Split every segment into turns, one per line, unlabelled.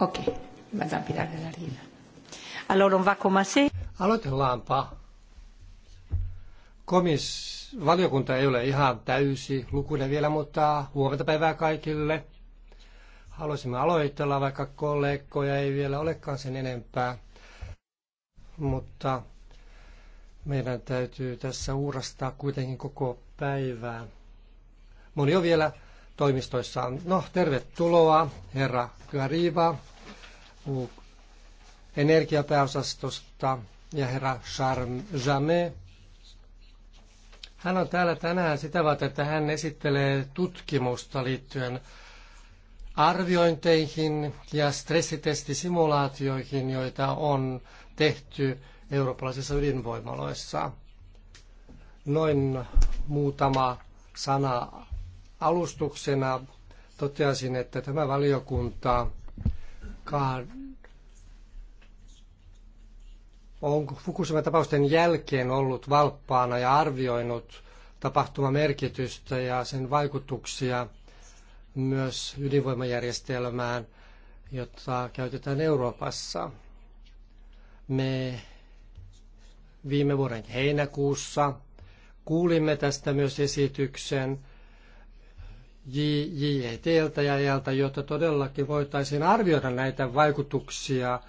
Okei, Madame Pilar de la
Riva.
Alors on va commencer. Aloitellaanpa. Komis, valiokunta ei ole ihan täysi lukuinen vielä, mutta huomenta päivää kaikille. Haluaisimme aloitella, vaikka kollegoja ei vielä olekaan sen enempää. Mutta meidän täytyy tässä uurastaa kuitenkin koko päivää. Moni on vielä toimistoissaan. No, tervetuloa, herra Gariba energiapääosastosta ja herra Charme. Hän on täällä tänään sitä varten, että hän esittelee tutkimusta liittyen arviointeihin ja stressitestisimulaatioihin, joita on tehty eurooppalaisissa ydinvoimaloissa. Noin muutama sana alustuksena toteaisin, että tämä valiokunta koskaan onko Fukushima tapausten jälkeen ollut valppaana ja arvioinut tapahtuman merkitystä ja sen vaikutuksia myös ydinvoimajärjestelmään, jota käytetään Euroopassa. Me viime vuoden heinäkuussa kuulimme tästä myös esityksen JJTltä e ja EALta, jotta todellakin voitaisiin arvioida näitä vaikutuksia,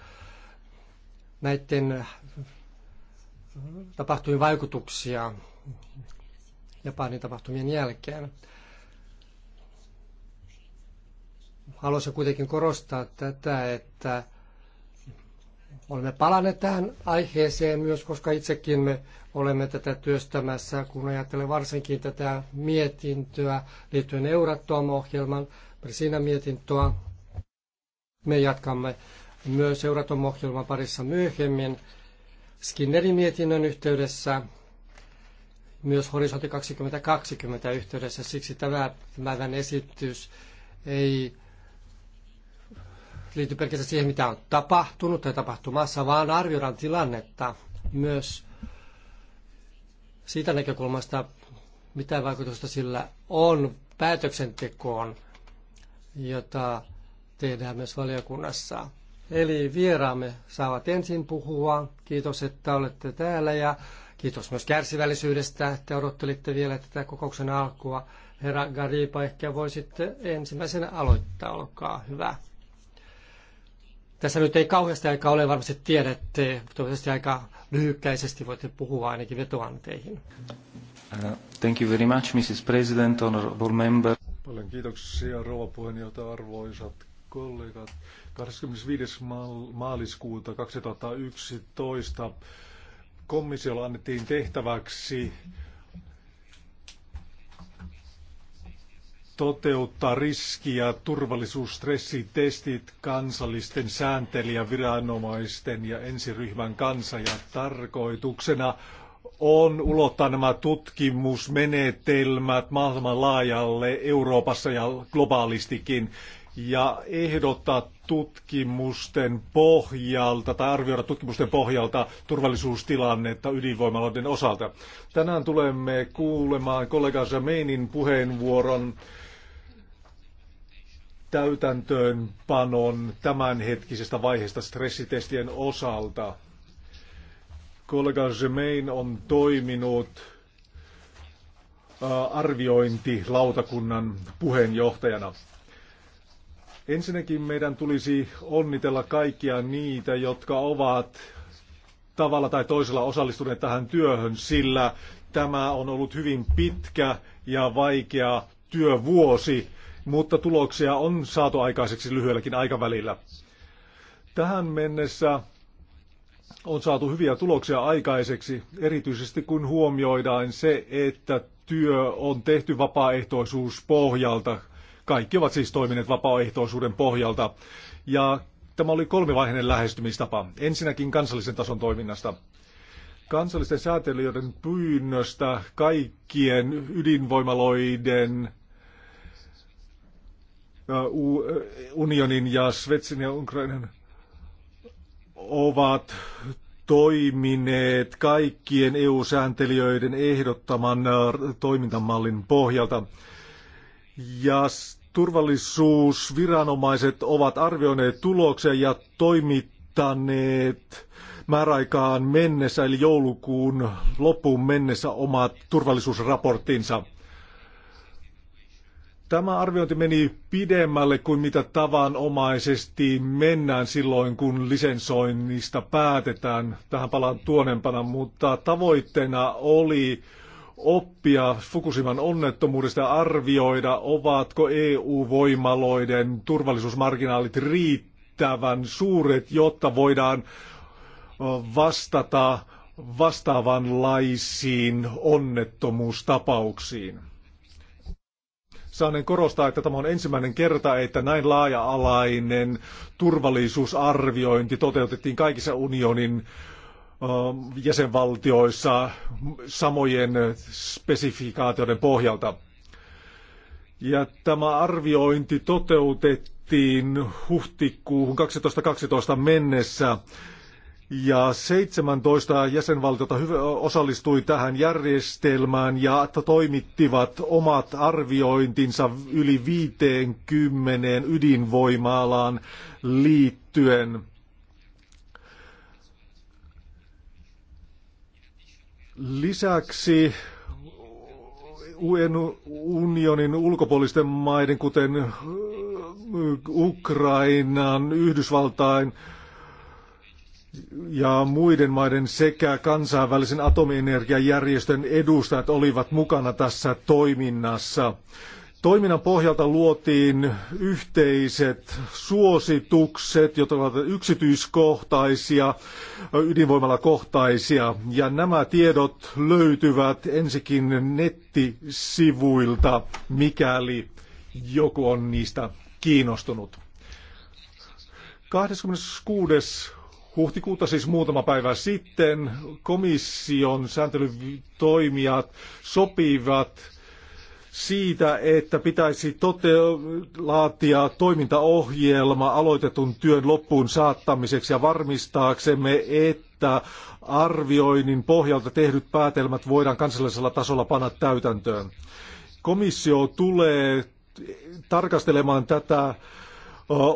näiden tapahtumien vaikutuksia Japanin tapahtumien jälkeen. Haluaisin kuitenkin korostaa tätä, että Olemme palanneet tähän aiheeseen myös, koska itsekin me olemme tätä työstämässä, kun ajattelen varsinkin tätä mietintöä liittyen Euratom-ohjelman, siinä mietintöä. Me jatkamme myös Euratom-ohjelman parissa myöhemmin Skinnerin mietinnön yhteydessä, myös Horisontti 2020 yhteydessä. Siksi tämä päivän esitys ei liity pelkästään siihen, mitä on tapahtunut tai tapahtumassa, vaan arvioidaan tilannetta myös siitä näkökulmasta, mitä vaikutusta sillä on päätöksentekoon, jota tehdään myös valiokunnassa. Eli vieraamme saavat ensin puhua. Kiitos, että olette täällä ja kiitos myös kärsivällisyydestä, että odottelitte vielä tätä kokouksen alkua. Herra Garipa, ehkä voisitte ensimmäisenä aloittaa, olkaa hyvä. Tässä nyt ei kauheasti aikaa ole, varmasti tiedätte, toivottavasti aika lyhykäisesti voitte puhua ainakin vetoanteihin.
Uh, thank you very much, Mrs. President, honorable member. Paljon kiitoksia, rouva puheenjohtaja, arvoisat kollegat. 25. maaliskuuta 2011 komissiolla annettiin tehtäväksi toteuttaa riski- ja turvallisuusstressitestit kansallisten sääntelijäviranomaisten ja ensiryhmän kanssa ja tarkoituksena on ulottaa nämä tutkimusmenetelmät maailmanlaajalle Euroopassa ja globaalistikin ja ehdottaa tutkimusten pohjalta tai arvioida tutkimusten pohjalta turvallisuustilannetta ydinvoimaloiden osalta. Tänään tulemme kuulemaan kollegansa Meinin puheenvuoron täytäntöönpanon tämänhetkisestä vaiheesta stressitestien osalta. Kollega Germain on toiminut arviointilautakunnan puheenjohtajana. Ensinnäkin meidän tulisi onnitella kaikkia niitä, jotka ovat tavalla tai toisella osallistuneet tähän työhön, sillä tämä on ollut hyvin pitkä ja vaikea työvuosi mutta tuloksia on saatu aikaiseksi lyhyelläkin aikavälillä. Tähän mennessä on saatu hyviä tuloksia aikaiseksi, erityisesti kun huomioidaan se, että työ on tehty vapaaehtoisuuspohjalta. Kaikki ovat siis toimineet vapaaehtoisuuden pohjalta. Ja tämä oli kolmivaiheinen lähestymistapa. Ensinnäkin kansallisen tason toiminnasta. Kansallisten säätelijöiden pyynnöstä kaikkien ydinvoimaloiden unionin ja Svetsin ja Ukrainan ovat toimineet kaikkien EU-sääntelijöiden ehdottaman toimintamallin pohjalta. Ja turvallisuusviranomaiset ovat arvioineet tuloksen ja toimittaneet määräaikaan mennessä, eli joulukuun loppuun mennessä omat turvallisuusraporttinsa. Tämä arviointi meni pidemmälle kuin mitä tavanomaisesti mennään silloin, kun lisensoinnista päätetään. Tähän palaan tuonempana, mutta tavoitteena oli oppia Fukushiman onnettomuudesta ja arvioida, ovatko EU-voimaloiden turvallisuusmarginaalit riittävän suuret, jotta voidaan vastata vastaavanlaisiin onnettomuustapauksiin saanen korostaa, että tämä on ensimmäinen kerta, että näin laaja-alainen turvallisuusarviointi toteutettiin kaikissa unionin jäsenvaltioissa samojen spesifikaatioiden pohjalta. Ja tämä arviointi toteutettiin huhtikuuhun 2012 mennessä ja 17 jäsenvaltiota osallistui tähän järjestelmään ja toimittivat omat arviointinsa yli 50 ydinvoimaalaan liittyen. Lisäksi unionin ulkopuolisten maiden, kuten Ukrainan, Yhdysvaltain, ja muiden maiden sekä kansainvälisen atomienergiajärjestön edustajat olivat mukana tässä toiminnassa. Toiminnan pohjalta luotiin yhteiset suositukset, jotka ovat yksityiskohtaisia, ydinvoimalakohtaisia, ja nämä tiedot löytyvät ensikin nettisivuilta, mikäli joku on niistä kiinnostunut. 26 Huhtikuuta siis muutama päivä sitten komission sääntelytoimijat sopivat siitä, että pitäisi tote- laatia toimintaohjelma aloitetun työn loppuun saattamiseksi ja varmistaaksemme, että arvioinnin pohjalta tehdyt päätelmät voidaan kansallisella tasolla panna täytäntöön. Komissio tulee tarkastelemaan tätä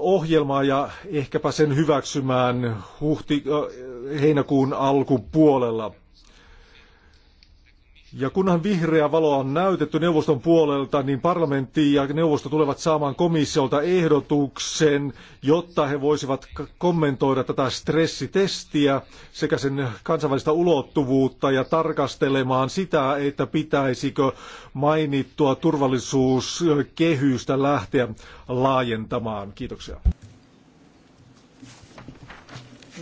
ohjelmaa ja ehkäpä sen hyväksymään huhti, heinäkuun alkupuolella. Ja kunhan vihreä valo on näytetty neuvoston puolelta, niin parlamentti ja neuvosto tulevat saamaan komissiolta ehdotuksen, jotta he voisivat kommentoida tätä stressitestiä sekä sen kansainvälistä ulottuvuutta ja tarkastelemaan sitä, että pitäisikö mainittua turvallisuuskehystä lähteä laajentamaan. Kiitoksia.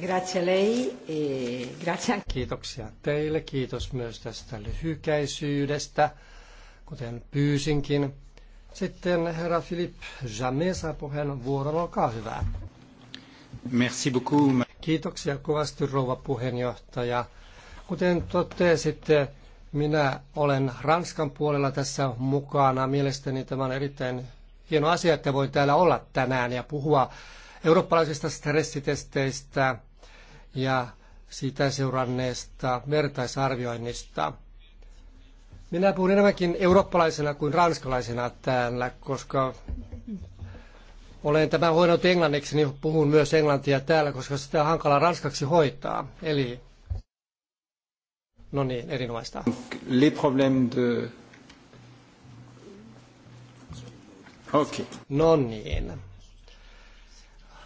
Grazie lei. E grazie. Kiitoksia teille. Kiitos myös tästä lyhykäisyydestä, kuten pyysinkin. Sitten herra Philip Jamais saa vuoron, Olkaa hyvä. Merci beaucoup. Kiitoksia kovasti rouva puheenjohtaja. Kuten totesitte, minä olen Ranskan puolella tässä mukana. Mielestäni tämä on erittäin hieno asia, että voin täällä olla tänään ja puhua eurooppalaisista stressitesteistä ja sitä seuranneesta vertaisarvioinnista. Minä puhun enemmänkin eurooppalaisena kuin ranskalaisena täällä, koska olen tämän hoitanut englanniksi, niin puhun myös englantia täällä, koska sitä on hankala ranskaksi hoitaa. Eli, no niin, erinomaista. Les problèmes de... Okay. No niin.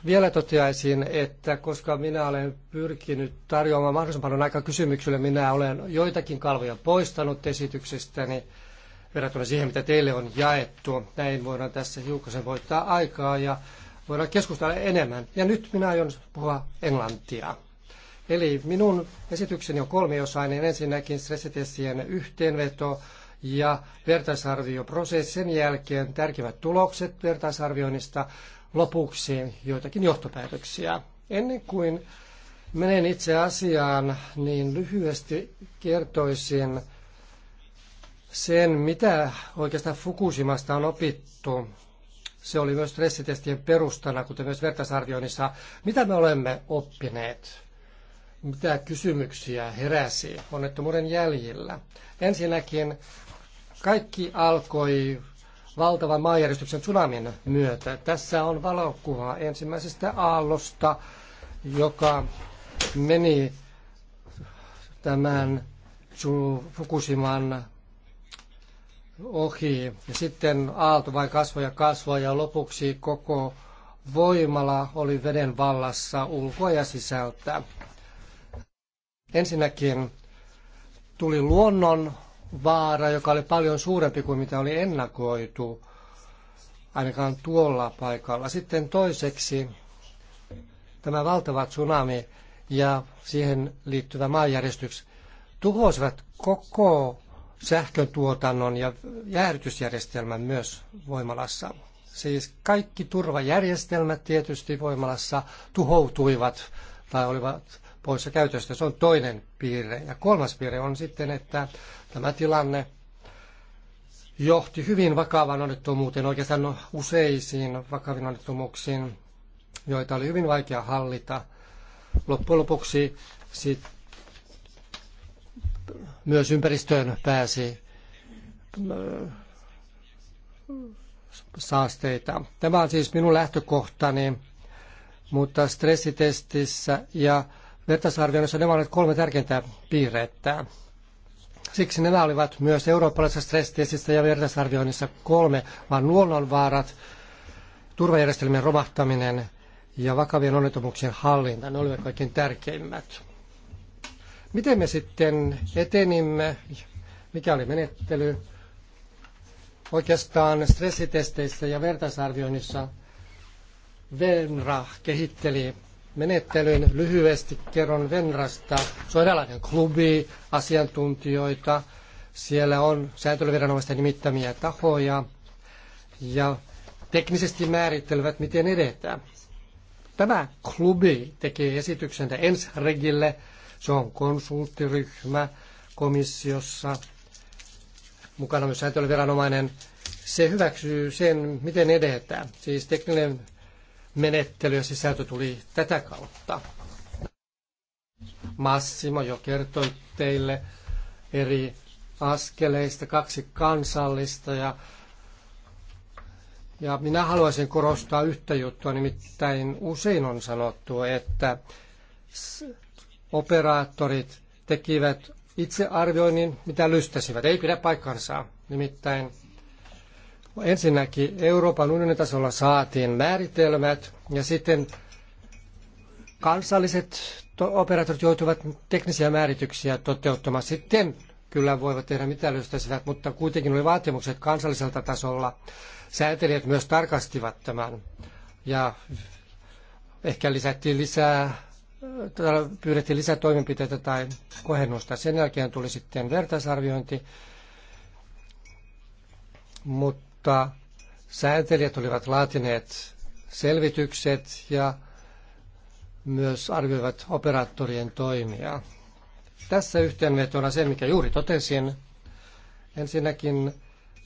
Vielä toteaisin, että koska minä olen pyrkinyt tarjoamaan mahdollisimman paljon aikaa kysymyksille, minä olen joitakin kalvoja poistanut esityksestäni verrattuna siihen, mitä teille on jaettu. Näin voidaan tässä hiukkasen voittaa aikaa ja voidaan keskustella enemmän. Ja nyt minä aion puhua englantia. Eli minun esitykseni on kolmiosainen. Ensinnäkin stressitestien yhteenveto ja vertaisarvioprosessi. Sen jälkeen tärkeimmät tulokset vertaisarvioinnista lopuksi joitakin johtopäätöksiä. Ennen kuin menen itse asiaan, niin lyhyesti kertoisin sen, mitä oikeastaan Fukushimasta on opittu. Se oli myös stressitestien perustana, kuten myös vertaisarvioinnissa. Mitä me olemme oppineet? Mitä kysymyksiä heräsi onnettomuuden jäljillä? Ensinnäkin kaikki alkoi valtavan maanjäristyksen tsunamin myötä. Tässä on valokuva ensimmäisestä aallosta, joka meni tämän Fukushiman ohi. Ja sitten aalto vain kasvoi ja kasvoi ja lopuksi koko voimala oli veden vallassa ulkoa ja sisältä. Ensinnäkin tuli luonnon vaara, joka oli paljon suurempi kuin mitä oli ennakoitu, ainakaan tuolla paikalla. Sitten toiseksi tämä valtava tsunami ja siihen liittyvä maanjärjestys tuhosivat koko sähkön tuotannon ja jäähdytysjärjestelmän myös voimalassa. Siis kaikki turvajärjestelmät tietysti voimalassa tuhoutuivat tai olivat poissa käytöstä. Se on toinen piirre. Ja kolmas piirre on sitten, että tämä tilanne johti hyvin vakavaan onnettomuuteen, oikeastaan useisiin vakaviin onnettomuuksiin, joita oli hyvin vaikea hallita. Loppujen lopuksi sit myös ympäristöön pääsi äh, saasteita. Tämä on siis minun lähtökohtani, mutta stressitestissä ja vertaisarvioinnissa nämä olivat kolme tärkeintä piirrettä. Siksi nämä olivat myös eurooppalaisessa stressitestissä ja vertaisarvioinnissa kolme, vaan luonnonvaarat, turvajärjestelmien romahtaminen ja vakavien onnettomuuksien hallinta, ne olivat kaikkein tärkeimmät. Miten me sitten etenimme, mikä oli menettely? Oikeastaan stressitesteissä ja vertaisarvioinnissa Venra kehitteli menettelyn. Lyhyesti kerron Venrasta. Se on eräänlainen klubi asiantuntijoita. Siellä on sääntelyviranomaisten nimittämiä tahoja ja teknisesti määrittelevät, miten edetään. Tämä klubi tekee esityksen Ensregille. Se on konsulttiryhmä komissiossa. Mukana myös sääntelyviranomainen. Se hyväksyy sen, miten edetään. Siis tekninen menettely ja sisältö tuli tätä kautta. Massimo jo kertoi teille eri askeleista, kaksi kansallista ja, ja minä haluaisin korostaa yhtä juttua, nimittäin usein on sanottu, että operaattorit tekivät itse arvioinnin, mitä lystäsivät. Ei pidä paikkansa. Nimittäin Ensinnäkin Euroopan unionin tasolla saatiin määritelmät ja sitten kansalliset operaattorit joutuvat teknisiä määrityksiä toteuttamaan. Sitten kyllä voivat tehdä mitä löystäisivät, mutta kuitenkin oli vaatimukset kansalliselta tasolla. Säätelijät myös tarkastivat tämän ja ehkä lisättiin lisää, pyydettiin lisää toimenpiteitä tai kohennusta. Sen jälkeen tuli sitten vertaisarviointi, mutta mutta säätelijät olivat laatineet selvitykset ja myös arvioivat operaattorien toimia. Tässä yhteenvetona se, mikä juuri totesin. Ensinnäkin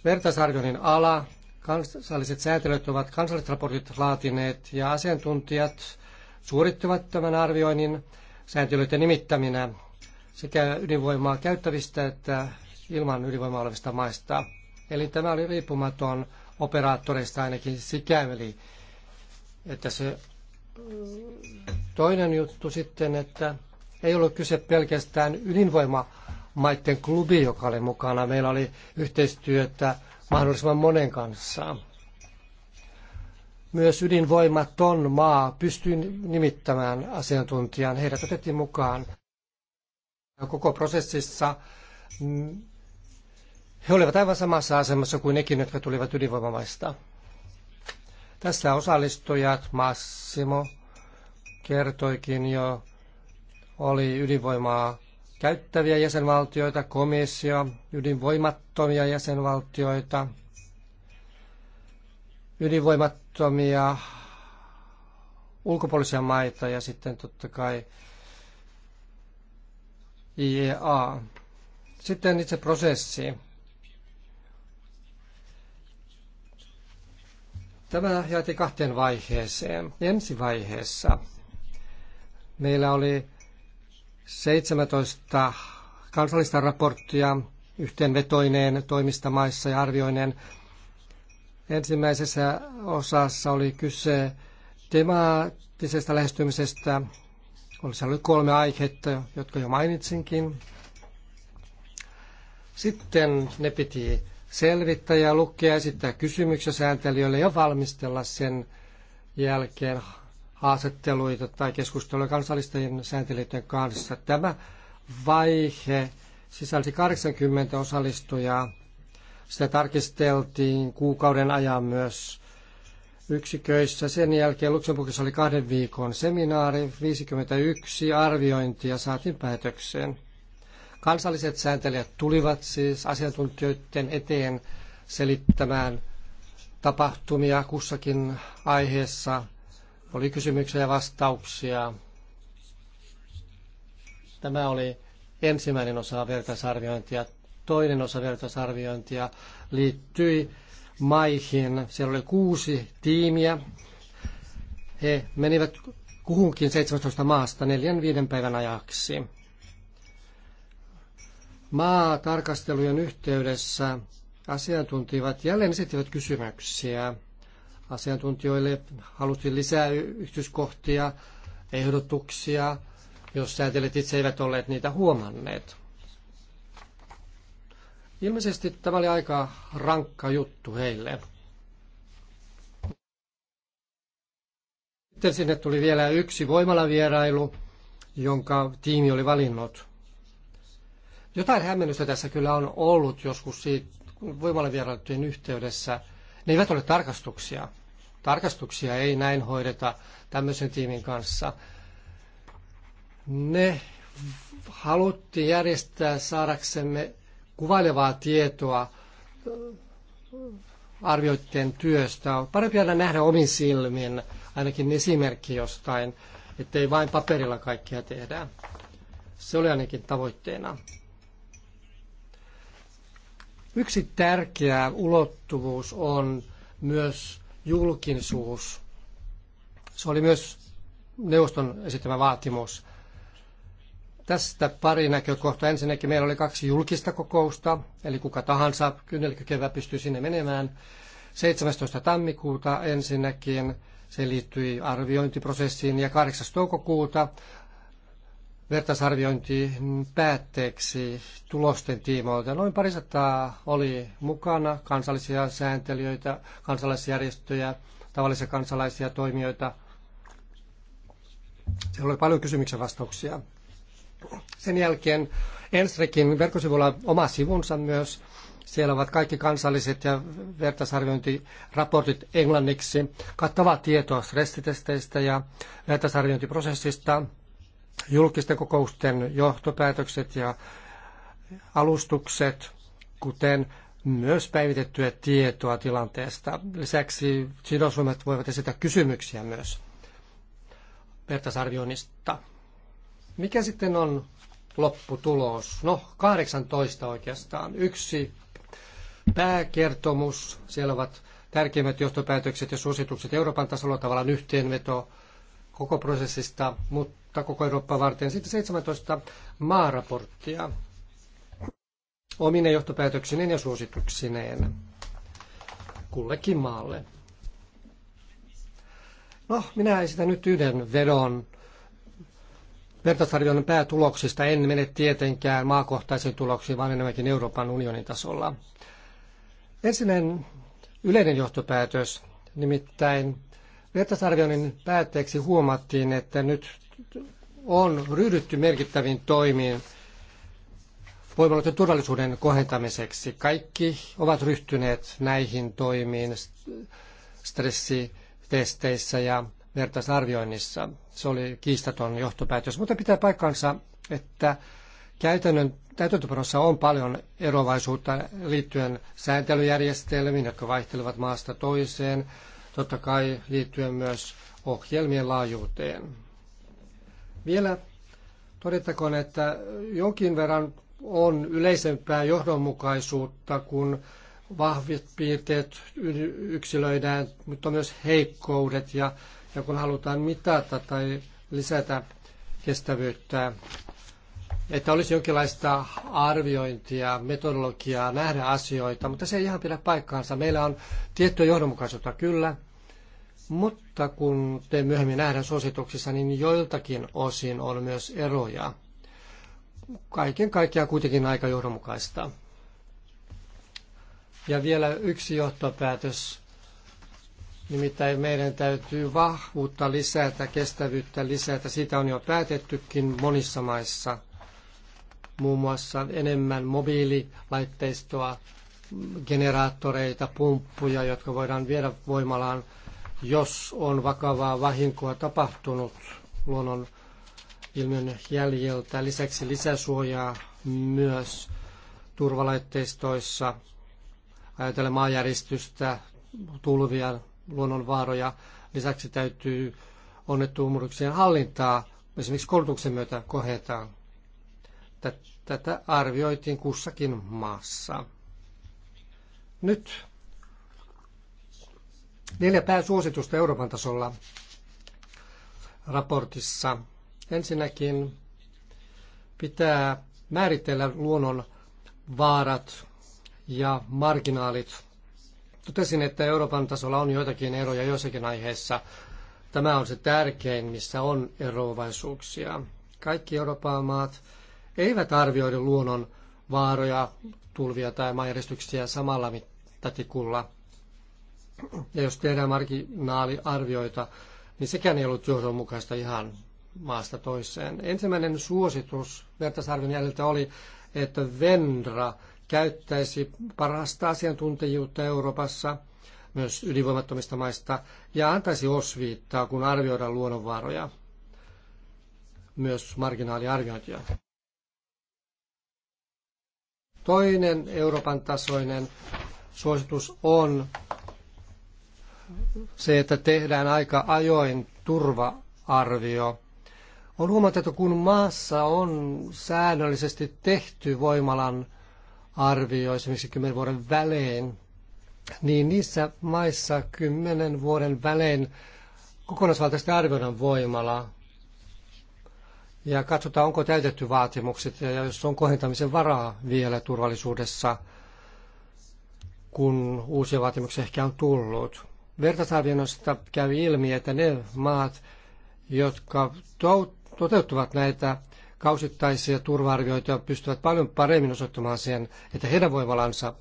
vertaisarvioinnin ala, kansalliset sääntelyt ovat kansalliset raportit laatineet ja asiantuntijat suorittavat tämän arvioinnin sääntelyiden nimittäminä sekä ydinvoimaa käyttävistä että ilman ydinvoimaa olevista maista. Eli tämä oli riippumaton operaattoreista ainakin sikäli, että se toinen juttu sitten, että ei ollut kyse pelkästään ydinvoimamaiden klubi, joka oli mukana. Meillä oli yhteistyötä mahdollisimman monen kanssa. Myös ydinvoimaton maa pystyi nimittämään asiantuntijan. Heidät otettiin mukaan. Koko prosessissa he olivat aivan samassa asemassa kuin nekin, jotka tulivat ydinvoimamaista. Tässä osallistujat Massimo kertoikin jo, oli ydinvoimaa käyttäviä jäsenvaltioita, komissio, ydinvoimattomia jäsenvaltioita, ydinvoimattomia ulkopuolisia maita ja sitten totta kai IEA. Sitten itse prosessi. Tämä jaettiin kahteen vaiheeseen. Ensi vaiheessa meillä oli 17 kansallista raporttia yhteenvetoineen toimista maissa ja arvioineen. Ensimmäisessä osassa oli kyse temaattisesta lähestymisestä. oli ollut kolme aihetta, jotka jo mainitsinkin. Sitten ne piti selvittäjä, lukea, esittää kysymyksiä sääntelijöille ja valmistella sen jälkeen haastatteluita tai keskusteluja kansallisten sääntelijöiden kanssa. Tämä vaihe sisälsi 80 osallistujaa. Sitä tarkisteltiin kuukauden ajan myös yksiköissä. Sen jälkeen Luxemburgissa oli kahden viikon seminaari, 51 arviointia saatiin päätökseen. Kansalliset sääntelijät tulivat siis asiantuntijoiden eteen selittämään tapahtumia kussakin aiheessa. Oli kysymyksiä ja vastauksia. Tämä oli ensimmäinen osa vertaisarviointia. Toinen osa vertaisarviointia liittyi maihin. Siellä oli kuusi tiimiä. He menivät kuhunkin 17 maasta neljän viiden päivän ajaksi maatarkastelujen yhteydessä asiantuntijat jälleen esittivät kysymyksiä. Asiantuntijoille haluttiin lisää yksityiskohtia, ehdotuksia, jos säätelet itse eivät olleet niitä huomanneet. Ilmeisesti tämä oli aika rankka juttu heille. Sitten sinne tuli vielä yksi voimalavierailu, jonka tiimi oli valinnut. Jotain hämmennystä tässä kyllä on ollut joskus siitä voimalavierailtujen yhteydessä. Ne eivät ole tarkastuksia. Tarkastuksia ei näin hoideta tämmöisen tiimin kanssa. Ne haluttiin järjestää saadaksemme kuvailevaa tietoa
äh,
arvioitteen työstä. On parempi aina nähdä omin silmin ainakin esimerkki jostain, ettei vain paperilla kaikkea tehdä. Se oli ainakin tavoitteena. Yksi tärkeä ulottuvuus on myös julkisuus. Se oli myös neuvoston esittämä vaatimus. Tästä pari näkökohtaa. Ensinnäkin meillä oli kaksi julkista kokousta, eli kuka tahansa kynnelikkökevä pystyy sinne menemään. 17. tammikuuta ensinnäkin se liittyi arviointiprosessiin ja 8. toukokuuta vertaisarviointi päätteeksi tulosten tiimoilta. Noin parisataa oli mukana kansallisia sääntelijöitä, kansalaisjärjestöjä, tavallisia kansalaisia toimijoita. Siellä oli paljon kysymyksiä vastauksia. Sen jälkeen Ensrekin verkkosivulla on oma sivunsa myös. Siellä ovat kaikki kansalliset ja vertaisarviointiraportit englanniksi, kattavaa tietoa stressitesteistä ja vertaisarviointiprosessista – julkisten kokousten johtopäätökset ja alustukset, kuten myös päivitettyä tietoa tilanteesta. Lisäksi sidosryhmät voivat esittää kysymyksiä myös vertaisarvioinnista. Mikä sitten on lopputulos? No, 18 oikeastaan. Yksi pääkertomus. Siellä ovat tärkeimmät johtopäätökset ja suositukset Euroopan tasolla tavallaan yhteenveto koko prosessista, mutta koko Eurooppaa varten. Sitten 17 maaraporttia omine johtopäätöksineen ja suosituksineen kullekin maalle. No, minä esitän nyt yhden vedon vertaisarvioinnin päätuloksista. En mene tietenkään maakohtaisiin tuloksiin, vaan enemmänkin Euroopan unionin tasolla. Ensinnäinen yleinen johtopäätös, nimittäin vertaisarvioinnin päätteeksi huomattiin, että nyt on ryhdytty merkittäviin toimiin voimaloiden turvallisuuden kohentamiseksi. Kaikki ovat ryhtyneet näihin toimiin stressitesteissä ja vertaisarvioinnissa. Se oli kiistaton johtopäätös, mutta pitää paikkansa, että käytännön täytäntöpanossa on paljon erovaisuutta liittyen sääntelyjärjestelmiin, jotka vaihtelevat maasta toiseen, totta kai liittyen myös ohjelmien laajuuteen. Vielä todettakoon, että jonkin verran on yleisempää johdonmukaisuutta, kun vahvit piirteet yksilöidään, mutta myös heikkoudet ja, ja kun halutaan mitata tai lisätä kestävyyttä, että olisi jonkinlaista arviointia, metodologiaa, nähdä asioita, mutta se ei ihan pidä paikkaansa. Meillä on tiettyä johdonmukaisuutta kyllä, mutta kun te myöhemmin nähdään suosituksissa, niin joiltakin osin on myös eroja. Kaiken kaikkiaan kuitenkin aika johdonmukaista. Ja vielä yksi johtopäätös. Nimittäin meidän täytyy vahvuutta lisätä, kestävyyttä lisätä. Siitä on jo päätettykin monissa maissa. Muun muassa enemmän mobiililaitteistoa, generaattoreita, pumppuja, jotka voidaan viedä voimalaan jos on vakavaa vahinkoa tapahtunut luonnon ilmiön jäljiltä Lisäksi lisäsuojaa myös turvalaitteistoissa, ajatellen maanjäristystä, tulvia, luonnonvaaroja. Lisäksi täytyy onnettomuuksien hallintaa esimerkiksi koulutuksen myötä kohetaan. Tätä arvioitiin kussakin maassa. Nyt Neljä pääsuositusta Euroopan tasolla raportissa. Ensinnäkin pitää määritellä luonnon vaarat ja marginaalit. Totesin, että Euroopan tasolla on joitakin eroja joissakin aiheissa. Tämä on se tärkein, missä on eroavaisuuksia. Kaikki Euroopan maat eivät arvioida luonnon vaaroja, tulvia tai maanjäristyksiä samalla mittatikulla – ja jos tehdään marginaaliarvioita, niin sekään ei ollut johdonmukaista ihan maasta toiseen. Ensimmäinen suositus vertaisarvion jäljiltä oli, että Venra käyttäisi parasta asiantuntijuutta Euroopassa myös ydinvoimattomista maista ja antaisi osviittaa, kun arvioidaan luonnonvaroja, myös marginaaliarviointia. Toinen Euroopan tasoinen suositus on se, että tehdään aika ajoin turvaarvio. On huomattu, kun maassa on säännöllisesti tehty voimalan arvio esimerkiksi 10 vuoden välein, niin niissä maissa 10 vuoden välein kokonaisvaltaisesti arvioidaan voimala ja katsotaan, onko täytetty vaatimukset ja jos on kohentamisen varaa vielä turvallisuudessa, kun uusia vaatimuksia ehkä on tullut vertaisarvioinnista kävi ilmi, että ne maat, jotka toteuttavat näitä kausittaisia turvaarvioita, pystyvät paljon paremmin osoittamaan sen, että heidän voimalansa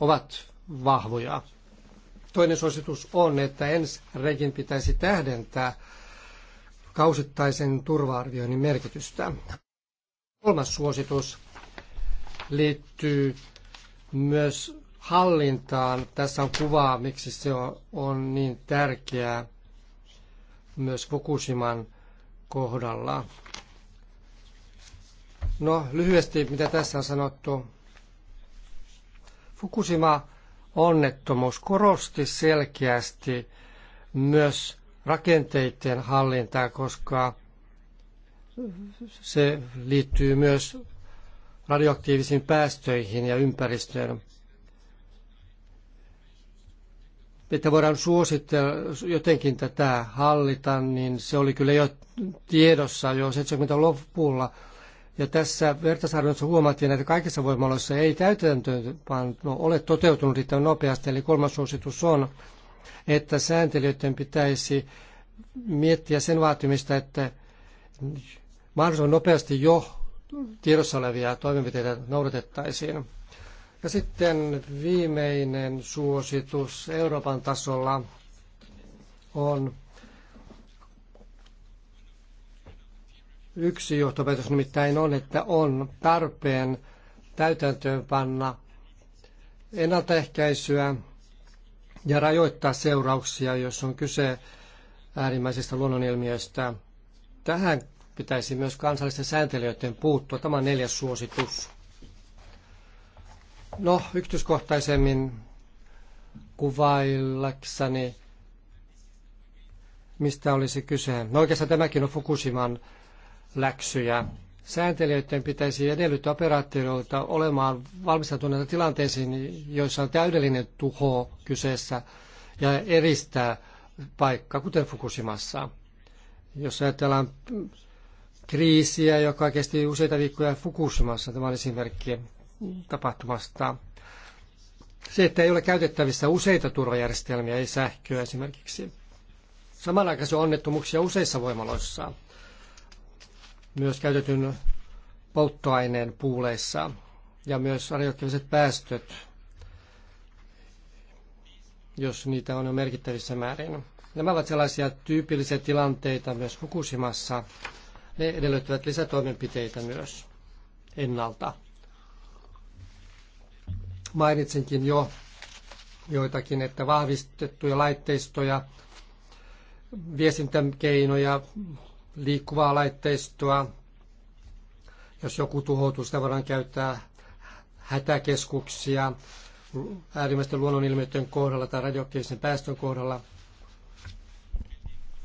ovat vahvoja. Toinen suositus on, että ensi rekin pitäisi tähdentää kausittaisen turvaarvioinnin merkitystä. Kolmas suositus liittyy myös hallintaan. Tässä on kuvaa, miksi se on, on niin tärkeää myös Fukushiman kohdalla. No lyhyesti, mitä tässä on sanottu. Fukushima-onnettomuus korosti selkeästi myös rakenteiden hallintaa, koska se liittyy myös radioaktiivisiin päästöihin ja ympäristöön. että voidaan suositella jotenkin tätä hallita, niin se oli kyllä jo tiedossa jo 70-luvulla. Ja tässä vertaisarvioissa huomattiin, että kaikissa voimaloissa ei täytäntöön no, ole toteutunut riittävän nopeasti. Eli kolmas suositus on, että sääntelijöiden pitäisi miettiä sen vaatimista, että mahdollisimman nopeasti jo tiedossa olevia toimenpiteitä noudatettaisiin. Ja sitten viimeinen suositus Euroopan tasolla on yksi johtopäätös nimittäin on, että on tarpeen täytäntöönpanna ennaltaehkäisyä ja rajoittaa seurauksia, jos on kyse äärimmäisistä luonnonilmiöistä. Tähän pitäisi myös kansallisten sääntelijöiden puuttua. Tämä on neljäs suositus. No, yksityiskohtaisemmin kuvaillakseni, mistä olisi kyse. No oikeastaan tämäkin on Fukushiman läksyjä. Sääntelijöiden pitäisi edellyttää operaattoreilta olemaan valmistautuneita tilanteisiin, joissa on täydellinen tuho kyseessä ja eristää paikka, kuten Fukushimassa. Jos ajatellaan kriisiä, joka kesti useita viikkoja Fukushimassa, tämä on esimerkki, tapahtumasta. Se, että ei ole käytettävissä useita turvajärjestelmiä, ei sähköä esimerkiksi. Samanaikaisia onnettomuuksia useissa voimaloissa, myös käytetyn polttoaineen puuleissa ja myös radioaktiiviset päästöt, jos niitä on jo merkittävissä määrin. Nämä ovat sellaisia tyypillisiä tilanteita myös Fukushimassa. Ne edellyttävät lisätoimenpiteitä myös ennalta. Mainitsinkin jo joitakin, että vahvistettuja laitteistoja, viestintäkeinoja, liikkuvaa laitteistoa. Jos joku tuhoutuu, sitä voidaan käyttää hätäkeskuksia äärimmäisten luonnonilmiöiden kohdalla tai radioaktiivisen päästön kohdalla.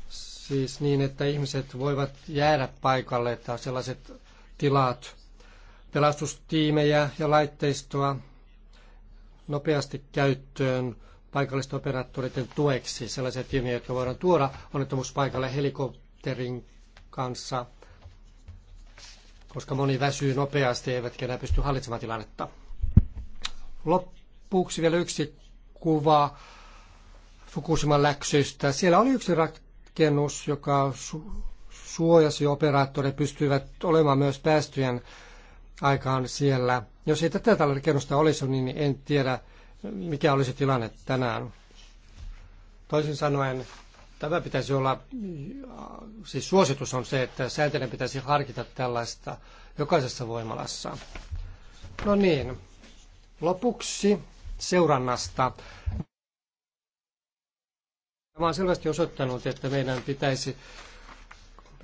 Siis niin, että ihmiset voivat jäädä paikalle tai sellaiset tilat, pelastustiimejä ja laitteistoa, nopeasti käyttöön paikallisten operaattoreiden tueksi sellaisia tiimiä, jotka voidaan tuoda onnettomuuspaikalle helikopterin kanssa, koska moni väsyy nopeasti eivätkä enää pysty hallitsemaan tilannetta. Loppuksi vielä yksi kuva Fukushima läksystä. Siellä oli yksi rakennus, joka suojasi operaattorit pystyivät olemaan myös päästöjen aikaan siellä. Jos ei tätä kerrosta olisi, niin en tiedä, mikä olisi tilanne tänään. Toisin sanoen, tämä pitäisi olla, siis suositus on se, että säätelijän pitäisi harkita tällaista jokaisessa voimalassa. No niin, lopuksi seurannasta. Tämä on selvästi osoittanut, että meidän pitäisi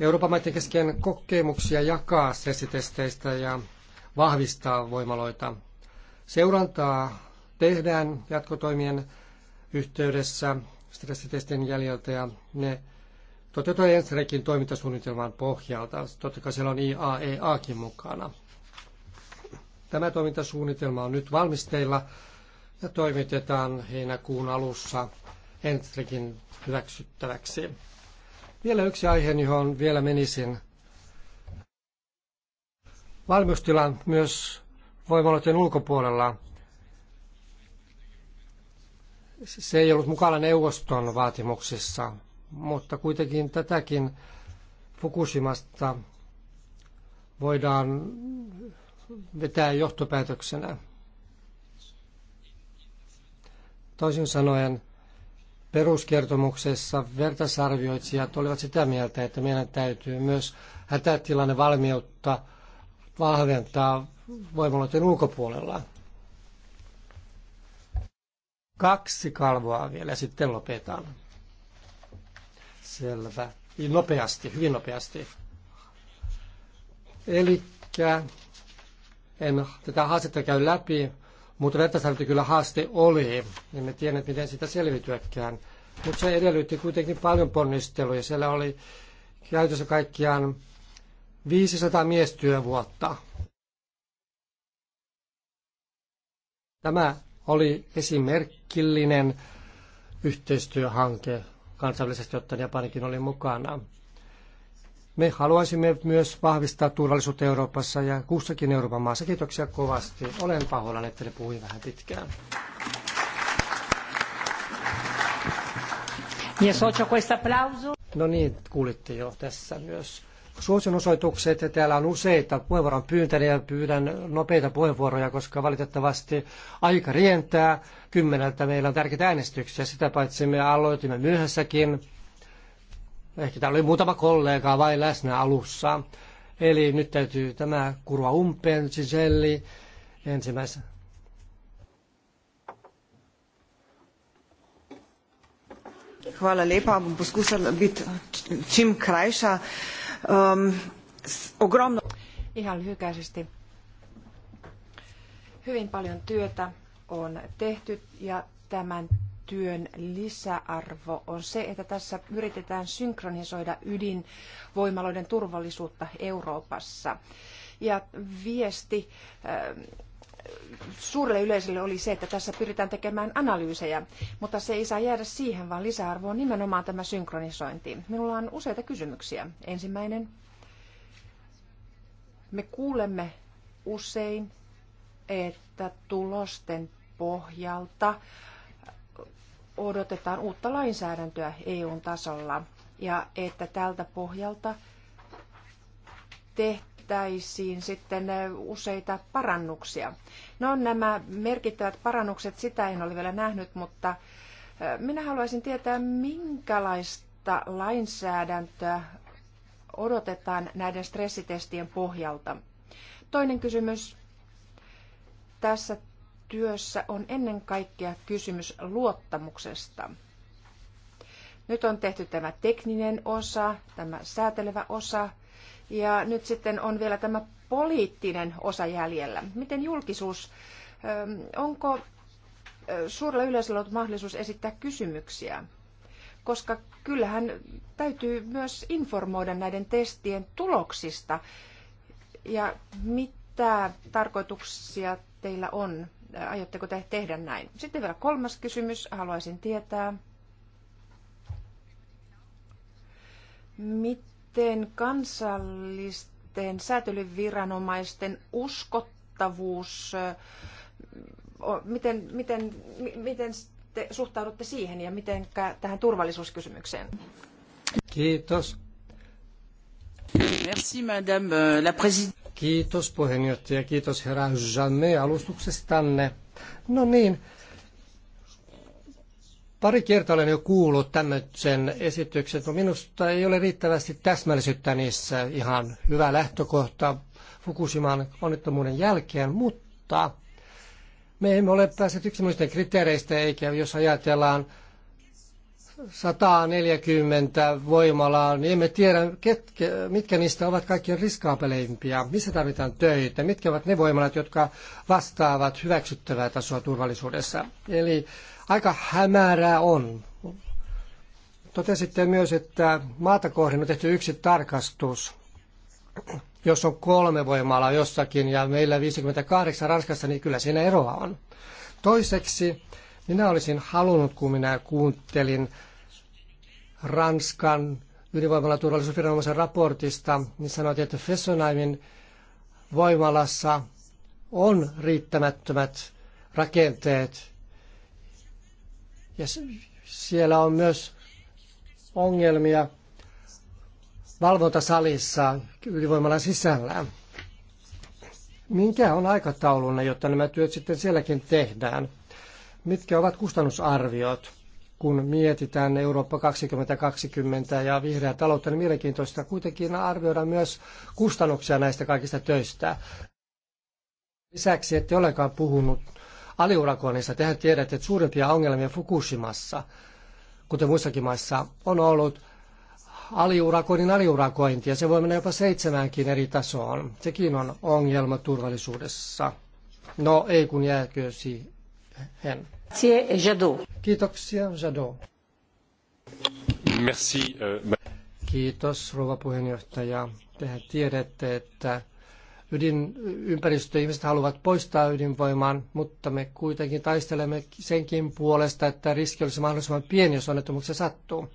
Euroopan maiden kesken kokemuksia jakaa sessitesteistä ja vahvistaa voimaloita. Seurantaa tehdään jatkotoimien yhteydessä stressitestien jäljiltä ja ne toteutetaan ensinnäkin toimintasuunnitelman pohjalta. Totta kai siellä on IAEAkin mukana. Tämä toimintasuunnitelma on nyt valmisteilla ja toimitetaan heinäkuun alussa Entrekin hyväksyttäväksi. Vielä yksi aihe, johon vielä menisin valmiustilan myös voimaloiden ulkopuolella. Se ei ollut mukana neuvoston vaatimuksissa, mutta kuitenkin tätäkin Fukushimasta voidaan vetää johtopäätöksenä. Toisin sanoen, peruskertomuksessa vertaisarvioitsijat olivat sitä mieltä, että meidän täytyy myös hätätilanne valmiutta vahventaa voimaloiden ulkopuolella. Kaksi kalvoa vielä, sitten lopetan. Selvä. Niin nopeasti, hyvin nopeasti. Eli en tätä haastetta käy läpi, mutta vertaisarviointi kyllä haaste oli. Emme tienneet, miten sitä selviytyäkään. Mutta se edellytti kuitenkin paljon ponnisteluja. Siellä oli käytössä kaikkiaan 500 miestyövuotta. Tämä oli esimerkillinen yhteistyöhanke kansainvälisesti ottaen Japanikin oli mukana. Me haluaisimme myös vahvistaa turvallisuutta Euroopassa ja kussakin Euroopan maassa. Kiitoksia kovasti. Olen pahoillani, että ne puhuin vähän pitkään. No niin, kuulitte jo tässä myös suosionosoitukset. Täällä on useita puheenvuoron pyyntäjiä pyydän nopeita puheenvuoroja, koska valitettavasti aika rientää. Kymmeneltä meillä on tärkeitä äänestyksiä, sitä paitsi me aloitimme myöhässäkin. Ehkä täällä oli muutama kollega vain läsnä alussa. Eli nyt täytyy tämä kurva umpeen, Giselli ensimmäisenä.
Hvala lepa, bom poskusila biti čim krajša. Ehm, Ihan lyhykäisesti. Hyvin paljon työtä on tehty ja tämän työn lisäarvo on se, että tässä yritetään synkronisoida ydinvoimaloiden turvallisuutta Euroopassa. Ja viesti ehm, suurelle yleisölle oli se, että tässä pyritään tekemään analyysejä, mutta se ei saa jäädä siihen, vaan lisäarvo on nimenomaan tämä synkronisointi. Minulla on useita kysymyksiä. Ensimmäinen. Me kuulemme usein, että tulosten pohjalta odotetaan uutta lainsäädäntöä EUn tasolla ja että tältä pohjalta tehtiin tehtäisiin sitten eh, useita parannuksia. No nämä merkittävät parannukset, sitä en ole vielä nähnyt, mutta eh, minä haluaisin tietää, minkälaista lainsäädäntöä odotetaan näiden stressitestien pohjalta. Toinen kysymys. Tässä työssä on ennen kaikkea kysymys luottamuksesta. Nyt on tehty tämä tekninen osa, tämä säätelevä osa, ja nyt sitten on vielä tämä poliittinen osa jäljellä. Miten julkisuus, ähm, onko äh, suurella yleisöllä ollut mahdollisuus esittää kysymyksiä? Koska kyllähän täytyy myös informoida näiden testien tuloksista. Ja mitä tarkoituksia teillä on? Äh, aiotteko te tehdä näin? Sitten vielä kolmas kysymys. Haluaisin tietää, mitä miten kansallisten säätelyviranomaisten uskottavuus, miten, miten, miten te suhtaudutte siihen ja miten tähän turvallisuuskysymykseen?
Kiitos. Merci, madame euh, la présidente. Kiitos puheenjohtaja, kiitos herra Jamme alustuksestanne. No niin, Pari kertaa olen jo kuullut tämmöisen esityksen, mutta minusta ei ole riittävästi täsmällisyyttä niissä. Ihan hyvä lähtökohta Fukushiman onnettomuuden jälkeen, mutta me emme ole päässeet yksilöllisten kriteereistä, eikä jos ajatellaan 140 voimalaa, niin emme tiedä, ketkä, mitkä niistä ovat kaikkien riskaapeleimpia, missä tarvitaan töitä, mitkä ovat ne voimalat, jotka vastaavat hyväksyttävää tasoa turvallisuudessa. Eli Aika hämärää on. Totesitte myös, että maata kohden on tehty yksi tarkastus, jos on kolme voimalaa jossakin ja meillä 58 Ranskassa, niin kyllä siinä eroa on. Toiseksi minä olisin halunnut, kun minä kuuntelin Ranskan ydinvoimalla turvallisuusviranomaisen raportista, niin sanoit, että Fessenheimin voimalassa on riittämättömät rakenteet ja siellä on myös ongelmia valvontasalissa ydinvoimalan sisällään. Minkä on aikataulunne, jotta nämä työt sitten sielläkin tehdään? Mitkä ovat kustannusarviot, kun mietitään Eurooppa 2020 ja vihreää taloutta, niin mielenkiintoista kuitenkin arvioida myös kustannuksia näistä kaikista töistä. Lisäksi ette olekaan puhunut aliurakoinnissa. Tehän tiedätte, että suurimpia ongelmia Fukushimassa, kuten muissakin maissa, on ollut aliurakoinnin aliurakointi, ja se voi mennä jopa seitsemäänkin eri tasoon. Sekin on ongelma turvallisuudessa. No ei kun jääkö siihen. Kiitoksia, Jado. Merci. Euh, Kiitos, rouva puheenjohtaja. Tehän tiedätte, että ydinympäristö. Ihmiset haluavat poistaa ydinvoiman, mutta me kuitenkin taistelemme senkin puolesta, että riski olisi mahdollisimman pieni, jos onnettomuuksia sattuu.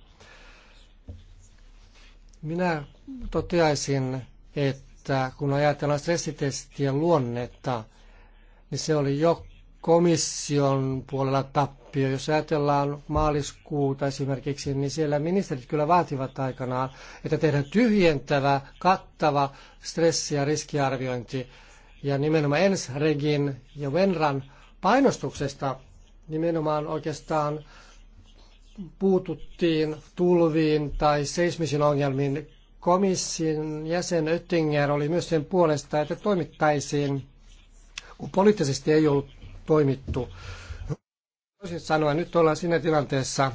Minä toteaisin, että kun ajatellaan stressitestien luonnetta, niin se oli jo komission puolella tappio. Jos ajatellaan maaliskuuta esimerkiksi, niin siellä ministerit kyllä vaativat aikanaan, että tehdään tyhjentävä, kattava stressi- ja riskiarviointi. Ja nimenomaan Ensregin ja Venran painostuksesta nimenomaan oikeastaan puututtiin tulviin tai seismisiin ongelmiin. Komission jäsen Oettinger oli myös sen puolesta, että toimittaisiin, kun poliittisesti ei ollut toimittu. Toisin sanoen nyt ollaan siinä tilanteessa,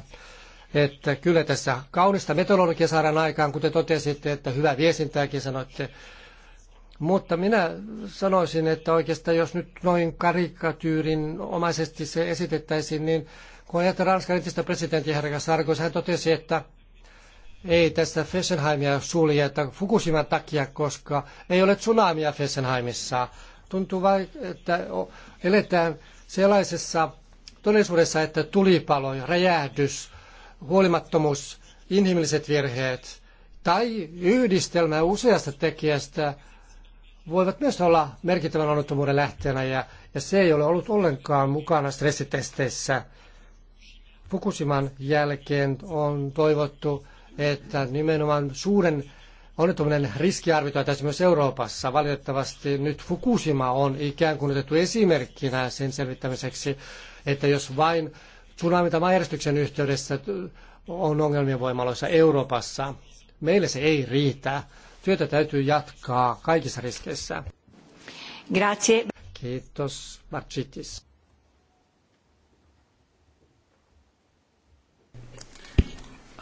että kyllä tässä kaunista metodologia saadaan aikaan, kuten totesitte, että hyvä viestintääkin sanoitte. Mutta minä sanoisin, että oikeastaan jos nyt noin karikatyyrin omaisesti se esitettäisiin, niin kun ajatellaan Ranskan entistä presidenttiä herra hän totesi, että ei tässä Fessenheimia suljeta Fukushiman takia, koska ei ole tsunamia Fessenheimissa tuntuu, että eletään sellaisessa todellisuudessa, että tulipalo, räjähdys, huolimattomuus, inhimilliset virheet tai yhdistelmä useasta tekijästä voivat myös olla merkittävän onnettomuuden lähteenä ja, ja se ei ole ollut ollenkaan mukana stressitesteissä. Fukushiman jälkeen on toivottu, että nimenomaan suuren Onnettomuuden riskiarvioita tässä myös Euroopassa. Valitettavasti nyt Fukushima on ikään kuin otettu esimerkkinä sen selvittämiseksi, että jos vain tsunami tai maanjäristyksen yhteydessä on ongelmia voimaloissa Euroopassa, meille se ei riitä. Työtä täytyy jatkaa kaikissa riskeissä. Grazie. Kiitos, Marcitis.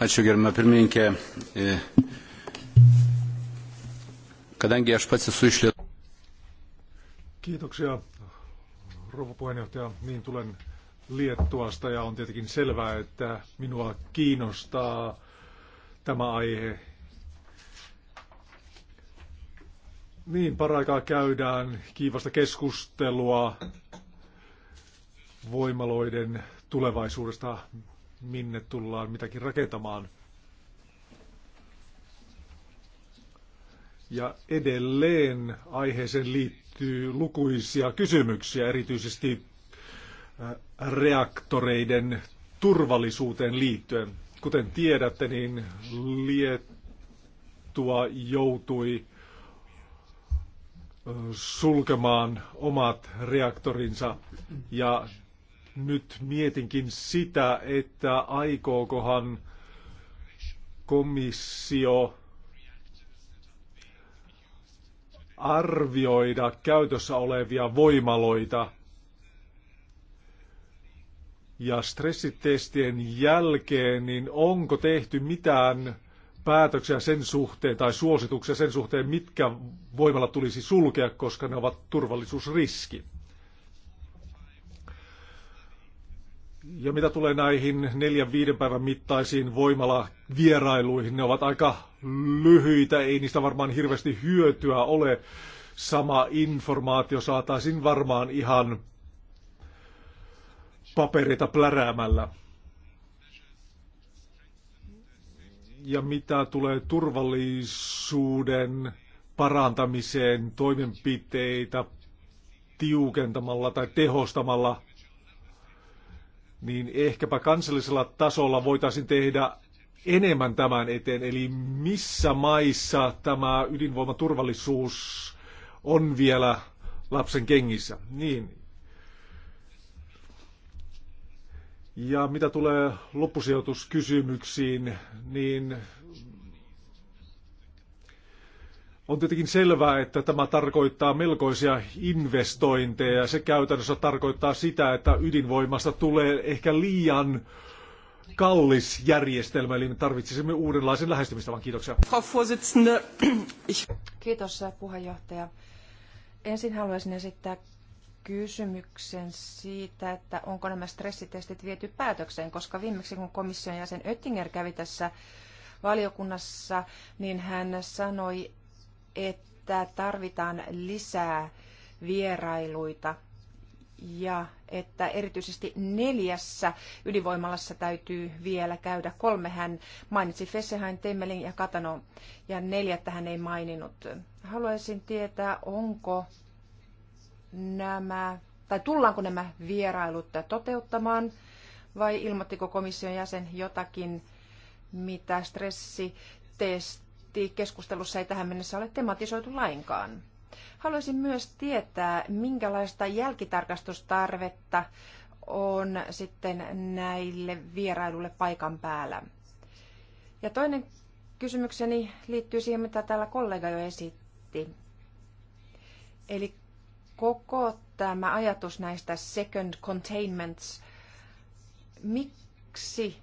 Ačiū, gerbiamą kadangi aš pats esu iš Lietuvos.
Kiitoksia, rouva puheenjohtaja. Niin tulen Liettuasta ja on tietenkin selvää, että minua kiinnostaa tämä aihe. Niin, paraikaa käydään kiivasta keskustelua voimaloiden tulevaisuudesta, minne tullaan mitäkin rakentamaan. Ja edelleen aiheeseen liittyy lukuisia kysymyksiä, erityisesti äh, reaktoreiden turvallisuuteen liittyen. Kuten tiedätte, niin Liettua joutui äh, sulkemaan omat reaktorinsa ja nyt mietinkin sitä, että aikookohan komissio arvioida käytössä olevia voimaloita. Ja stressitestien jälkeen, niin onko tehty mitään päätöksiä sen suhteen tai suosituksia sen suhteen, mitkä voimalla tulisi sulkea, koska ne ovat turvallisuusriski? Ja mitä tulee näihin neljän viiden päivän mittaisiin voimalavierailuihin, ne ovat aika lyhyitä, ei niistä varmaan hirveästi hyötyä ole. Sama informaatio saataisiin varmaan ihan paperita pläräämällä. Ja mitä tulee turvallisuuden parantamiseen toimenpiteitä tiukentamalla tai tehostamalla – niin ehkäpä kansallisella tasolla voitaisiin tehdä enemmän tämän eteen, eli missä maissa tämä ydinvoimaturvallisuus on vielä lapsen kengissä. Niin. Ja mitä tulee loppusijoituskysymyksiin, niin On tietenkin selvää, että tämä tarkoittaa melkoisia investointeja ja se käytännössä tarkoittaa sitä, että ydinvoimasta tulee ehkä liian kallis järjestelmä, eli me tarvitsisimme uudenlaisen lähestymistavan. Kiitoksia.
Kiitos äh, puheenjohtaja. Ensin haluaisin esittää kysymyksen siitä, että onko nämä stressitestit viety päätökseen, koska viimeksi kun komission jäsen Oettinger kävi tässä valiokunnassa, niin hän sanoi, että tarvitaan lisää vierailuita ja että erityisesti neljässä ydinvoimalassa täytyy vielä käydä. Kolme hän mainitsi Fessehain, Temmelin ja Katano ja neljättä hän ei maininnut. Haluaisin tietää, onko nämä, tai tullaanko nämä vierailut toteuttamaan vai ilmoittiko komission jäsen jotakin, mitä stressitesti Keskustelussa ei tähän mennessä ole tematisoitu lainkaan. Haluaisin myös tietää, minkälaista jälkitarkastustarvetta on sitten näille vierailulle paikan päällä. Ja toinen kysymykseni liittyy siihen, mitä täällä kollega jo esitti. Eli koko tämä ajatus näistä second containments, miksi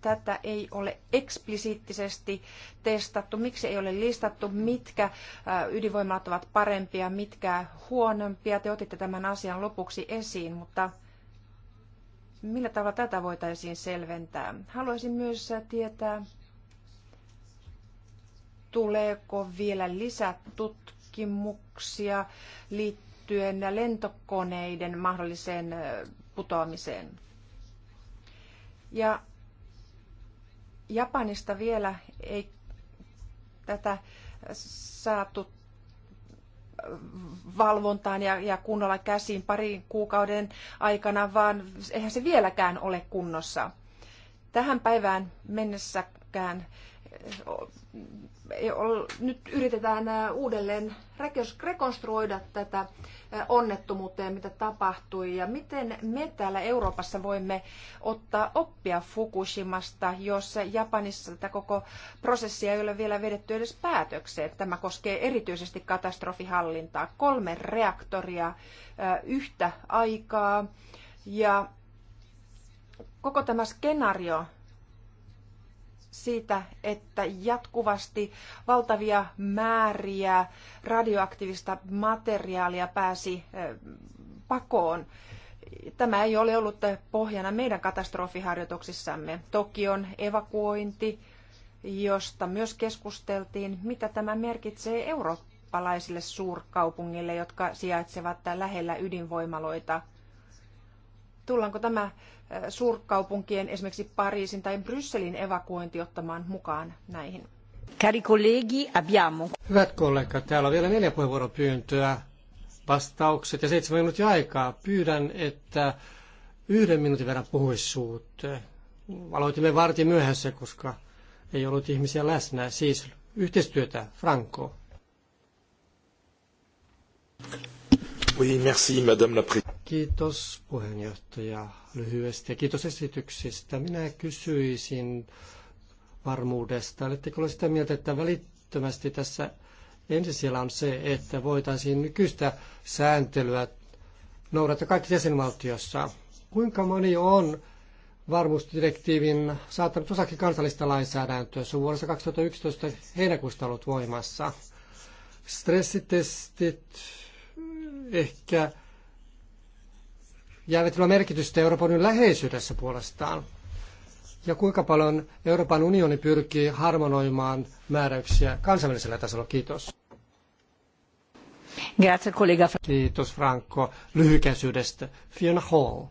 tätä ei ole eksplisiittisesti testattu, miksi ei ole listattu, mitkä ydinvoimalat ovat parempia, mitkä huonompia. Te otitte tämän asian lopuksi esiin, mutta millä tavalla tätä voitaisiin selventää? Haluaisin myös tietää, tuleeko vielä lisätutkimuksia liittyen lentokoneiden mahdolliseen putoamiseen. Ja Japanista vielä ei tätä saatu valvontaan ja, ja kunnolla käsiin parin kuukauden aikana, vaan eihän se vieläkään ole kunnossa. Tähän päivään mennessäkään eh, nyt yritetään eh, uudelleen rekonstruoida tätä onnettomuuteen, mitä tapahtui, ja miten me täällä Euroopassa voimme ottaa oppia Fukushimasta, jos Japanissa tätä koko prosessia ei ole vielä vedetty edes päätökseen. Tämä koskee erityisesti katastrofihallintaa. Kolme reaktoria yhtä aikaa, ja koko tämä skenaario siitä, että jatkuvasti valtavia määriä radioaktiivista materiaalia pääsi pakoon. Tämä ei ole ollut pohjana meidän katastrofiharjoituksissamme. Tokion evakuointi, josta myös keskusteltiin, mitä tämä merkitsee eurooppalaisille suurkaupungille, jotka sijaitsevat lähellä ydinvoimaloita. Tullaanko tämä suurkaupunkien, esimerkiksi Pariisin tai Brysselin evakuointi ottamaan mukaan näihin? Cari colleghi, abbiamo.
Hyvät kollegat, täällä on vielä neljä puheenvuoropyyntöä, vastaukset ja seitsemän minuuttia aikaa. Pyydän, että yhden minuutin verran puhuisuutte. Aloitimme vartin myöhässä, koska ei ollut ihmisiä läsnä. Siis yhteistyötä, Franco.
Oui, merci, Madame la
Kiitos puheenjohtaja lyhyesti ja kiitos esityksestä. Minä kysyisin varmuudesta. Oletteko sitä mieltä, että välittömästi tässä ensisijalla on se, että voitaisiin nykyistä sääntelyä noudattaa kaikki jäsenvaltiossa? Kuinka moni on varmuusdirektiivin saattanut osaksi kansallista lainsäädäntöä? Se on vuodessa 2011 heinäkuusta ollut voimassa. Stressitestit ehkä jäävät ilman merkitystä Euroopan läheisyydessä puolestaan. Ja kuinka paljon Euroopan unioni pyrkii harmonoimaan määräyksiä kansainvälisellä tasolla? Kiitos. Grazie, kollega. Kiitos Franco lyhykäisyydestä. Fiona Hall.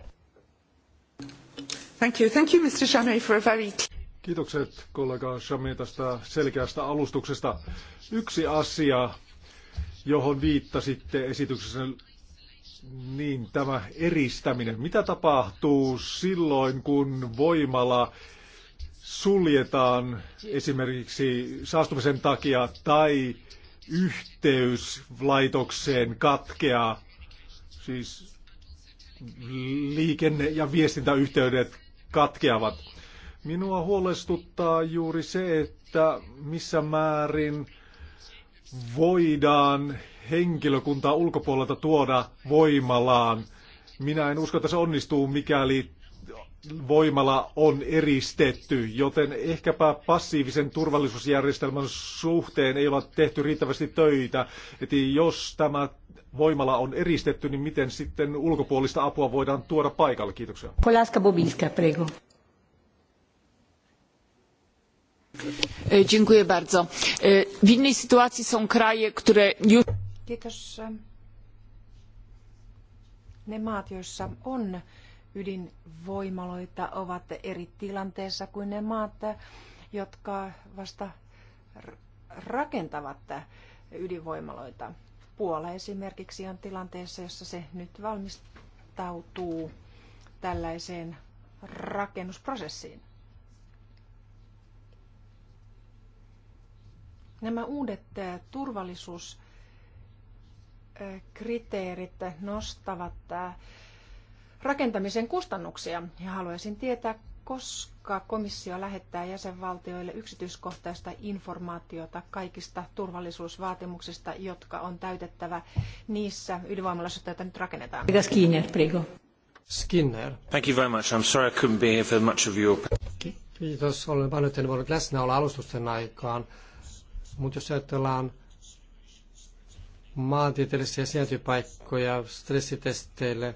Thank you. Thank you, Mr. Janey, for a very...
Kiitokset kollega Shami tästä selkeästä alustuksesta. Yksi asia, johon viittasitte esityksessä, niin tämä eristäminen. Mitä tapahtuu silloin, kun voimala suljetaan esimerkiksi saastumisen takia tai yhteys laitokseen katkeaa, siis liikenne- ja viestintäyhteydet katkeavat. Minua huolestuttaa juuri se, että missä määrin voidaan henkilökuntaa ulkopuolelta tuoda voimalaan. Minä en usko, että se onnistuu, mikäli voimala on eristetty, joten ehkäpä passiivisen turvallisuusjärjestelmän suhteen ei ole tehty riittävästi töitä. Et jos tämä voimala on eristetty, niin miten sitten ulkopuolista apua voidaan tuoda paikalle? Kiitoksia.
Kolaska Bobiska, prego. E, dziękuję bardzo. E, w innej sytuacji są kraje, które już...
Ne maat, joissa on ydinvoimaloita, ovat eri tilanteessa kuin ne maat, jotka vasta rakentavat ydinvoimaloita. Puola esimerkiksi on tilanteessa, jossa se nyt valmistautuu tällaiseen rakennusprosessiin. Nämä uudet turvallisuuskriteerit nostavat rakentamisen kustannuksia ja haluaisin tietää, koska komissio lähettää jäsenvaltioille yksityiskohtaista informaatiota kaikista turvallisuusvaatimuksista, jotka on täytettävä niissä ydinvoimalaisuutta, joita nyt rakennetaan. Skinner,
prego. Skinner.
Thank you very much. I'm sorry I couldn't be here for much of your...
Kiitos, olen paljon, etten voinut läsnä olla alustusten aikaan. Mutta jos ajatellaan maantieteellisiä sijaintipaikkoja stressitesteille,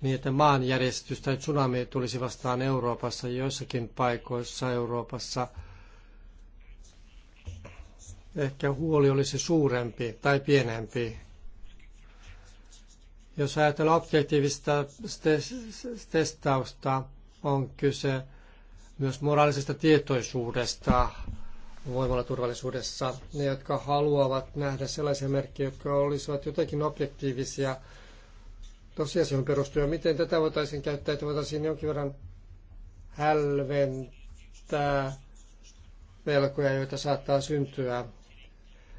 niin että maanjärjestys tai tsunami tulisi vastaan Euroopassa joissakin paikoissa Euroopassa, ehkä huoli olisi suurempi tai pienempi. Jos ajatellaan objektiivista testausta, on kyse myös moraalisesta tietoisuudesta voimalaturvallisuudessa. Ne, jotka haluavat nähdä sellaisia merkkejä, jotka olisivat jotenkin objektiivisia tosiasioon perustuen, miten tätä voitaisiin käyttää, että voitaisiin jonkin verran hälventää velkoja, joita saattaa syntyä.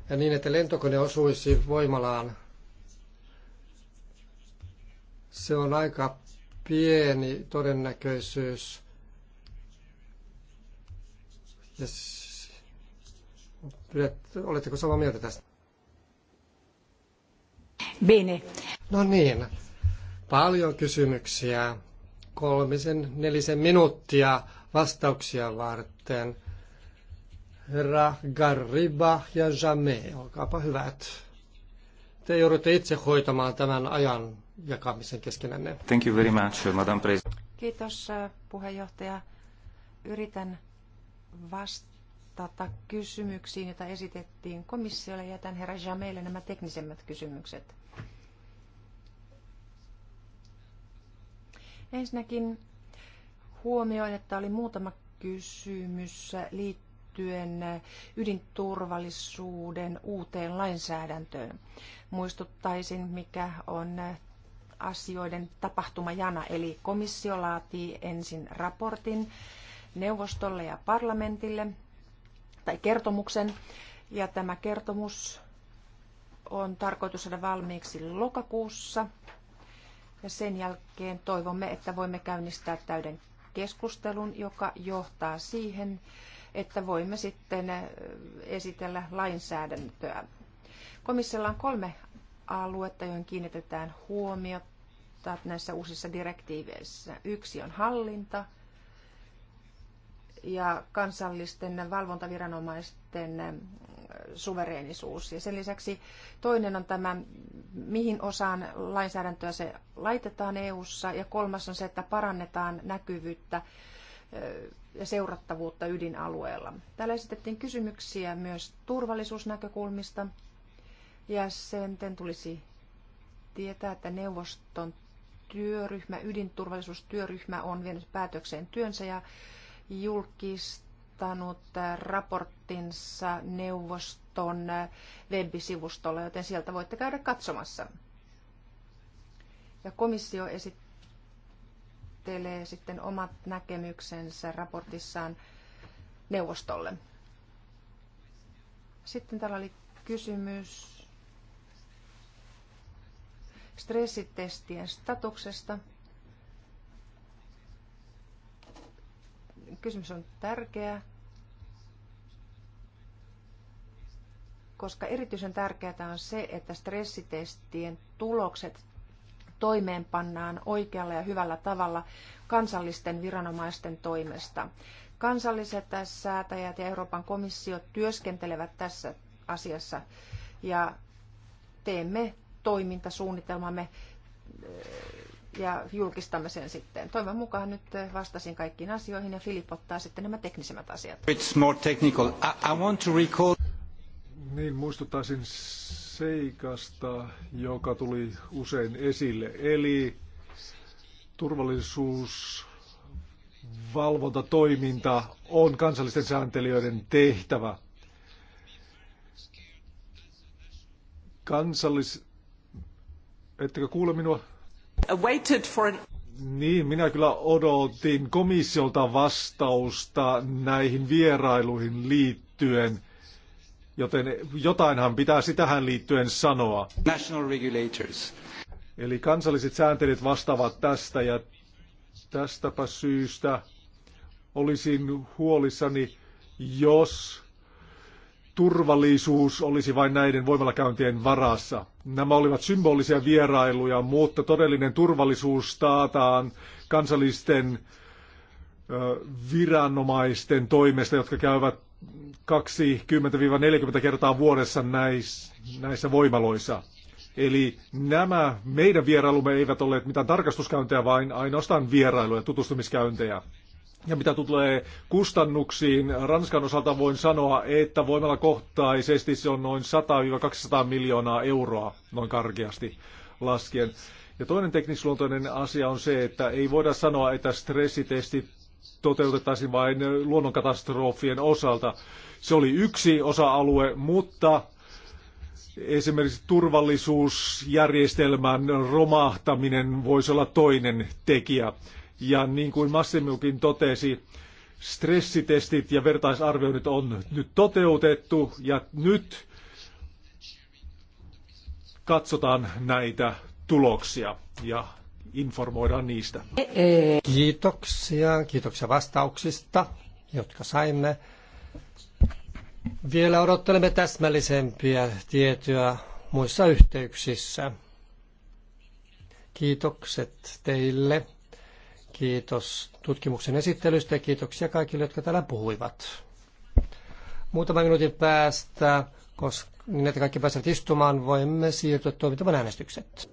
Ja niin, että lentokone osuisi voimalaan. Se on aika pieni todennäköisyys. Ja Oletteko samaa mieltä tästä? Bene. No niin, paljon kysymyksiä. Kolmisen, nelisen minuuttia vastauksia varten. Herra Garriba ja Jame, olkaapa hyvät. Te joudutte itse hoitamaan tämän ajan jakamisen keskenänne.
Thank you very much, Madam President.
Kiitos äh, puheenjohtaja. Yritän vastata vastata kysymyksiin, joita esitettiin komissiolle. Jätän herra Jameille nämä teknisemmät kysymykset. Ensinnäkin huomioin, että oli muutama kysymys liittyen ydinturvallisuuden uuteen lainsäädäntöön. Muistuttaisin, mikä on asioiden tapahtumajana, eli komissio laatii ensin raportin neuvostolle ja parlamentille tai kertomuksen. Ja tämä kertomus on tarkoitus saada valmiiksi lokakuussa. Ja sen jälkeen toivomme, että voimme käynnistää täyden keskustelun, joka johtaa siihen, että voimme sitten äh, esitellä lainsäädäntöä. Komissiolla on kolme aluetta, joihin kiinnitetään huomiota näissä uusissa direktiiveissä. Yksi on hallinta, ja kansallisten valvontaviranomaisten eh, suvereenisuus. Ja sen lisäksi toinen on tämä, mihin osaan lainsäädäntöä se laitetaan EU:ssa ja kolmas on se, että parannetaan näkyvyyttä eh, ja seurattavuutta ydinalueella. Täällä esitettiin kysymyksiä myös turvallisuusnäkökulmista ja sen tulisi tietää, että neuvoston työryhmä, ydinturvallisuustyöryhmä on vienyt päätökseen työnsä ja julkistanut raporttinsa neuvoston webisivustolla, joten sieltä voitte käydä katsomassa. Ja komissio esittelee sitten omat näkemyksensä raportissaan neuvostolle. Sitten täällä oli kysymys stressitestien statuksesta. kysymys on tärkeä, koska erityisen tärkeää on se, että stressitestien tulokset toimeenpannaan oikealla ja hyvällä tavalla kansallisten viranomaisten toimesta. Kansalliset säätäjät ja Euroopan komissio työskentelevät tässä asiassa ja teemme toimintasuunnitelmamme ja julkistamme sen sitten. Toivon mukaan nyt vastasin kaikkiin asioihin ja Filip ottaa sitten nämä teknisemmät asiat.
It's more technical. I,
I want to recall... Niin, muistuttaisin seikasta, joka tuli usein esille. Eli turvallisuus valvontatoiminta on kansallisten sääntelijöiden tehtävä. Kansallis... Ettekö kuule minua? Niin, minä kyllä odotin komissiolta vastausta näihin vierailuihin liittyen, joten jotainhan pitäisi tähän liittyen sanoa. National regulators. Eli kansalliset sääntelijät vastaavat tästä ja tästäpä syystä olisin huolissani, jos turvallisuus olisi vain näiden voimalakäyntien varassa. Nämä olivat symbolisia vierailuja, mutta todellinen turvallisuus taataan kansallisten viranomaisten toimesta, jotka käyvät 20-40 kertaa vuodessa näissä voimaloissa. Eli nämä meidän vierailumme eivät olleet mitään tarkastuskäyntejä, vaan ainoastaan vierailuja, tutustumiskäyntejä. Ja mitä tulee kustannuksiin, Ranskan osalta voin sanoa, että kohtaisesti se on noin 100-200 miljoonaa euroa, noin karkeasti laskien. Ja toinen teknisluontoinen asia on se, että ei voida sanoa, että stressitesti toteutettaisiin vain luonnonkatastrofien osalta. Se oli yksi osa-alue, mutta esimerkiksi turvallisuusjärjestelmän romahtaminen voisi olla toinen tekijä. Ja niin kuin Massimukin totesi, stressitestit ja vertaisarvioinnit on nyt toteutettu ja nyt katsotaan näitä tuloksia ja informoidaan niistä.
Kiitoksia, kiitoksia vastauksista, jotka saimme. Vielä odottelemme täsmällisempiä tietoja muissa yhteyksissä. Kiitokset teille. Kiitos tutkimuksen esittelystä ja kiitoksia kaikille, jotka täällä puhuivat. Muutaman minuutin päästä, koska niin että kaikki pääsevät istumaan, voimme siirtyä toimittavan äänestykset.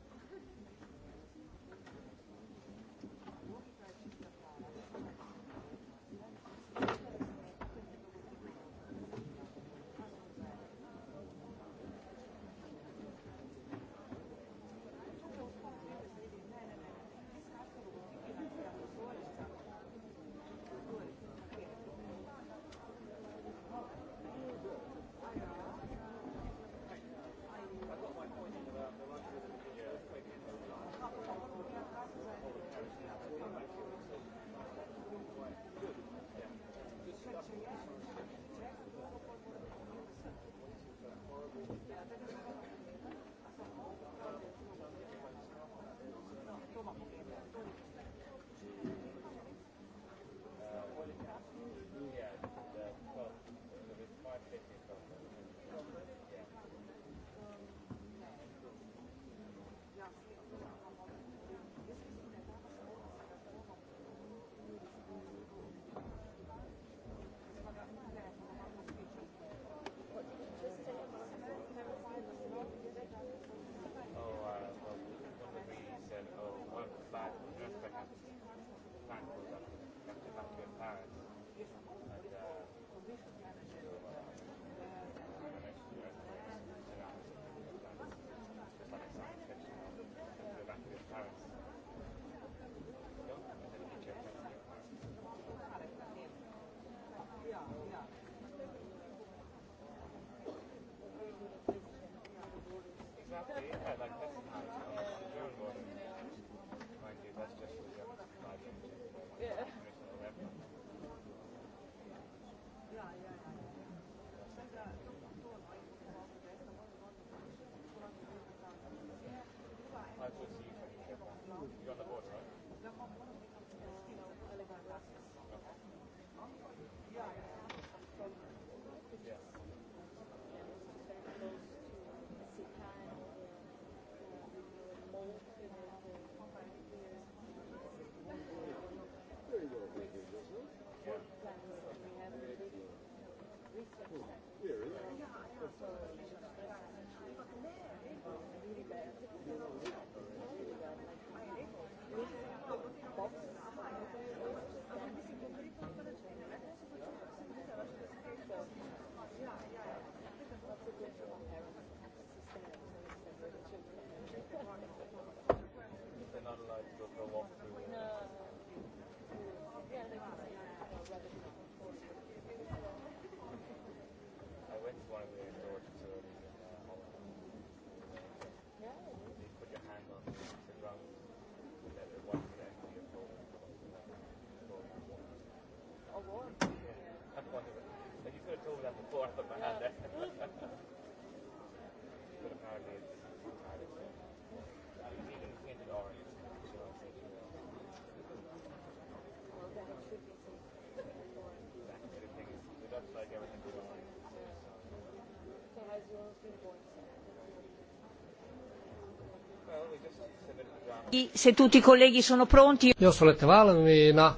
Se tutti colleghi sono pronti. Jos olette valmiina,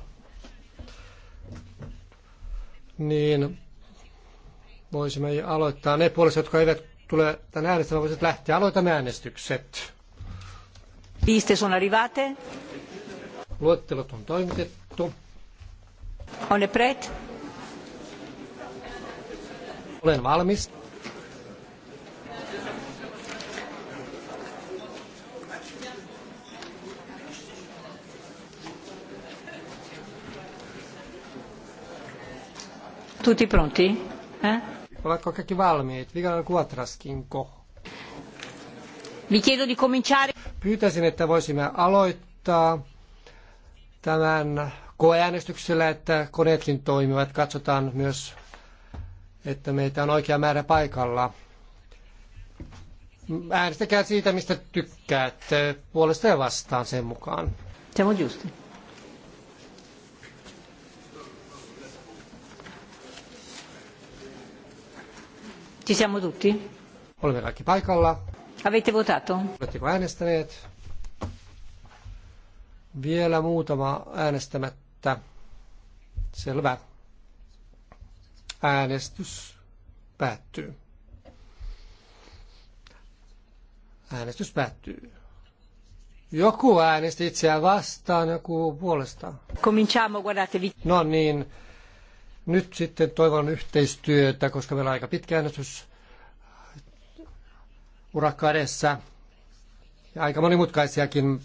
niin voisimme aloittaa. Ne puolesta, jotka eivät tule tänne äänestämään, voisivat lähteä. Aloitamme äänestykset. Liste sono arrivate. Luettelot on toimitettu. On ne pret? Olen valmis.
Tutti pronti? Eh?
kaikki valmiit? Vi chiedo di cominciare. Pyytäisin, että voisimme aloittaa tämän koeäänestyksellä, että koneetkin toimivat. Katsotaan myös, että meitä on oikea määrä paikalla. Äänestäkää siitä, mistä tykkäätte, puolesta ja vastaan sen mukaan. Se on justi. Ci siamo tutti? Olemme kaikki paikalla. Avete votato? Oletteko äänestäneet? Vielä muutama äänestämättä. Selvä. Äänestys päättyy. Äänestys päättyy. Joku äänesti itseään vastaan, joku puolesta. Cominciamo, guardatevi. No niin, nyt sitten toivon yhteistyötä, koska meillä on aika pitkä äänestys urakka edessä ja aika monimutkaisiakin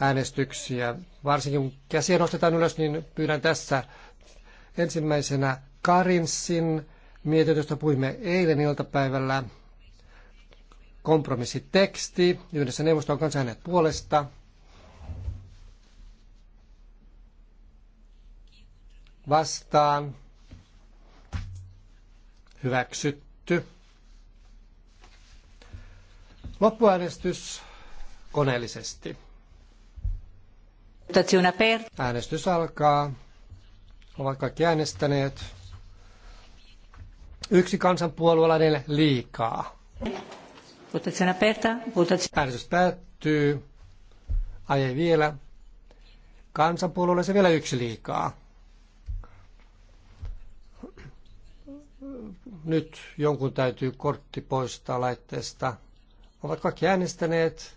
äänestyksiä. Varsinkin kun käsiä nostetaan ylös, niin pyydän tässä ensimmäisenä Karinsin mietitystä puhumme eilen iltapäivällä kompromissiteksti yhdessä neuvoston kanssa hänet puolesta vastaan hyväksytty. Loppuäänestys koneellisesti. Äänestys alkaa. Ovat kaikki äänestäneet. Yksi kansanpuolueella liikaa. aperta. Äänestys päättyy. Ai ei vielä. Kansanpuolueella se vielä yksi liikaa. nyt jonkun täytyy kortti poistaa laitteesta. Ovat kaikki äänestäneet.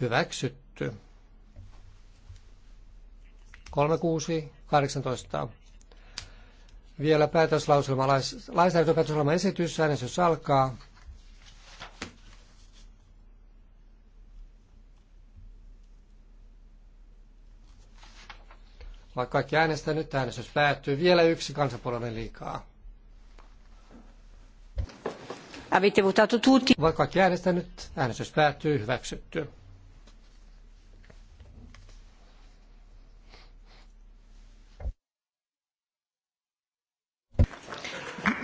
Hyväksytty. 36.18. Vielä päätöslauselma, lainsäädäntöpäätöslauselma esitys, äänestys alkaa. Vaikka kaikki äänestänyt, äänestys päättyy. Vielä yksi kansanpuolueen liikaa. Avete votato tutti? Ovat äänestänyt. Äänestys päättyy. Hyväksytty.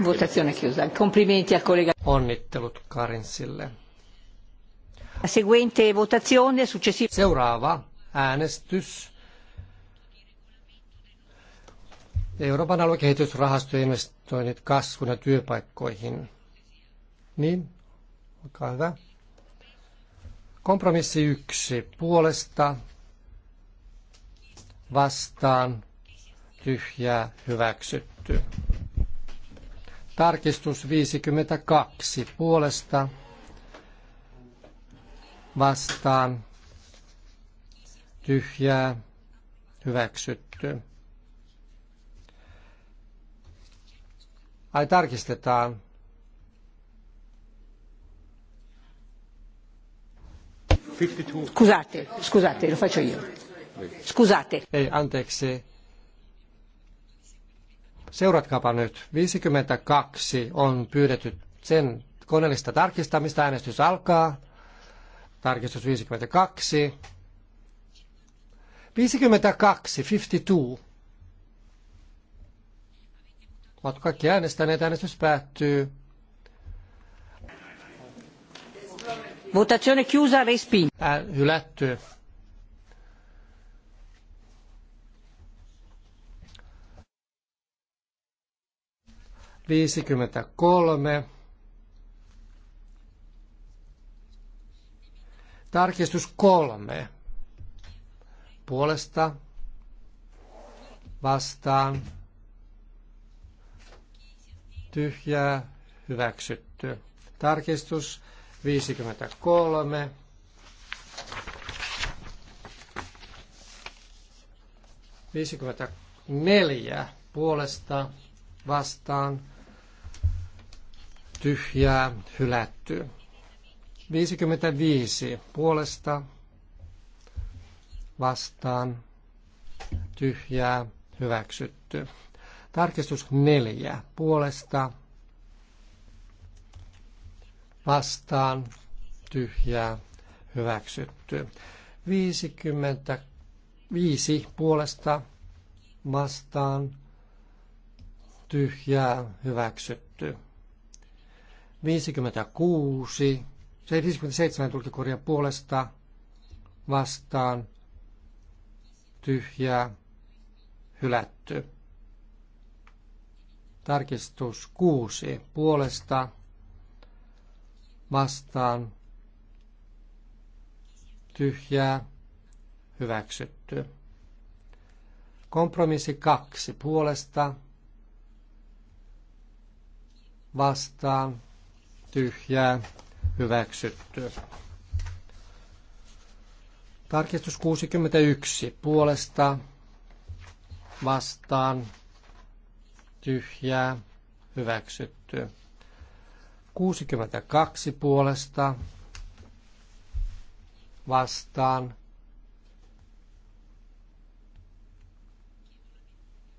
Votazione chiusa. Complimenti al collega. Onnittelut Karinsille. La seguente votazione successiva. Seuraava äänestys. Euroopan aluekehitysrahasto investoinnit kasvun ja työpaikkoihin. Niin, olkaa hyvä. Kompromissi yksi. Puolesta vastaan tyhjää hyväksytty. Tarkistus 52. Puolesta vastaan tyhjää hyväksytty. Ai tarkistetaan. 52. Scusate,
scusate, lo faccio io. Scusate.
Ei, anteeksi. Seuratkaapa nyt. 52 on pyydetty sen koneellista tarkistamista. Äänestys alkaa. Tarkistus 52. 52, 52. Ovat kaikki äänestäneet. Äänestys päättyy. Votazione chiusa, respinto. Hylätty. Viisikymmentäkolme. Tarkistus kolme. Puolesta vastaan tyhjää hyväksytty. Tarkistus 53. Viisikymmentä neljä puolesta vastaan tyhjää hylätty. 55 puolesta vastaan tyhjää hyväksytty. Tarkistus neljä puolesta vastaan tyhjää hyväksytty. 55 puolesta vastaan tyhjää hyväksytty. 56, 57 tulkikorjan puolesta vastaan tyhjää hylätty. Tarkistus 6 puolesta vastaan tyhjää hyväksytty. Kompromissi kaksi puolesta vastaan tyhjää hyväksytty. Tarkistus 61 puolesta vastaan tyhjää hyväksytty. 62 puolesta vastaan.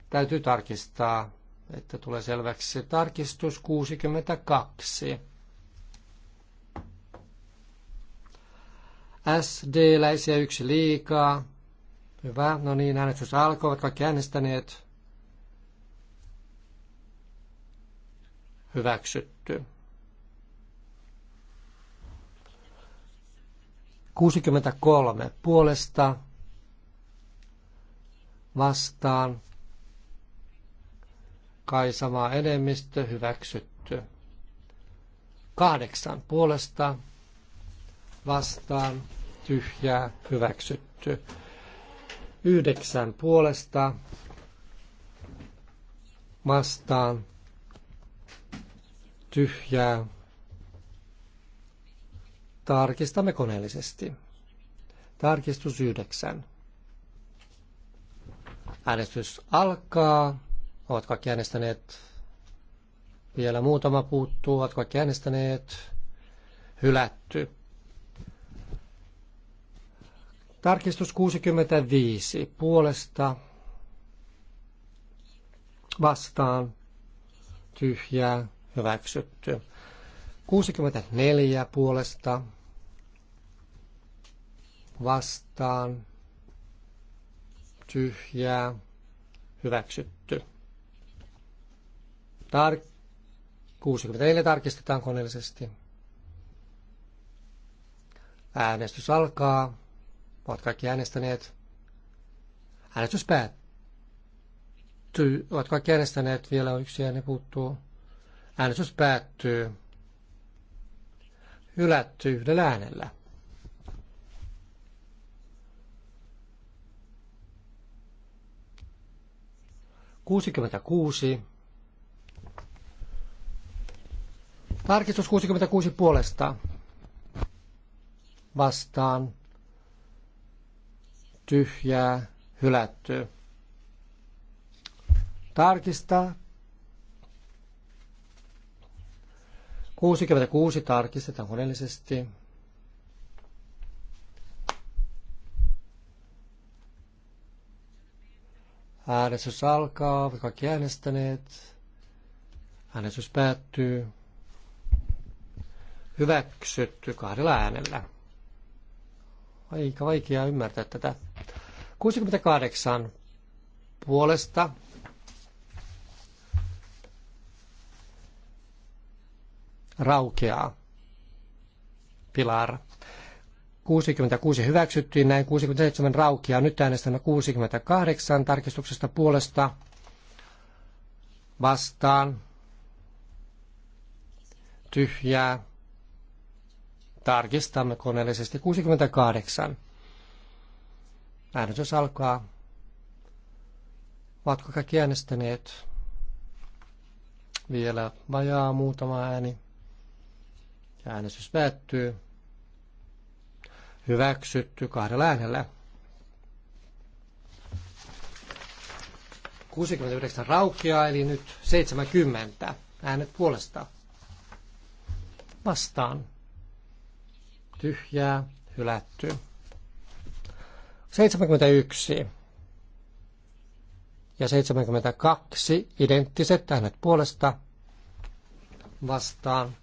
Täytyy tarkistaa, että tulee selväksi. Tarkistus 62. SD-läisiä yksi liikaa. Hyvä. No niin, äänestys alkoi. Ovat kaikki äänestäneet. Hyväksyt. 63 puolesta vastaan. Kai sama enemmistö hyväksytty. Kahdeksan puolesta vastaan tyhjää hyväksytty. Yhdeksän puolesta vastaan tyhjää Tarkistamme koneellisesti. Tarkistus 9. Äänestys alkaa. Ovat kaikki äänestäneet. Vielä muutama puuttuu. Ovat kaikki äänestäneet. Hylätty. Tarkistus 65. Puolesta vastaan tyhjää hyväksytty. 64 puolesta vastaan tyhjää hyväksytty. Tar- 64 tarkistetaan koneellisesti. Äänestys alkaa. Ovat kaikki äänestäneet. Äänestys päättyy. Ovat kaikki äänestäneet. Vielä yksi ääni puuttuu. Äänestys päättyy hylätty yhdellä äänellä. kuusi. Tarkistus 66 puolesta vastaan tyhjää hylättyä. Tarkista 66 tarkistetaan koneellisesti. Äänestys alkaa, ovat kaikki äänestäneet. Äänestys päättyy. Hyväksytty kahdella äänellä. Aika vaikea ymmärtää tätä. 68 puolesta raukeaa. Pilar. 66 hyväksyttiin, näin 67 raukia. Nyt äänestämme 68 tarkistuksesta puolesta vastaan. Tyhjää. Tarkistamme koneellisesti 68. Äänestys alkaa. Ovatko kaikki äänestäneet? Vielä vajaa muutama ääni. Ja Äänestys päättyy. Hyväksytty kahdella äänellä. 69 raukia, eli nyt 70 äänet puolesta. Vastaan. Tyhjää, hylätty. 71 ja 72 identtiset äänet puolesta. Vastaan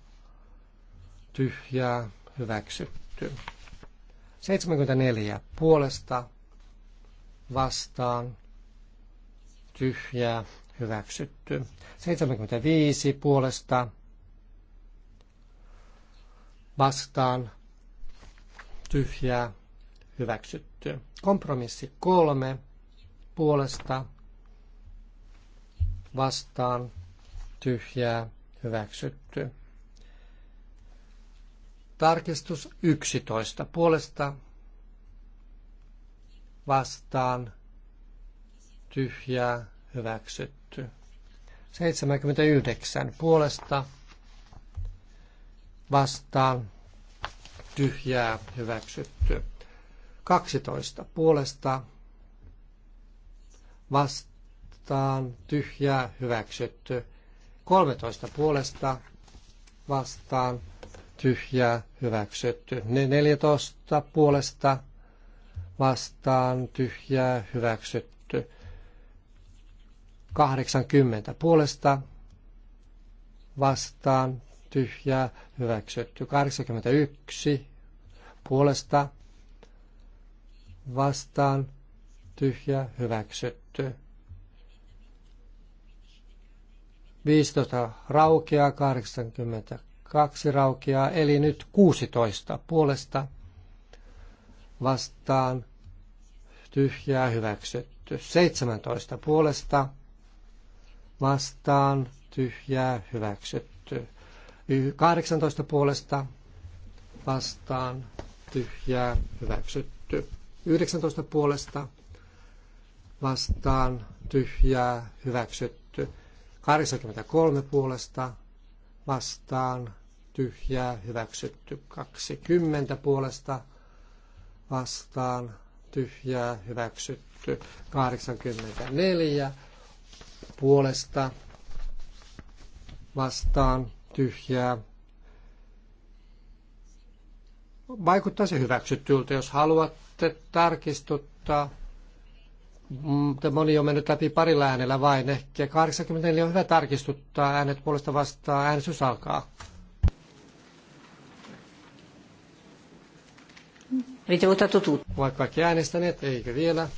tyhjää hyväksytty. 74 puolesta vastaan tyhjää hyväksytty. 75 puolesta vastaan tyhjää hyväksytty. Kompromissi kolme puolesta vastaan tyhjää hyväksytty. Tarkistus 11 puolesta vastaan tyhjää hyväksytty. 79 puolesta vastaan tyhjää hyväksytty. 12 puolesta vastaan tyhjää hyväksytty. 13 puolesta vastaan tyhjää hyväksytty tyhjää hyväksytty. Ne 14 puolesta vastaan tyhjää hyväksytty. 80 puolesta vastaan tyhjää hyväksytty. 81 puolesta vastaan tyhjää hyväksytty. 15 raukeaa 82 kaksi raukeaa, eli nyt 16 puolesta vastaan tyhjää hyväksytty. 17 puolesta vastaan tyhjää hyväksytty. 18 puolesta vastaan tyhjää hyväksytty. 19 puolesta vastaan tyhjää hyväksytty. 83 puolesta vastaan tyhjää hyväksytty 20 puolesta vastaan tyhjää hyväksytty 84 puolesta vastaan tyhjää. Vaikuttaa se hyväksyttyltä, jos haluatte tarkistuttaa. Mm, moni on mennyt läpi parilla äänellä vain. Ehkä 84 on hyvä tarkistuttaa äänet puolesta vastaan. Äänestys alkaa. Avete votato tutti? Ovat kaikki äänestäneet, eikö vielä?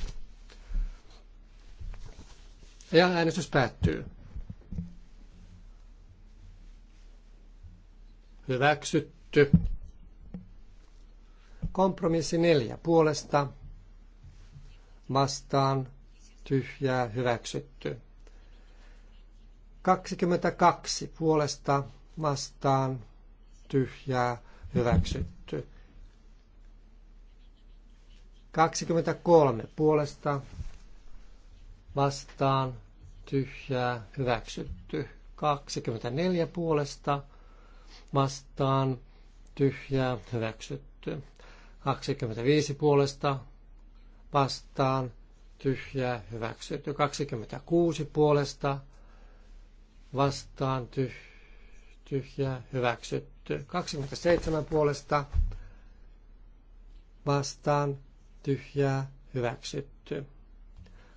Ja äänestys päättyy. Hyväksytty. Kompromissi neljä puolesta. Vastaan tyhjää hyväksytty. 22 puolesta vastaan tyhjää hyväksytty. 23 puolesta vastaan tyhjää hyväksytty. 24 puolesta vastaan tyhjää hyväksytty. 25 puolesta vastaan tyhjää hyväksytty. 26 puolesta vastaan tyhjää hyväksytty. 27 puolesta vastaan tyhjää, hyväksytty.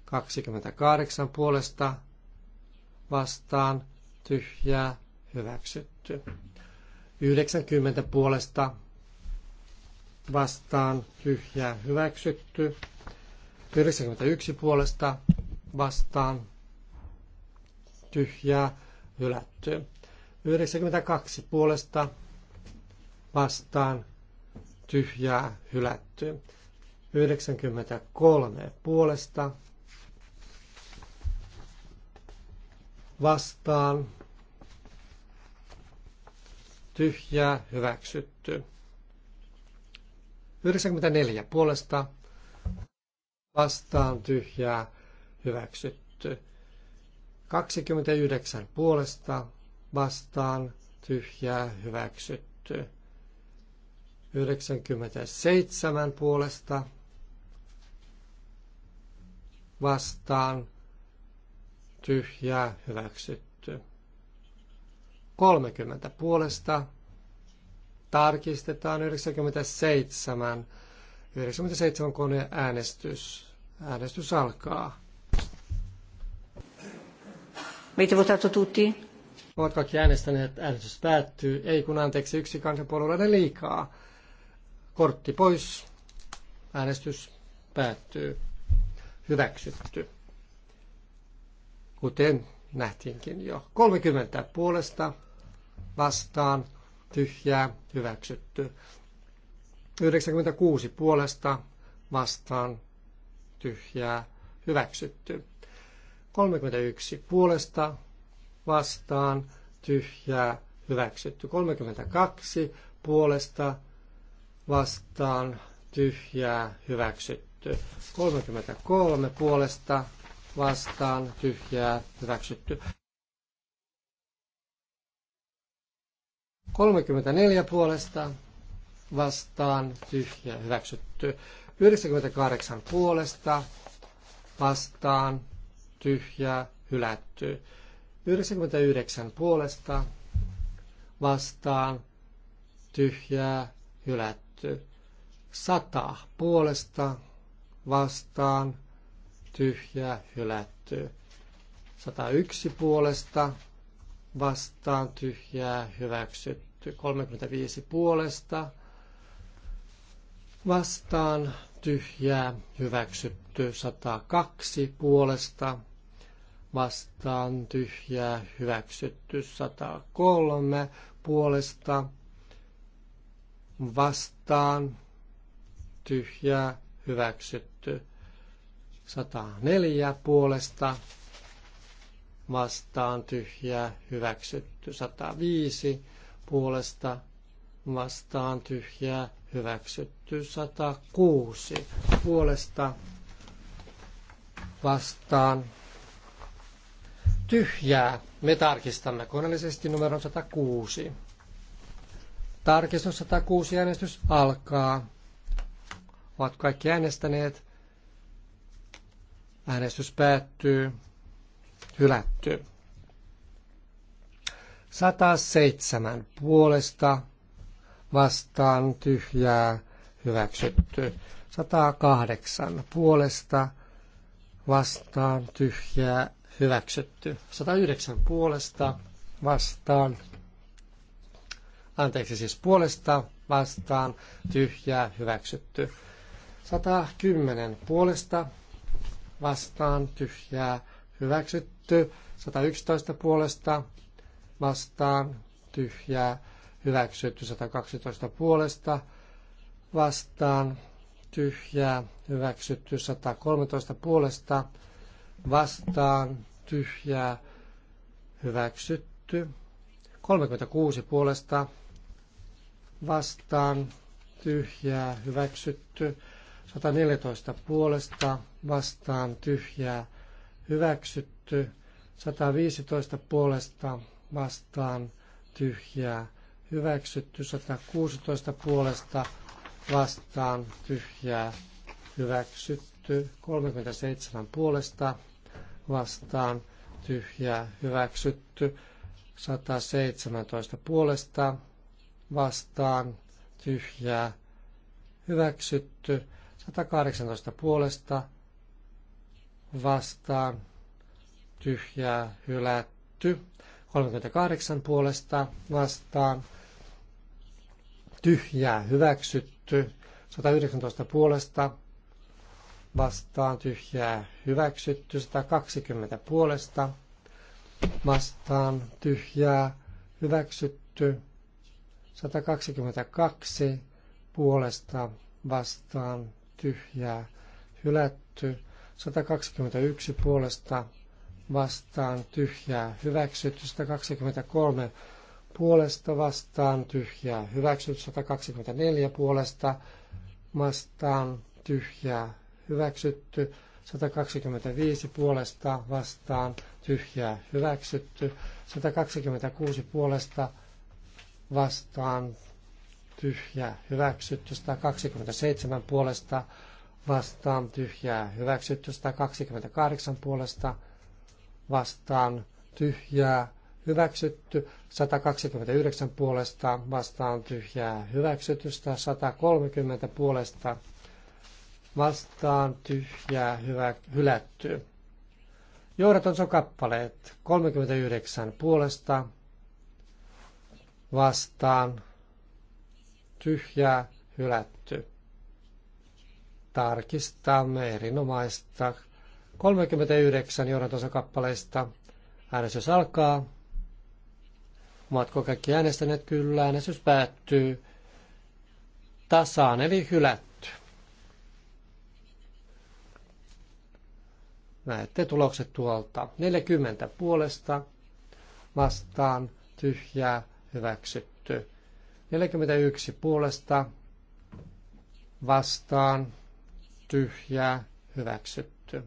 28 puolesta vastaan, tyhjää, hyväksytty. 90 puolesta vastaan, tyhjää, hyväksytty. 91 puolesta vastaan, tyhjää, hylätty. 92 puolesta vastaan, tyhjää, hylätty. 93 puolesta vastaan tyhjää hyväksytty. 94 puolesta vastaan tyhjää hyväksytty. 29 puolesta vastaan tyhjää hyväksytty. 97 puolesta vastaan tyhjää hyväksytty. 30 puolesta tarkistetaan 97. 97 kone äänestys. Äänestys alkaa. Avete votato tutti? Ovat kaikki äänestäneet, äänestys päättyy. Ei kun anteeksi, yksi kansanpuolueiden liikaa. Kortti pois, äänestys päättyy hyväksytty. Kuten nähtiinkin jo. 30 puolesta vastaan tyhjää hyväksytty. 96 puolesta vastaan tyhjää hyväksytty. 31 puolesta vastaan tyhjää hyväksytty. 32 puolesta vastaan tyhjää hyväksytty hyväksytty. 33 puolesta vastaan tyhjää hyväksytty. 34 puolesta vastaan tyhjä hyväksytty. 98 puolesta vastaan tyhjää hylätty. 99 puolesta vastaan tyhjää hylätty. 100 puolesta vastaan tyhjää hylätty. 101 puolesta vastaan tyhjää hyväksytty. 35 puolesta vastaan tyhjää hyväksytty. 102 puolesta vastaan tyhjää hyväksytty. 103 puolesta vastaan tyhjää hyväksytty. 104 puolesta vastaan tyhjää hyväksytty. 105 puolesta vastaan tyhjää hyväksytty. 106 puolesta vastaan tyhjää. Me tarkistamme koneellisesti numeron 106. Tarkistus 106 äänestys alkaa. Ovat kaikki äänestäneet. Äänestys päättyy. Hylätty. 107 puolesta vastaan tyhjää hyväksytty. 108 puolesta vastaan tyhjää hyväksytty. 109 puolesta vastaan, anteeksi siis puolesta vastaan tyhjää hyväksytty. 110 puolesta vastaan tyhjää hyväksytty. 111 puolesta vastaan tyhjää hyväksytty. 112 puolesta vastaan tyhjää hyväksytty. 113 puolesta vastaan tyhjää hyväksytty. 36 puolesta vastaan tyhjää hyväksytty. 114 puolesta vastaan tyhjää hyväksytty. 115 puolesta vastaan tyhjää hyväksytty. 116 puolesta vastaan tyhjää hyväksytty. 37 puolesta vastaan tyhjää hyväksytty. 117 puolesta vastaan tyhjää hyväksytty. 118 puolesta vastaan tyhjää hylätty. 38 puolesta vastaan tyhjää hyväksytty. 119 puolesta vastaan tyhjää hyväksytty. 120 puolesta vastaan tyhjää hyväksytty. 122 puolesta vastaan tyhjää hylätty. 121 puolesta vastaan tyhjää hyväksytty. 123 puolesta vastaan tyhjää hyväksytty. 124 puolesta vastaan tyhjää hyväksytty. 125 puolesta vastaan tyhjää hyväksytty. 126 puolesta vastaan tyhjää hyväksytty 127 puolesta vastaan tyhjää hyväksytty 128 puolesta vastaan tyhjää hyväksytty 129 puolesta vastaan tyhjää hyväksytystä 130 puolesta vastaan tyhjää hyvä, hylätty. Johdatonsa kappaleet 39 puolesta vastaan tyhjää hylätty. Tarkistamme erinomaista 39 johdantonsa kappaleista. Äänestys alkaa. Ovatko kaikki äänestäneet? Kyllä. Äänestys päättyy tasaan, eli hylätty. Näette tulokset tuolta. 40 puolesta vastaan tyhjää hyväksytty. 41 puolesta vastaan tyhjää hyväksytty.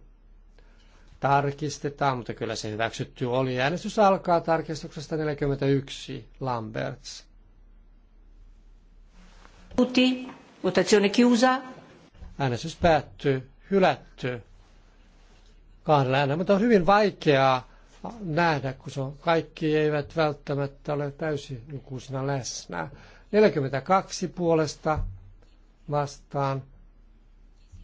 Tarkistetaan, mutta kyllä se hyväksytty oli. Äänestys alkaa tarkistuksesta 41 Lamberts.
Tutti, votazione chiusa.
Äänestys päättyy, hylätty. Kahdella äänellä, mutta on hyvin vaikeaa nähdä, kun se on, kaikki eivät välttämättä ole täysilukuisena läsnä. 42 puolesta vastaan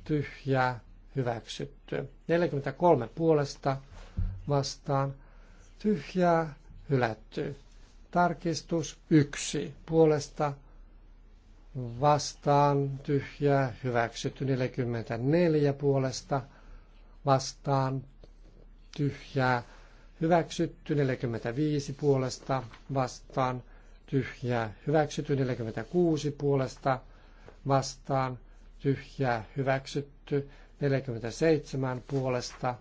tyhjää hyväksytty. 43 puolesta vastaan tyhjää hylätty. Tarkistus 1 puolesta vastaan tyhjää hyväksytty. 44 puolesta vastaan tyhjää hyväksytty 45 puolesta vastaan, tyhjää hyväksytty 46 puolesta vastaan, tyhjää hyväksytty 47 puolesta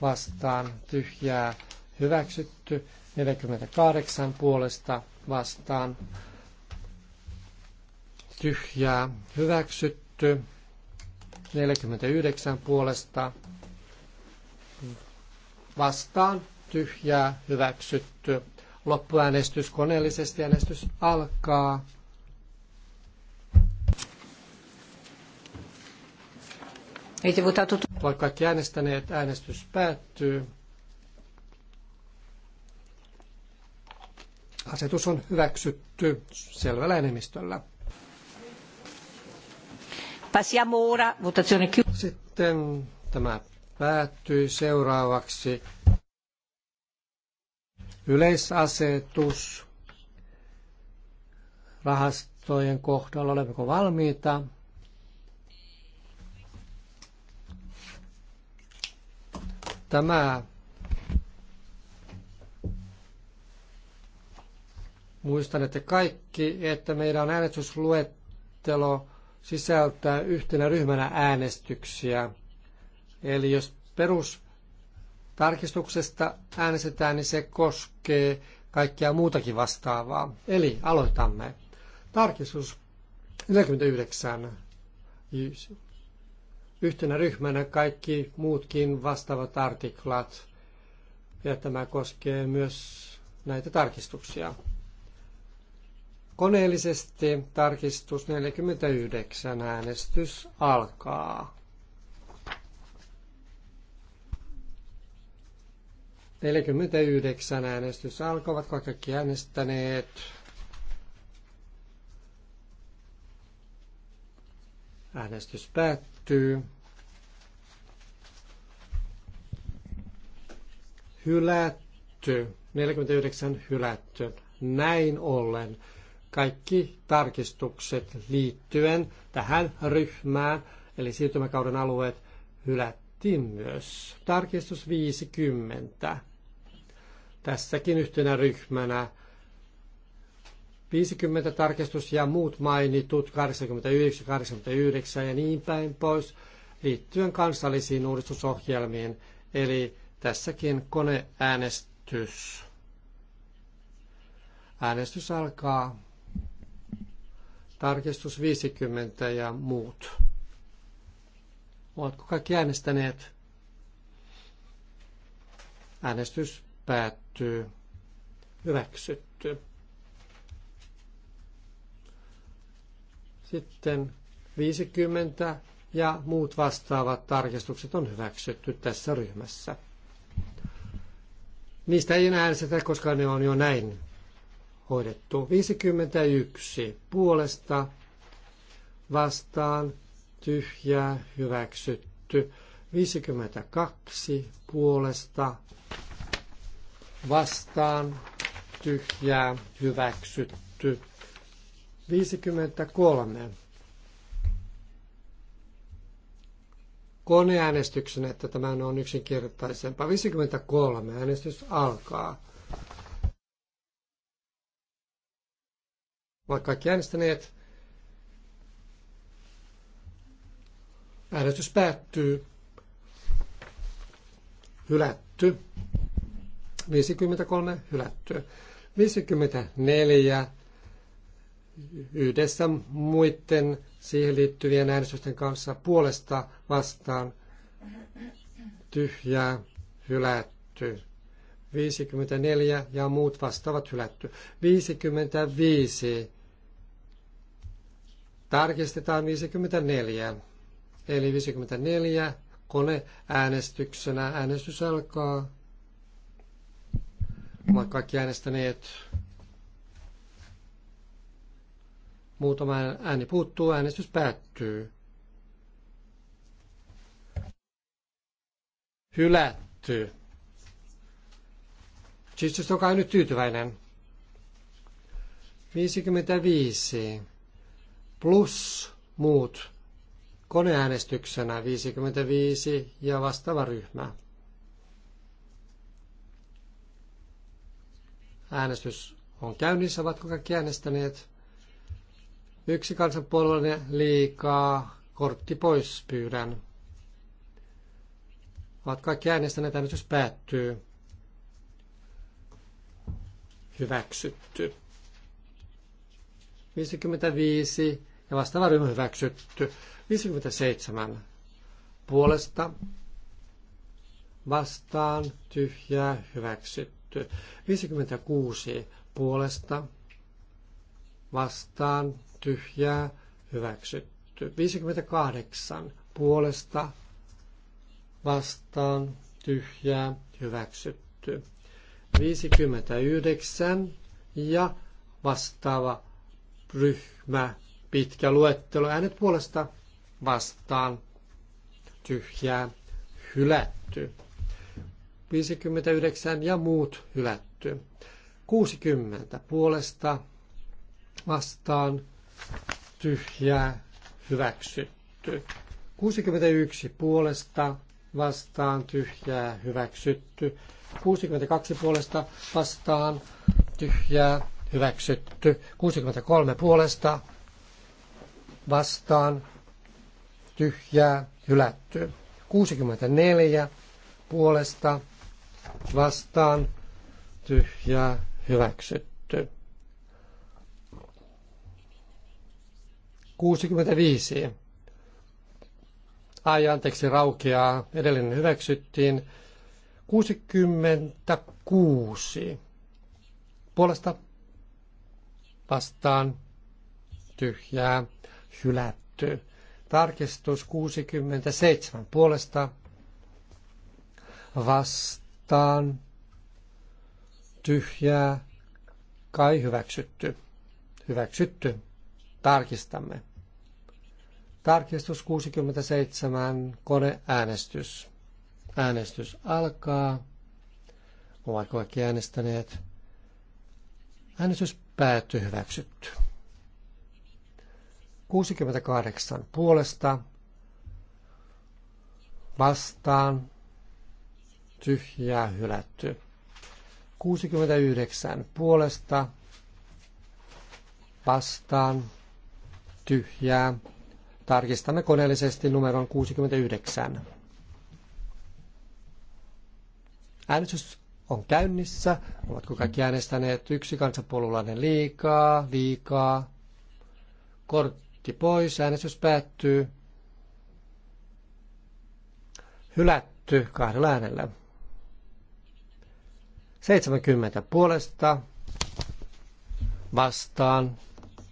vastaan, tyhjää hyväksytty 48 puolesta vastaan, tyhjää hyväksytty 49 puolesta vastaan, tyhjää hyväksytty. Loppuäänestys koneellisesti äänestys alkaa. Vaikka kaikki äänestäneet, äänestys päättyy. Asetus on hyväksytty selvällä enemmistöllä.
Passiamo ora, votazione
Sitten tämä päättyy seuraavaksi yleisasetus rahastojen kohdalla, olemmeko valmiita. Tämä Muistan, että kaikki, että meidän äänestysluettelo sisältää yhtenä ryhmänä äänestyksiä. Eli jos perus tarkistuksesta äänestetään, niin se koskee kaikkea muutakin vastaavaa. Eli aloitamme. Tarkistus 49. Yhtenä ryhmänä kaikki muutkin vastaavat artiklat. Ja tämä koskee myös näitä tarkistuksia. Koneellisesti tarkistus 49 äänestys alkaa. 49 äänestys alkoivat, kaikki äänestäneet? Äänestys päättyy. Hylätty. 49 hylätty. Näin ollen kaikki tarkistukset liittyen tähän ryhmään, eli siirtymäkauden alueet hylätty hylättiin myös. Tarkistus 50. Tässäkin yhtenä ryhmänä 50 tarkistus ja muut mainitut 89, 89 ja niin päin pois liittyen kansallisiin uudistusohjelmiin. Eli tässäkin koneäänestys. Äänestys alkaa. Tarkistus 50 ja muut. Ovatko kaikki äänestäneet? Äänestys päättyy. Hyväksytty. Sitten 50 ja muut vastaavat tarkistukset on hyväksytty tässä ryhmässä. Niistä ei enää äänestetä, koska ne on jo näin hoidettu. 51 puolesta vastaan tyhjää hyväksytty. 52 puolesta vastaan tyhjää hyväksytty. 53 koneäänestyksen, että tämä on yksinkertaisempaa. 53 äänestys alkaa. Vaikka kaikki äänestäneet, Äänestys päättyy. Hylätty. 53 hylättyä. 54 yhdessä muiden siihen liittyvien äänestysten kanssa puolesta vastaan tyhjää hylätty. 54 ja muut vastaavat hylätty. 55. Tarkistetaan 54. Eli 54 koneäänestyksenä. Äänestys alkaa. Ovat kaikki äänestäneet. Muutama ääni puuttuu, äänestys päättyy. Hylätty. Siis joka on nyt tyytyväinen. 55 plus muut koneäänestyksenä 55 ja vastaava ryhmä. Äänestys on käynnissä, ovatko kaikki äänestäneet? Yksi kansanpuolueellinen liikaa, kortti pois pyydän. Ovat kaikki äänestäneet, äänestys päättyy. Hyväksytty. 55 ja vastaava ryhmä hyväksytty. 57 puolesta vastaan tyhjää hyväksytty. 56 puolesta vastaan tyhjää hyväksytty. 58 puolesta vastaan tyhjää hyväksytty. 59 ja vastaava ryhmä pitkä luettelo. Äänet puolesta vastaan tyhjää hylätty. 59 ja muut hylätty. 60 puolesta vastaan tyhjää hyväksytty. 61 puolesta vastaan tyhjää hyväksytty. 62 puolesta vastaan tyhjää hyväksytty. 63 puolesta vastaan tyhjää hylätty. 64 puolesta vastaan tyhjää hyväksytty. 65. Ai anteeksi raukeaa, edellinen hyväksyttiin. 66. Puolesta vastaan tyhjää hylätty. Tarkistus 67 puolesta vastaan tyhjää kai hyväksytty. Hyväksytty. Tarkistamme. Tarkistus 67, koneäänestys. Äänestys alkaa. Ovatko kaikki äänestäneet. Äänestys päättyy hyväksytty. 68 puolesta vastaan tyhjää hylätty. 69 puolesta vastaan tyhjää. Tarkistamme koneellisesti numeron 69. Äänestys on käynnissä. Ovatko kaikki äänestäneet yksi kansapuolulainen liikaa, liikaa? Kort kaikki pois, äänestys päättyy. Hylätty kahdella äänellä. 70 puolesta vastaan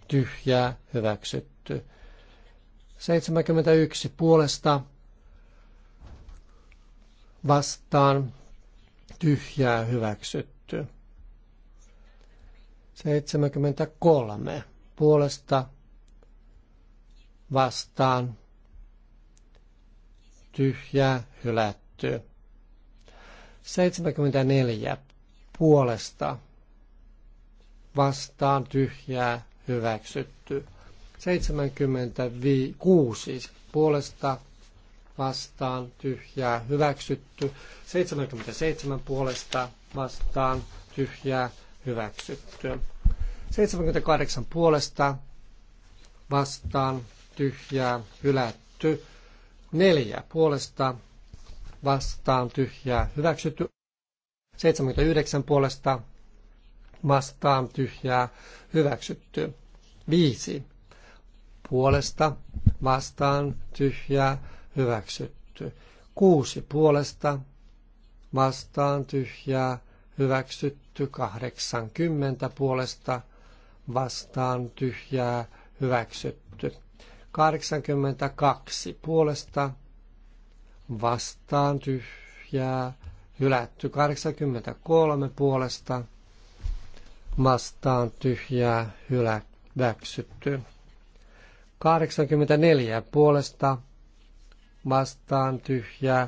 tyhjää hyväksytty. 71 puolesta vastaan tyhjää hyväksytty. 73 puolesta vastaan tyhjää hylätty. 74 puolesta vastaan tyhjää hyväksytty. 76 puolesta vastaan tyhjää hyväksytty. 77 puolesta vastaan tyhjää hyväksytty. 78 puolesta vastaan tyhjää, hylätty. Neljä puolesta vastaan tyhjää, hyväksytty. 79 puolesta vastaan tyhjää, hyväksytty. Viisi puolesta vastaan tyhjää, hyväksytty. Kuusi puolesta vastaan tyhjää, hyväksytty. 80 puolesta vastaan tyhjää, hyväksytty. 82 puolesta vastaan tyhjää, hylätty 83 puolesta vastaan tyhjää, hyväksytty. 84 puolesta vastaan tyhjää,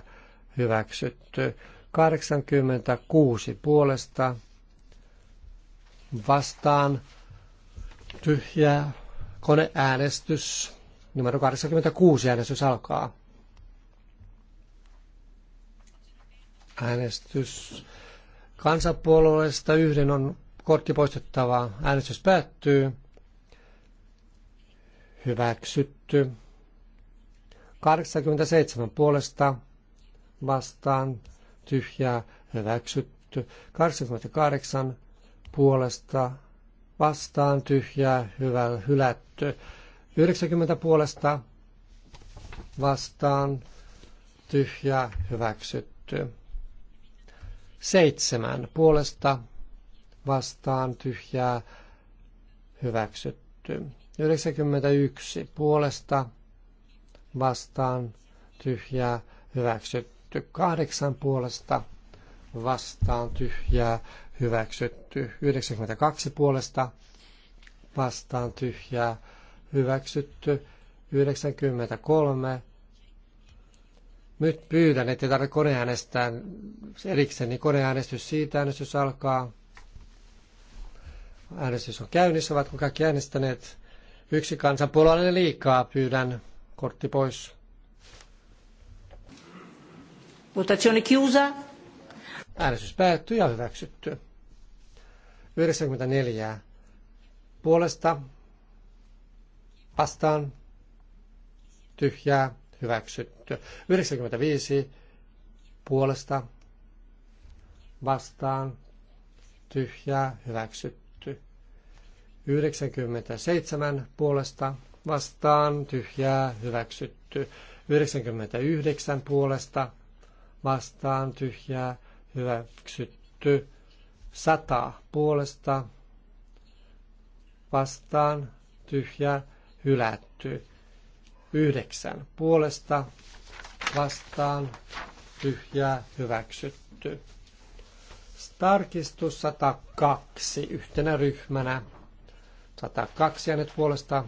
hyväksytty. 86 puolesta vastaan tyhjää koneäänestys Numero 86 äänestys alkaa. Äänestys kansanpuolueesta yhden on kortti poistettava. Äänestys päättyy. Hyväksytty. 87 puolesta vastaan tyhjää hyväksytty. 88 puolesta vastaan tyhjää hyvä hylätty. 90 puolesta vastaan tyhjä hyväksytty. 7 puolesta vastaan tyhjää hyväksytty. 91 puolesta vastaan tyhjää hyväksytty. 8 puolesta vastaan tyhjää hyväksytty. 92 puolesta vastaan tyhjää hyväksytty hyväksytty 93. Nyt pyydän, ettei tarvitse koneäänestää erikseen, niin koneäänestys siitä äänestys alkaa. Äänestys on käynnissä, ovatko kaikki äänestäneet? Yksi kansanpuolueellinen liikaa, pyydän kortti pois.
Votazione chiusa.
Äänestys päättyy ja hyväksytty. 94 puolesta Vastaan tyhjää hyväksytty. 95 puolesta vastaan tyhjää hyväksytty. 97 puolesta vastaan tyhjää hyväksytty. 99 puolesta vastaan tyhjää hyväksytty. 100 puolesta vastaan tyhjää hylätty. Yhdeksän puolesta vastaan tyhjää hyväksytty. Tarkistus 102 yhtenä ryhmänä. 102 ja nyt puolesta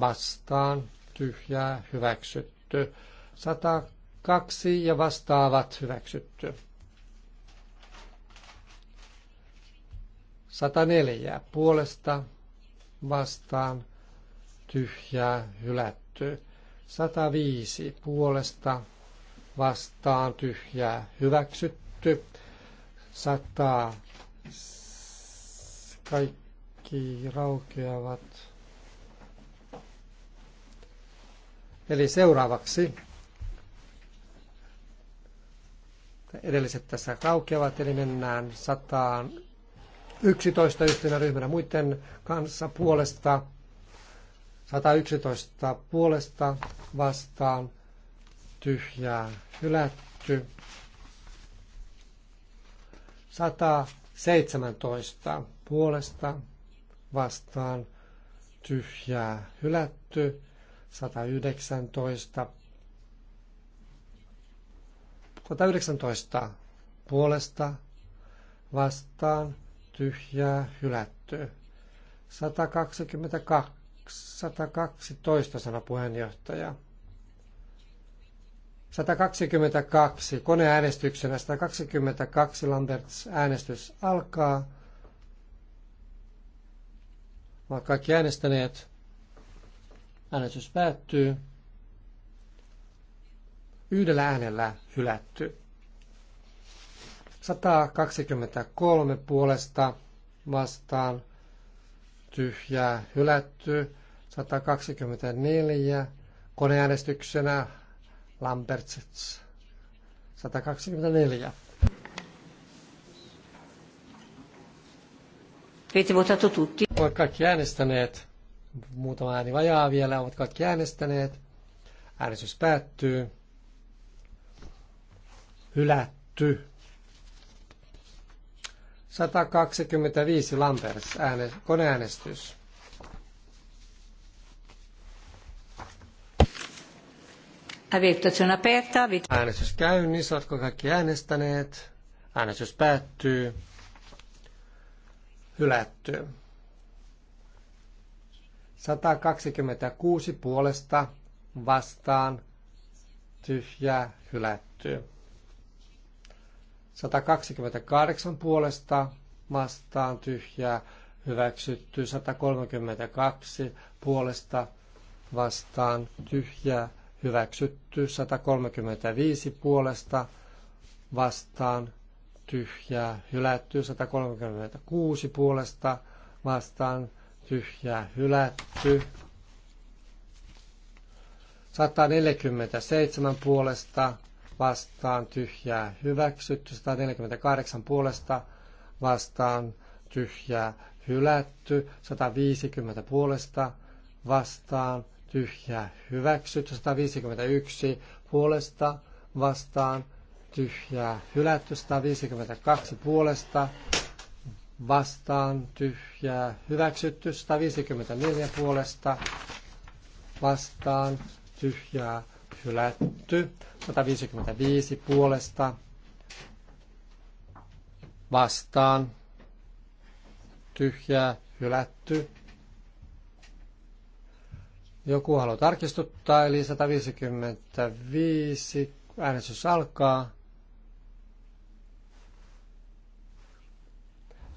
vastaan tyhjää hyväksytty. 102 ja vastaavat hyväksytty. 104 puolesta vastaan tyhjää hylätty. 105 puolesta vastaan tyhjää hyväksytty. 100 kaikki raukeavat. Eli seuraavaksi edelliset tässä raukeavat, eli mennään 111 yhtenä ryhmänä muiden kanssa puolesta 111 puolesta vastaan tyhjää hylätty. 117 puolesta vastaan tyhjää hylätty. 119 119 puolesta vastaan tyhjää hylätty. 122 112 sana puheenjohtaja. 122, koneäänestyksenä 122 Lamberts äänestys alkaa. Ovat kaikki äänestäneet. Äänestys päättyy. Yhdellä äänellä hylätty. 123 puolesta vastaan tyhjää hylätty. 124 koneäänestyksenä Lambertsets 124. Avete votato tutti? Ovat kaikki äänestäneet. Muutama ääni vajaa vielä. Ovat kaikki äänestäneet. Äänestys päättyy. Hylätty. 125 Lampers, ääne, koneäänestys. Äänestys käynnissä, oletko kaikki äänestäneet? Äänestys päättyy. Hylätty. 126 puolesta vastaan tyhjää hylätty. 128 puolesta vastaan tyhjää hyväksytty. 132 puolesta vastaan tyhjää hyväksytty. 135 puolesta vastaan tyhjää hylätty. 136 puolesta vastaan tyhjää hylätty. 147 puolesta vastaan tyhjää hyväksytty, 148 puolesta vastaan tyhjää hylätty, 150 puolesta vastaan tyhjää hyväksytty, 151 puolesta vastaan tyhjää hylätty, 152 puolesta vastaan tyhjää hyväksytty, 154 puolesta vastaan tyhjää hylätty. 155 puolesta vastaan tyhjää hylätty. Joku haluaa tarkistuttaa, eli 155 äänestys alkaa.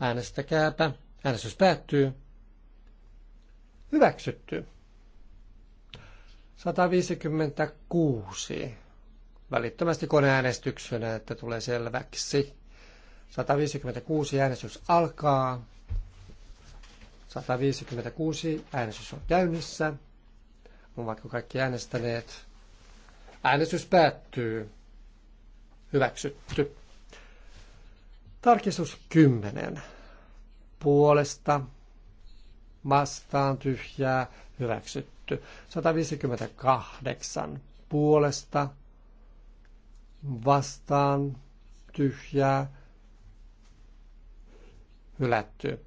Äänestäkääpä. Äänestys päättyy. Hyväksytty. 156. Välittömästi koneäänestyksenä, että tulee selväksi. 156 äänestys alkaa. 156 äänestys on käynnissä. vaikka kaikki äänestäneet? Äänestys päättyy. Hyväksytty. Tarkistus 10. Puolesta vastaan tyhjää hyväksytty hylätty. 158 puolesta vastaan tyhjää hylätty.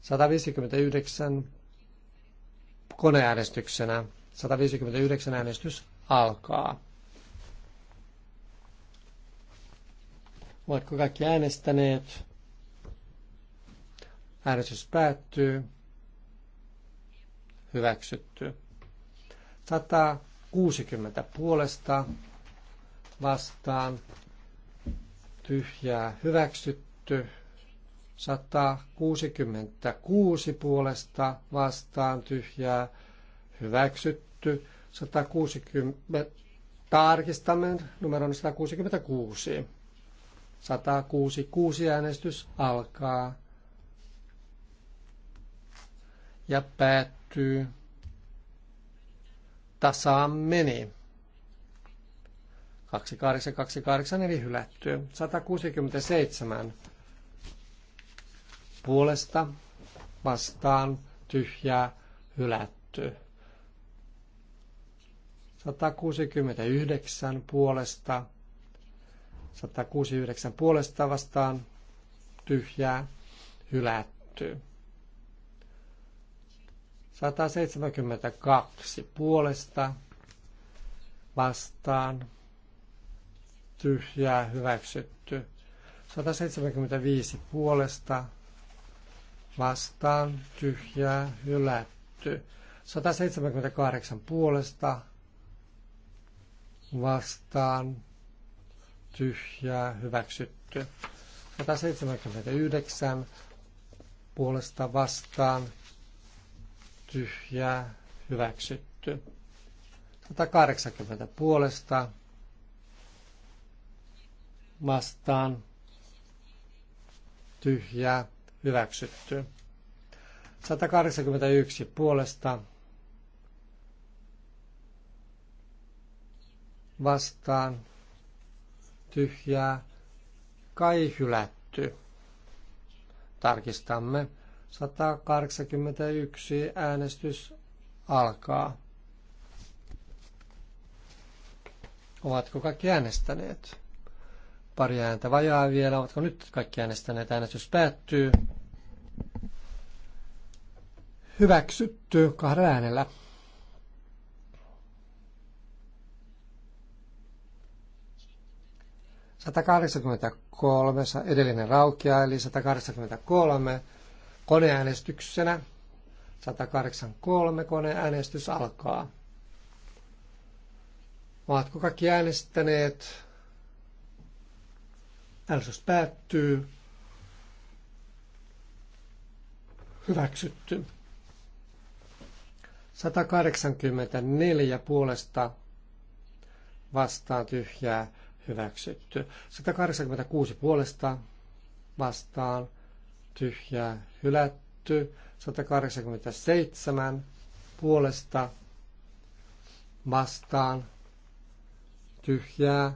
159 koneäänestyksenä. 159 äänestys alkaa. Ovatko kaikki äänestäneet? Äänestys päättyy hyväksytty. 160 puolesta vastaan tyhjää hyväksytty. 166 puolesta vastaan tyhjää hyväksytty. 160, tarkistamme numeron 166. 166 äänestys alkaa ja päättyy päättyy. Tasaan meni. 2828 eli hylätty. 167 puolesta vastaan tyhjää hylätty. 169 puolesta 169 puolesta vastaan tyhjää hylätty. 172 puolesta vastaan tyhjää hyväksytty. 175 puolesta vastaan tyhjää hylätty. 178 puolesta vastaan tyhjää hyväksytty. 179 puolesta vastaan tyhjää hyväksytty. 180 puolesta vastaan tyhjää hyväksytty. 181 puolesta vastaan tyhjää kai hylätty. Tarkistamme. 181 äänestys alkaa. Ovatko kaikki äänestäneet? Pari ääntä vajaa vielä. Ovatko nyt kaikki äänestäneet? Äänestys päättyy. Hyväksytty kahdella äänellä. Satakahdeksankymmentäkolme, edellinen raukea, eli 183 koneäänestyksenä. 183 koneäänestys alkaa. Ovatko kaikki äänestäneet? Äänestys päättyy. Hyväksytty. 184 puolesta vastaan tyhjää hyväksytty. 186 puolesta vastaan tyhjää hylätty. 187 puolesta vastaan tyhjää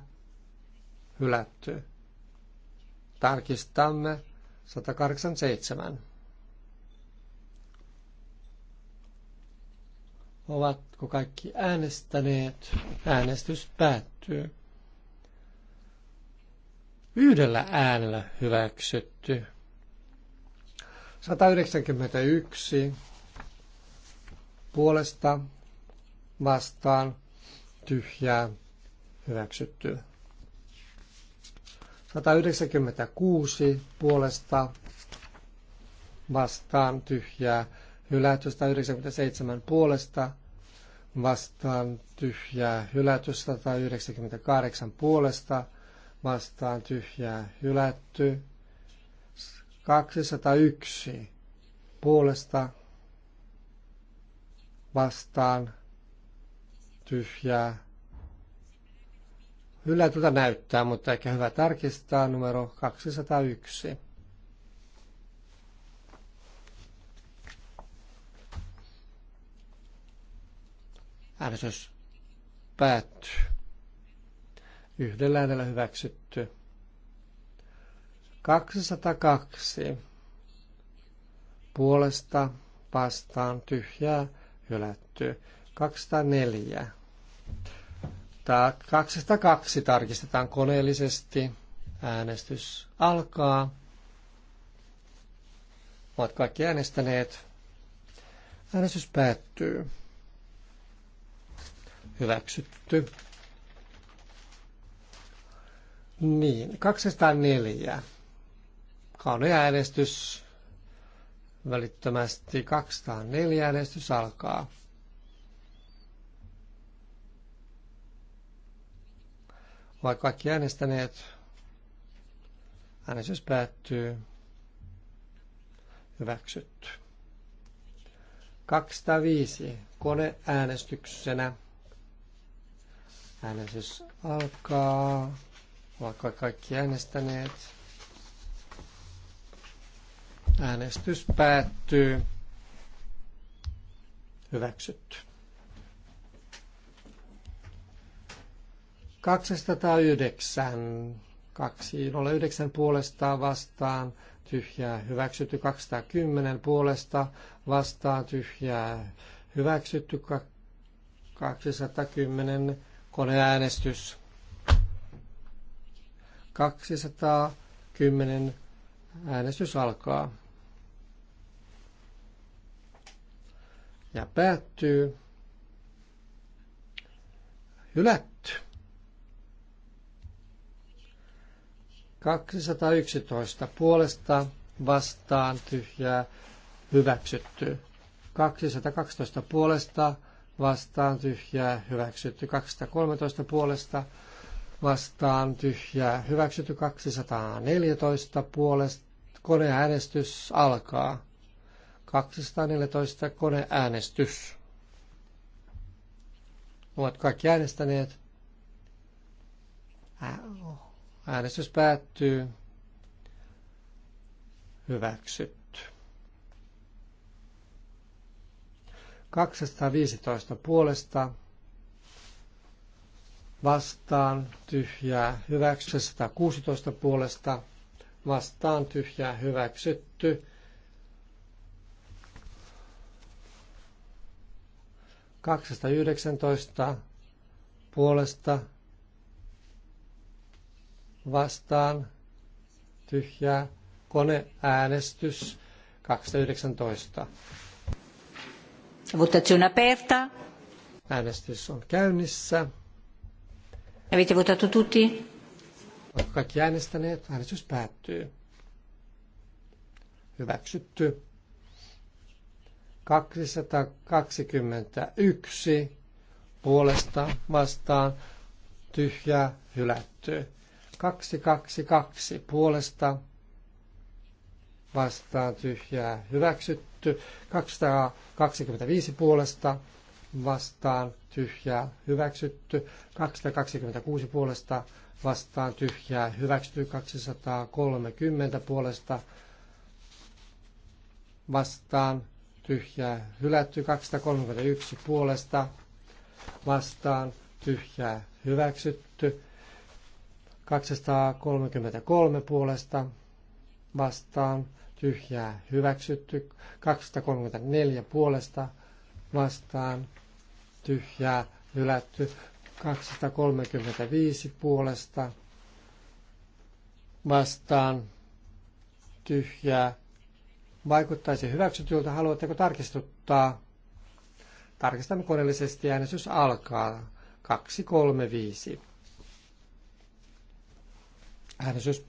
hylätty. Tarkistamme 187. Ovatko kaikki äänestäneet? Äänestys päättyy. Yhdellä äänellä hyväksytty. 191 puolesta vastaan tyhjää hyväksytty. 196 puolesta vastaan tyhjää hylätty. 197 puolesta vastaan tyhjää hylätty. 198 puolesta vastaan tyhjää hylätty. 201 puolesta vastaan tyhjää. Hylätyltä tuota näyttää, mutta ehkä hyvä tarkistaa numero 201. Äänestys päättyy. Yhdellä äänellä hyväksytty. 202 puolesta vastaan tyhjää hylätty. 204. Tää 202 tarkistetaan koneellisesti. Äänestys alkaa. Ovat kaikki äänestäneet. Äänestys päättyy. Hyväksytty. Niin, 204 Alkaa nyt äänestys. Välittömästi 204 äänestys alkaa. Ovat kaikki äänestäneet. Äänestys päättyy. Hyväksytty. 205 äänestyksenä. Äänestys alkaa. Ovatko kaikki äänestäneet? Äänestys päättyy. Hyväksytty. 209. 209 puolestaan vastaan tyhjää hyväksytty. 210 puolesta vastaan tyhjää hyväksytty. 210 koneäänestys. 210 äänestys alkaa. ja päättyy. Hylätty. 211 puolesta vastaan tyhjää hyväksytty. 212 puolesta vastaan tyhjää hyväksytty. 213 puolesta vastaan tyhjää hyväksytty. 214 puolesta koneäänestys alkaa. 214 koneäänestys. Ovat kaikki äänestäneet. Äänestys päättyy. Hyväksytty. 215 puolesta vastaan tyhjää hyväksy 116 puolesta vastaan tyhjää hyväksytty 219 puolesta vastaan tyhjää koneäänestys 219.
Votazione aperta.
Äänestys on käynnissä.
Avete votato tutti?
Oletko kaikki äänestäneet? Äänestys päättyy. Hyväksytty. 221 puolesta vastaan tyhjä hylätty. 222 puolesta vastaan tyhjää hyväksytty. 225 puolesta vastaan tyhjää hyväksytty. 226 puolesta vastaan tyhjää hyväksytty. 230 puolesta vastaan tyhjää hylätty 231 puolesta vastaan tyhjää hyväksytty 233 puolesta vastaan tyhjää hyväksytty 234 puolesta vastaan tyhjää hylätty 235 puolesta vastaan tyhjää vaikuttaisi hyväksytyltä. Haluatteko tarkistuttaa? Tarkistamme koneellisesti. Äänestys alkaa. 5. Äänestys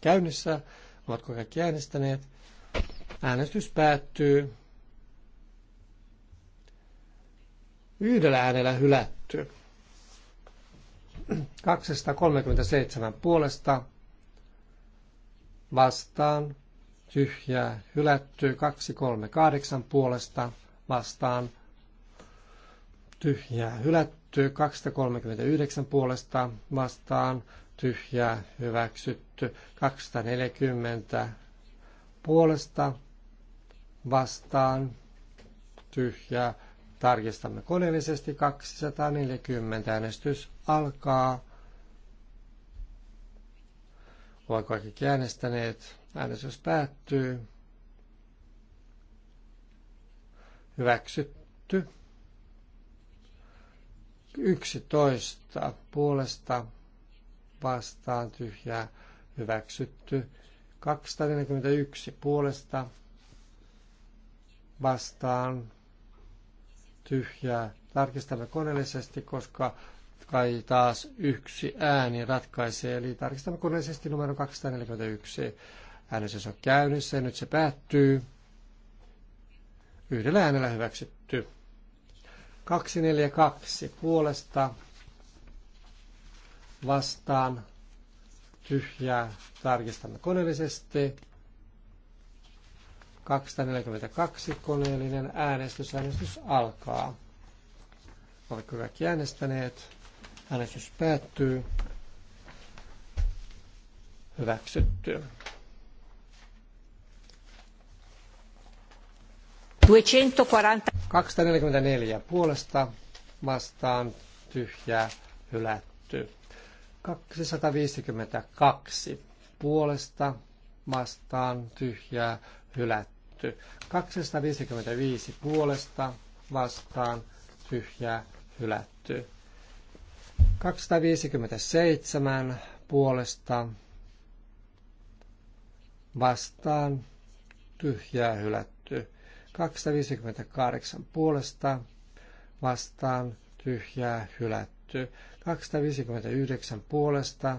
käynnissä. Ovatko kaikki äänestäneet? Äänestys päättyy. Yhdellä äänellä hylätty. 237 puolesta vastaan tyhjää hylätty. 238 puolesta vastaan tyhjää hylättyä, 239 puolesta vastaan tyhjää hyväksytty. 240 puolesta vastaan tyhjää. Tarkistamme koneellisesti 240 äänestys alkaa. Ovatko kaikki äänestäneet? Äänestys päättyy. Hyväksytty. 11 puolesta vastaan tyhjää hyväksytty. 241 puolesta vastaan tyhjää. Tarkistamme koneellisesti, koska kai taas yksi ääni ratkaisee. Eli tarkistamme koneisesti numero 241. Äänestys on käynnissä ja nyt se päättyy. Yhdellä äänellä hyväksytty. 242 puolesta vastaan tyhjää tarkistamme koneellisesti. 242 koneellinen äänestys. Äänestys alkaa. Oletko kaikki äänestäneet? Äänestys päättyy. Hyväksytty. 240. 244 puolesta vastaan tyhjää hylätty. 252 puolesta vastaan tyhjää hylätty. 255 puolesta vastaan tyhjää hylätty. 257 puolesta vastaan tyhjää hylätty. 258 puolesta vastaan tyhjää hylätty. 259 puolesta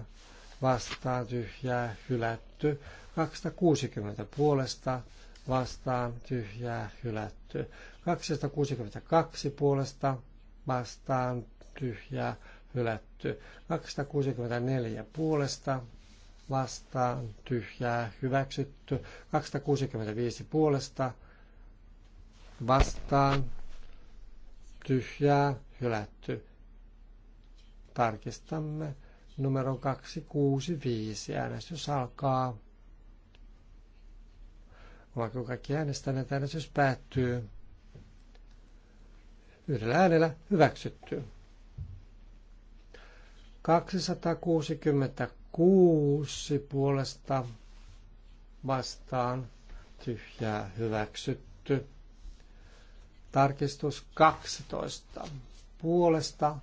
vastaan tyhjää hylätty. 260 puolesta vastaan tyhjää hylätty. 262 puolesta vastaan tyhjää hylätty. 264 puolesta vastaan tyhjää hyväksytty. 265 puolesta vastaan tyhjää hylätty. Tarkistamme numero 265. Äänestys alkaa. Ovatko kaikki äänestäneet? Äänestys päättyy. Yhdellä äänellä hyväksytty. 266 puolesta vastaan tyhjää hyväksytty. Tarkistus 12 puolesta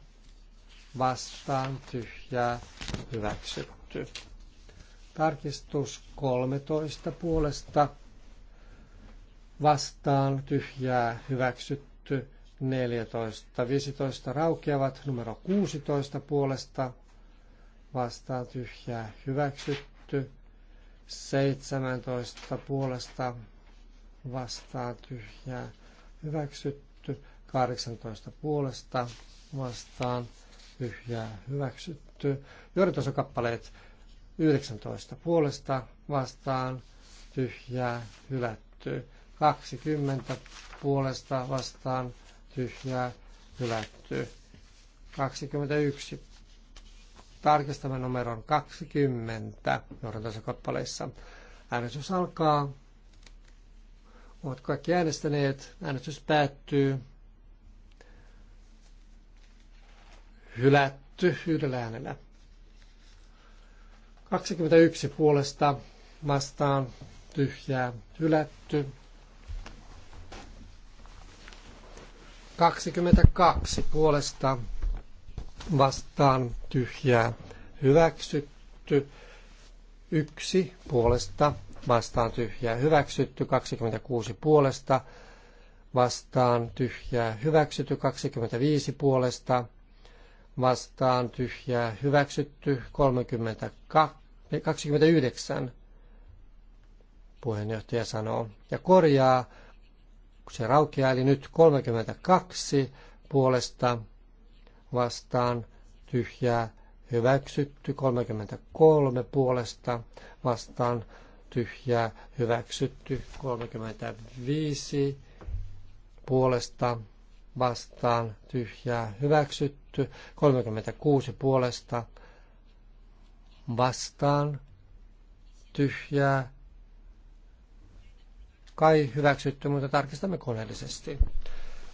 vastaan tyhjää hyväksytty. Tarkistus 13 puolesta vastaan tyhjää hyväksytty. 14, 15 raukeavat, numero 16 puolesta vastaa tyhjää hyväksytty, 17 puolesta vastaa tyhjää hyväksytty, 18 puolesta vastaan tyhjää hyväksytty, johdantosakappaleet 19 puolesta vastaan tyhjää hylätty, 20 puolesta vastaan tyhjää hylätty. 21. Tarkistamme numeron 20 johdantonsa kappaleissa. Äänestys alkaa. Ovat kaikki äänestäneet. Äänestys päättyy. Hylätty yhdellä äänellä. 21 puolesta vastaan tyhjää hylätty. 22 puolesta vastaan tyhjää hyväksytty. Yksi puolesta vastaan tyhjää hyväksytty. 26 puolesta vastaan tyhjää hyväksytty. 25 puolesta vastaan tyhjää hyväksytty. 32, 29 puheenjohtaja sanoo ja korjaa kun se raukeaa, eli nyt 32 puolesta vastaan tyhjää hyväksytty, 33 puolesta vastaan tyhjää hyväksytty, 35 puolesta vastaan tyhjää hyväksytty, 36 puolesta vastaan tyhjää kai hyväksytty, mutta tarkistamme koneellisesti.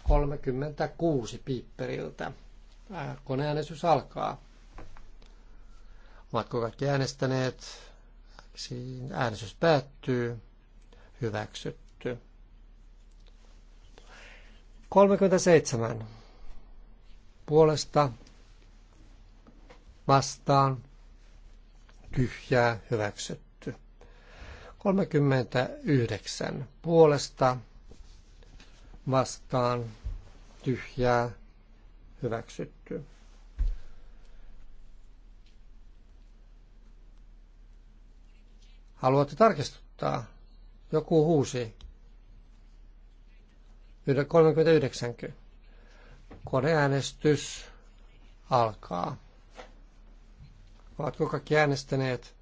36 piipperiltä. Äh, koneäänestys alkaa. Ovatko kaikki äänestäneet? äänestys päättyy. Hyväksytty. 37. Puolesta vastaan tyhjää hyväksytty. 39 puolesta vastaan tyhjää hyväksytty. Haluatte tarkistuttaa? Joku huusi. 39. Koneäänestys alkaa. Ovatko kaikki äänestäneet?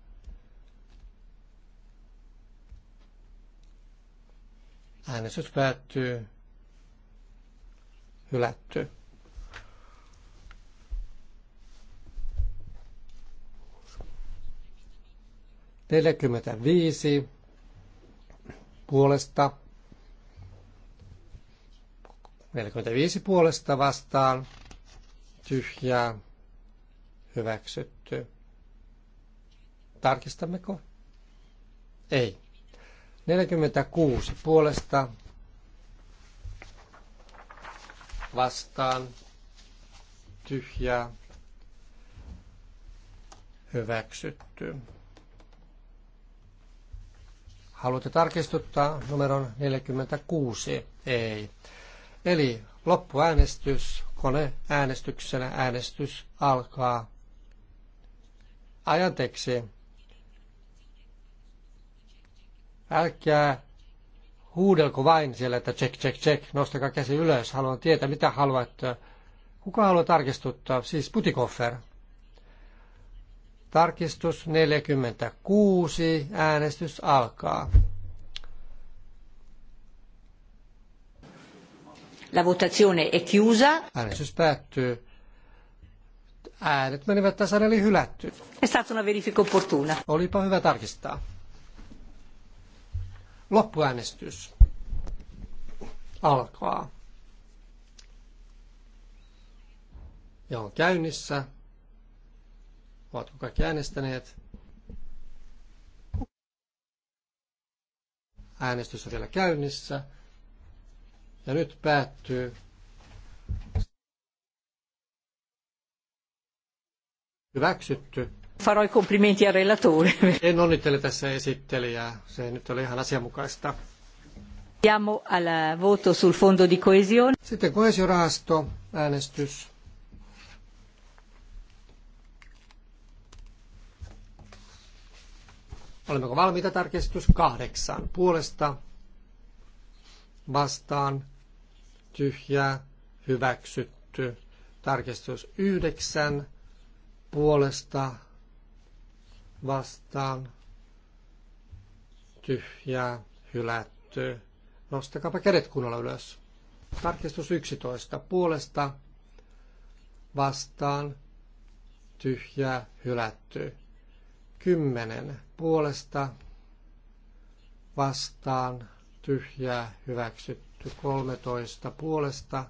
Äänestys päättyy. Hylätty. viisi puolesta. viisi puolesta vastaan. Tyhjää. Hyväksytty. Tarkistammeko? Ei. 46 puolesta vastaan tyhjää hyväksytty. Haluatte tarkistuttaa numeron 46? Ei. Eli loppuäänestys, äänestyksenä äänestys alkaa. Ajanteeksi Älkää huudelko vain siellä, että check, check, check, nostakaa käsi ylös, haluan tietää mitä haluat, Kuka haluaa tarkistuttaa? Siis Putikoffer. Tarkistus 46, äänestys alkaa.
La votazione è chiusa.
Äänestys päättyy. Äänet menivät tasan eli hylätty. È stata una verifica opportuna. Olipa hyvä tarkistaa. Loppuäänestys alkaa. Ja on käynnissä. Ovatko kaikki äänestäneet? Äänestys on vielä käynnissä. Ja nyt päättyy. Hyväksytty. Faroi komplimenttia relatore. En onnittele tässä esittelijää. Se nyt oli ihan asianmukaista. Siamo alla voto sul fondo di coesione. Sitten koesiorahasto, äänestys. Olemmeko valmiita tarkistus kahdeksan puolesta vastaan tyhjää hyväksytty. Tarkistus yhdeksän puolesta vastaan tyhjää hylätty. Nostakaapa kädet kunnolla ylös. Tarkistus 11. Puolesta vastaan tyhjää hylätty. 10. Puolesta vastaan tyhjää hyväksytty. 13. Puolesta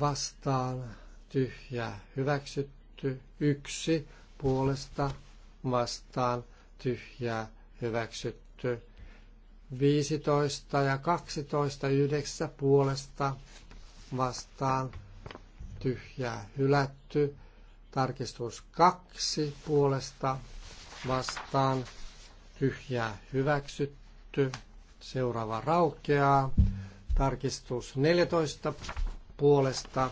vastaan tyhjää hyväksytty. 1 puolesta vastaan tyhjää hyväksytty. 15 ja 12 yhdeksä puolesta vastaan tyhjää hylätty. Tarkistus 2 puolesta vastaan tyhjää hyväksytty. Seuraava raukeaa. Tarkistus 14 puolesta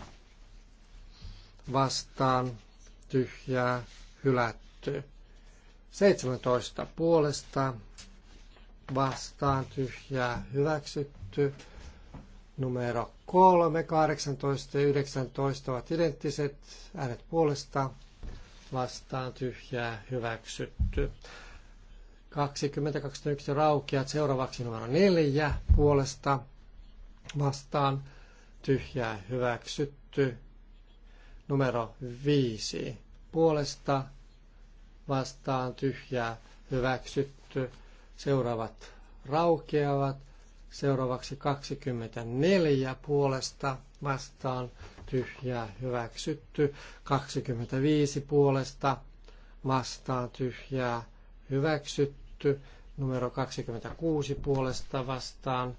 vastaan tyhjää hylätty. 17 puolesta vastaan tyhjää hyväksytty. Numero 3, 18 ja 19 ovat identtiset. Äänet puolesta vastaan tyhjää hyväksytty. 20, 21 raukeat. Seuraavaksi numero 4 puolesta vastaan tyhjää hyväksytty. Numero 5 puolesta vastaan tyhjää hyväksytty. Seuraavat raukeavat. Seuraavaksi 24 puolesta vastaan tyhjää hyväksytty. 25 puolesta vastaan tyhjää hyväksytty. Numero 26 puolesta vastaan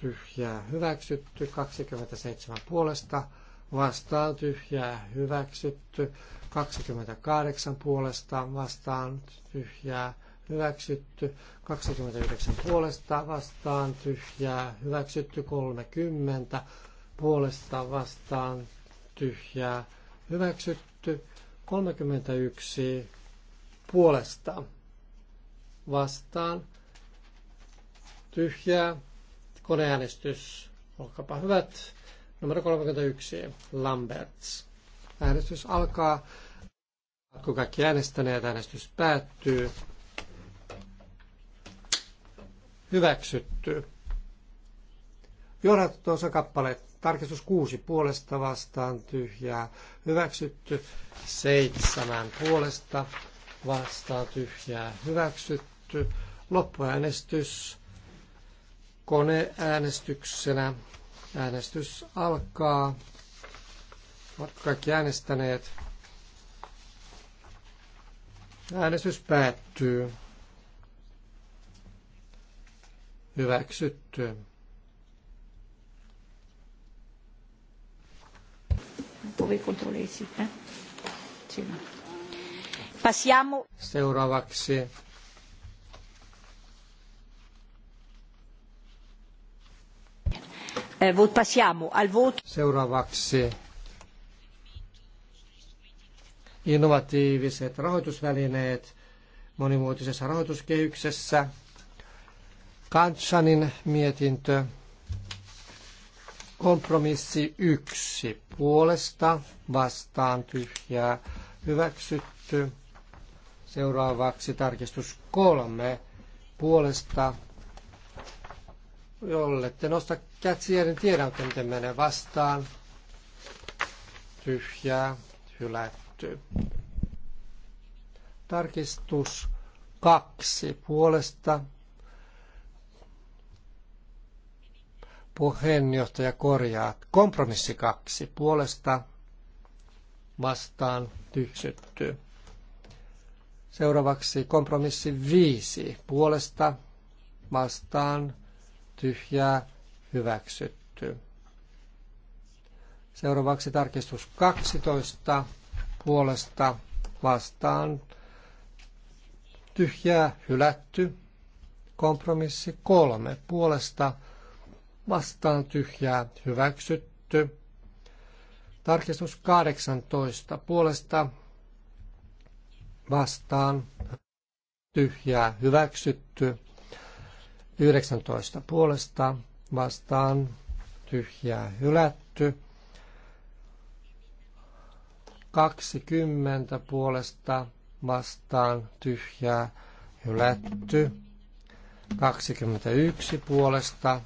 tyhjää hyväksytty. 27 puolesta vastaan tyhjää hyväksytty. 28 puolesta vastaan tyhjää hyväksytty, 29 puolesta vastaan tyhjää hyväksytty, 30 puolesta vastaan tyhjää hyväksytty, 31 puolesta vastaan tyhjää koneäänestys. olkapa hyvät. Numero 31, Lamberts. Äänestys alkaa. Kun kaikki äänestäneet? Äänestys päättyy. Hyväksytty. Johdattu osa kappale. Tarkistus kuusi puolesta vastaan tyhjää. Hyväksytty. Seitsemän puolesta vastaan tyhjää. Hyväksytty. Loppuäänestys koneäänestyksenä. Äänestys alkaa. Oletko kaikki äänestäneet? Äänestys päättyy. Hyväksytty.
Eh? No.
Seuraavaksi
eh,
Seuraavaksi innovatiiviset rahoitusvälineet monimuotoisessa rahoituskehyksessä. Kansanin mietintö, kompromissi yksi, puolesta vastaan tyhjää hyväksytty. Seuraavaksi tarkistus kolme, puolesta jolle te nosta kätsiä, niin tiedä, miten menee vastaan. Tyhjää, hylätty päättyy. Tarkistus kaksi puolesta. Puheenjohtaja korjaa. Kompromissi kaksi puolesta vastaan tyhsytty. Seuraavaksi kompromissi viisi puolesta vastaan tyhjää hyväksytty. Seuraavaksi tarkistus 12 puolesta vastaan tyhjää hylätty. Kompromissi kolme puolesta vastaan tyhjää hyväksytty. Tarkistus 18 puolesta vastaan tyhjää hyväksytty. 19 puolesta vastaan tyhjää hylätty. 20 puolesta vastaan tyhjää hylätty. 21 puolesta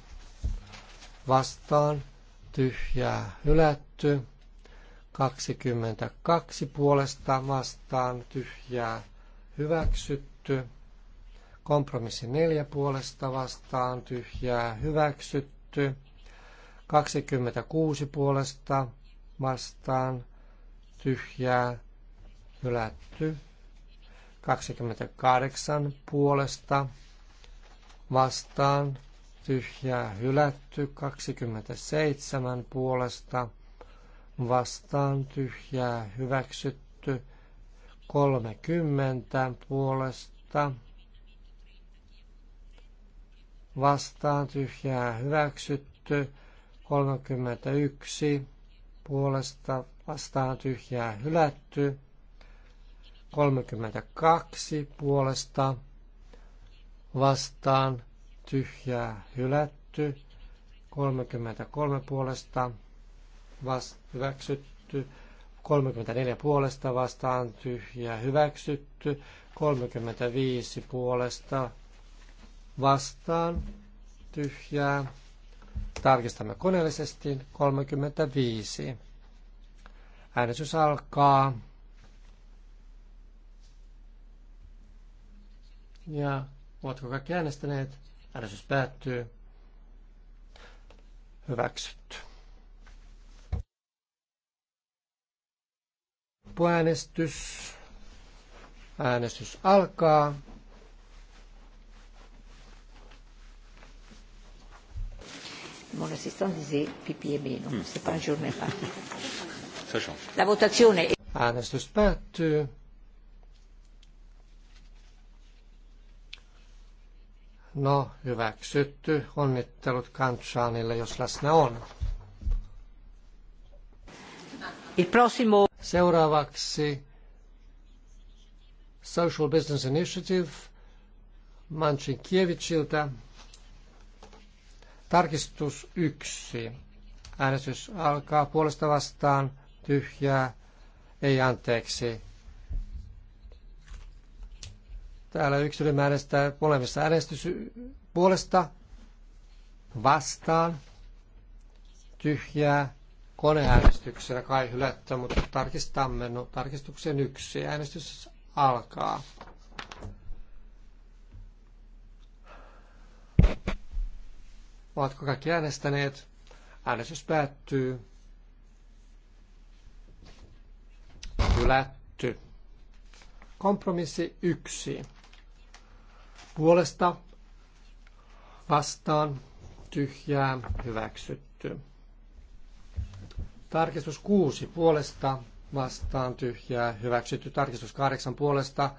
vastaan tyhjää hylätty. 22 puolesta vastaan tyhjää hyväksytty. Kompromissi 4 puolesta vastaan tyhjää hyväksytty. 26 puolesta vastaan tyhjää, hylätty. 28 puolesta vastaan, tyhjää, hylätty. 27 puolesta vastaan, tyhjää, hyväksytty. 30 puolesta vastaan, tyhjää, hyväksytty. 31 puolesta vastaan tyhjää hylätty. 32 puolesta vastaan tyhjää hylätty. 33 puolesta vast, hyväksytty. 34 puolesta vastaan tyhjää hyväksytty. 35 puolesta vastaan tyhjää. Tarkistamme koneellisesti 35. Äänestys alkaa. Ja ovatko kaikki äänestäneet? Äänestys päättyy. Hyväksytty. Loppuäänestys. Äänestys alkaa.
Mon assistant disait pipi et mé, non, c'est mm. pas un journée.
La votazione. Äänestys
päättyy.
No, hyväksytty. Onnittelut Kantsaanille, jos läsnä on. Il prossimo. Seuraavaksi Social Business Initiative Manchinkiewicziltä. Tarkistus yksi. Äänestys alkaa puolesta vastaan tyhjää, ei anteeksi. Täällä yksilön äänestää molemmissa äänestys puolesta vastaan tyhjää koneäänestyksellä kai hylättä, mutta tarkistamme no, tarkistuksen yksi. Äänestys alkaa. Ovatko kaikki äänestäneet? Äänestys päättyy. hylätty. Kompromissi yksi Puolesta vastaan tyhjää hyväksytty. Tarkistus 6. Puolesta vastaan tyhjää hyväksytty. Tarkistus 8. Puolesta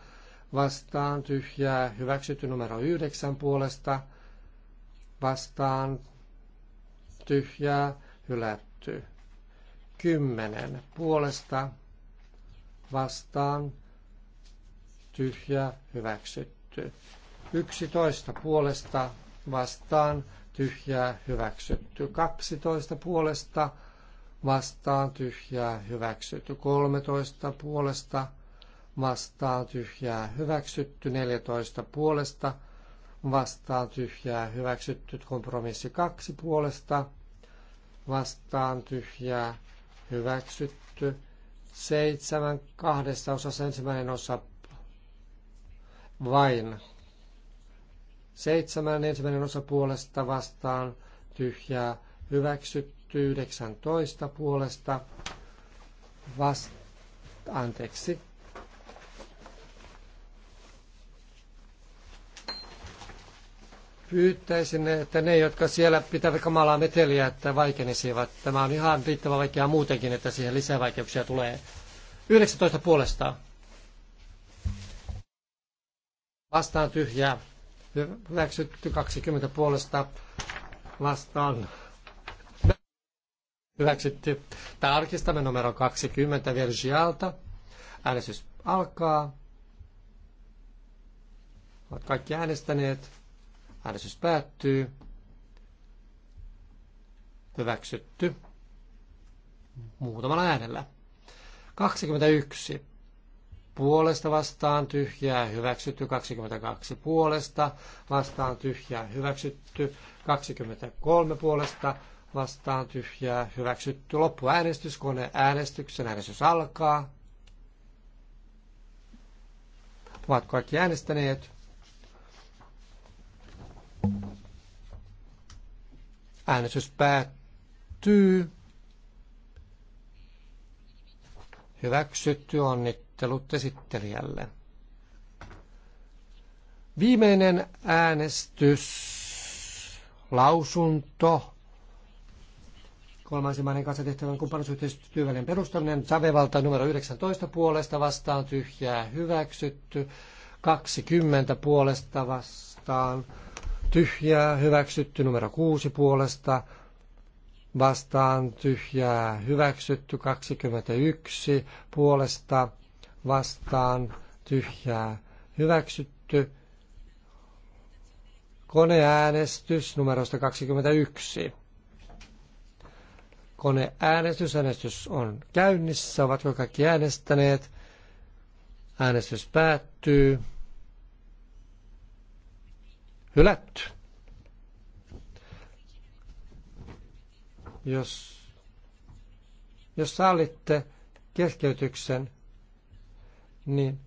vastaan tyhjää hyväksytty. Numero 9. Puolesta vastaan tyhjää hylätty. 10. Puolesta vastaan tyhjä hyväksytty. 11 puolesta vastaan tyhjää hyväksytty. 12 puolesta vastaan tyhjää hyväksytty. 13 puolesta vastaan tyhjää hyväksytty. 14 puolesta vastaan tyhjää hyväksytty. Kompromissi 2 puolesta vastaan tyhjää hyväksytty seitsemän kahdessa osassa ensimmäinen osa vain. Seitsemän ensimmäinen osa puolesta vastaan tyhjää hyväksytty 19 puolesta vastaan anteeksi pyytäisin, että ne, jotka siellä pitävät kamalaa meteliä, että vaikenisivat. Tämä on ihan riittävän vaikeaa muutenkin, että siihen lisää vaikeuksia tulee. 19 puolestaan. Vastaan tyhjää. Hyväksytty 20 puolesta. Vastaan. Hyväksytty. Tarkistamme numero 20 Virgialta. Äänestys alkaa. Ovat kaikki äänestäneet. Äänestys päättyy. Hyväksytty. Muutamalla äänellä. 21. Puolesta vastaan tyhjää hyväksytty. 22. Puolesta vastaan tyhjää hyväksytty. 23. Puolesta vastaan tyhjää hyväksytty. Loppuäänestys kone äänestyksen. Äänestys alkaa. Ovat kaikki äänestäneet. Äänestys päättyy. Hyväksytty onnittelut esittelijälle. Viimeinen äänestys, lausunto, Kolmansin maiden kanssa tehtävän kumppanuusyhteistyövälinen perustaminen, Savevalta numero 19 puolesta vastaan, tyhjää hyväksytty, 20 puolesta vastaan, tyhjää hyväksytty, numero kuusi puolesta vastaan tyhjää hyväksytty, 21 puolesta vastaan tyhjää hyväksytty, koneäänestys numerosta 21. Koneäänestys, äänestys on käynnissä, ovatko kaikki äänestäneet? Äänestys päättyy hylätty. Jos, jos sallitte keskeytyksen, niin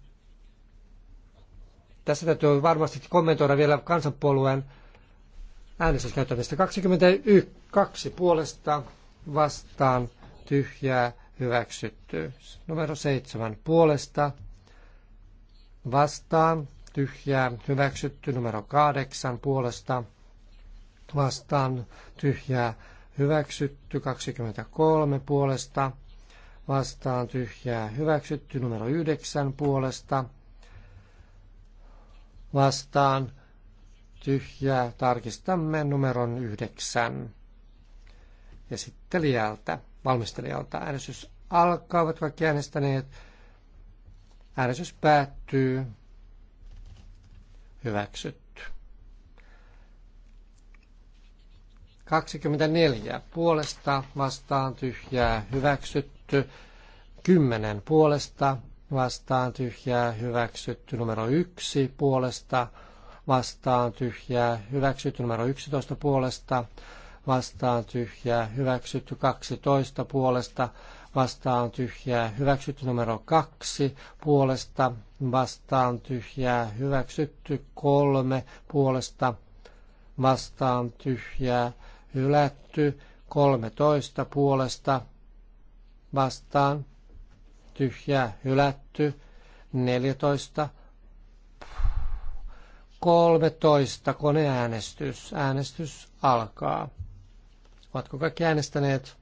tässä täytyy varmasti kommentoida vielä kansanpuolueen äänestyskäyttämistä. 21 puolesta vastaan tyhjää hyväksytty. Numero 7 puolesta vastaan tyhjää, hyväksytty numero kahdeksan puolesta, vastaan tyhjää, hyväksytty 23 puolesta, vastaan tyhjää, hyväksytty numero yhdeksän puolesta, vastaan tyhjää, tarkistamme numeron yhdeksän Ja sitten liältä, valmistelijalta äänestys alkaa, ovat kaikki äänestäneet, äänestys päättyy hyväksytty. 24 puolesta vastaan tyhjää hyväksytty. 10 puolesta vastaan tyhjää hyväksytty. Numero 1 puolesta vastaan tyhjää hyväksytty. Numero 11 puolesta vastaan tyhjää hyväksytty. 12 puolesta vastaan, tyhjää, hyväksytty vastaan tyhjää hyväksytty numero kaksi puolesta vastaan tyhjää hyväksytty kolme puolesta vastaan tyhjää hylätty 13 puolesta vastaan tyhjää hylätty 14 13 koneäänestys. Äänestys alkaa. Ovatko kaikki äänestäneet?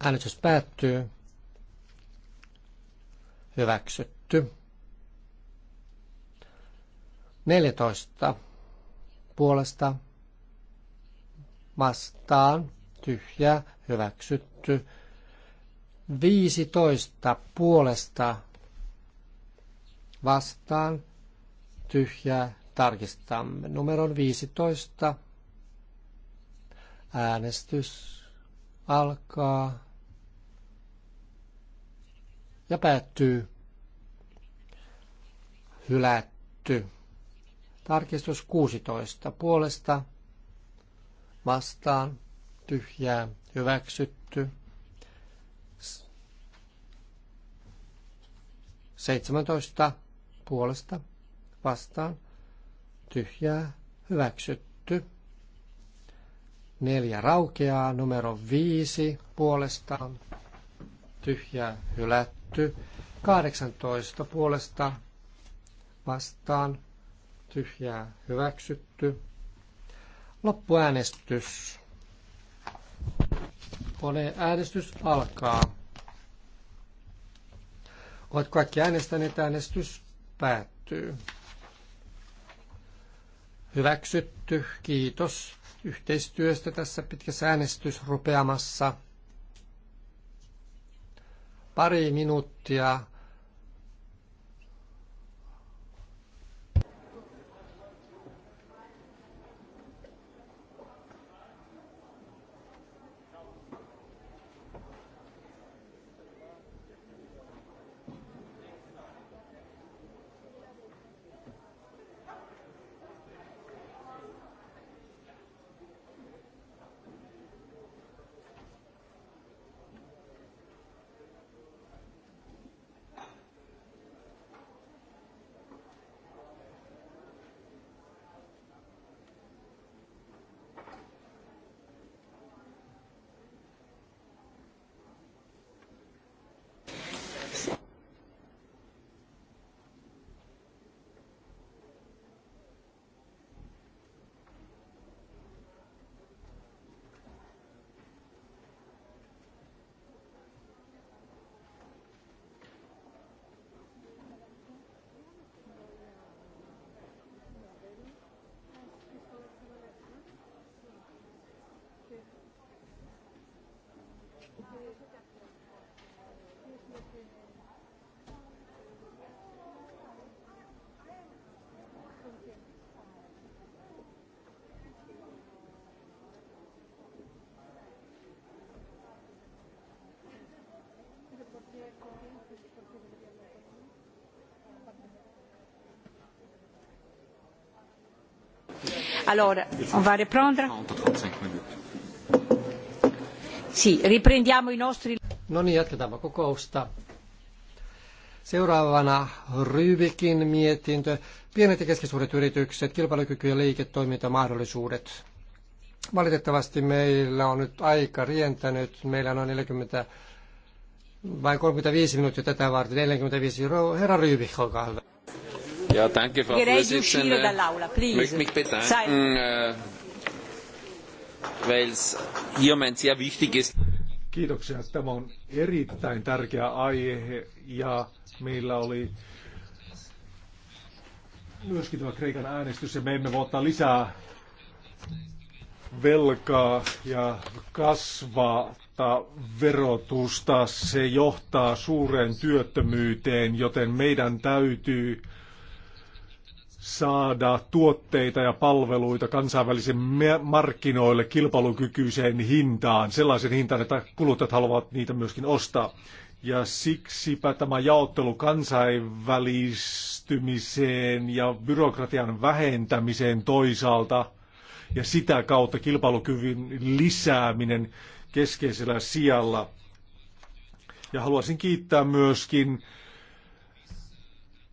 Äänestys päättyy. Hyväksytty. 14 puolesta vastaan tyhjä hyväksytty. 15 puolesta vastaan tyhjä tarkistamme. Numeron 15 äänestys alkaa ja päättyy hylätty. Tarkistus 16 puolesta vastaan tyhjää hyväksytty. 17 puolesta vastaan tyhjää hyväksytty. Neljä raukeaa, numero viisi puolestaan tyhjää hylätty hylätty. 18 puolesta vastaan tyhjää hyväksytty. Loppuäänestys. äänestys alkaa. Ovat kaikki äänestäneet, äänestys päättyy. Hyväksytty, kiitos yhteistyöstä tässä pitkässä äänestysrupeamassa. Pari minuuttia
Alors, on va reprendre.
Si, riprendiamo i nostri... No niin, jatketaanpa kokousta. Seuraavana Rybikin mietintö. Pienet ja keskisuuret yritykset, kilpailukyky ja liiketoimintamahdollisuudet. Valitettavasti meillä on nyt aika rientänyt. Meillä on 40 vai 35 minuuttia tätä varten. 45 euroa. Herra Rybik, olkaa hyvä.
Ja, danke, Frau Direi Vorsitzende. möchte mich bedanken, äh, weil es hier um ein sehr wichtiges...
Kiitoksia. Tämä on erittäin tärkeä aihe ja meillä oli myöskin tämä Kreikan äänestys ja me emme voi ottaa lisää velkaa ja kasvata verotusta. Se johtaa suureen työttömyyteen, joten meidän täytyy saada tuotteita ja palveluita kansainvälisen markkinoille kilpailukykyiseen hintaan, sellaisen hintaan, että kuluttajat haluavat niitä myöskin ostaa. Ja siksipä tämä jaottelu kansainvälistymiseen ja byrokratian vähentämiseen toisaalta ja sitä kautta kilpailukyvyn lisääminen keskeisellä sijalla. Ja haluaisin kiittää myöskin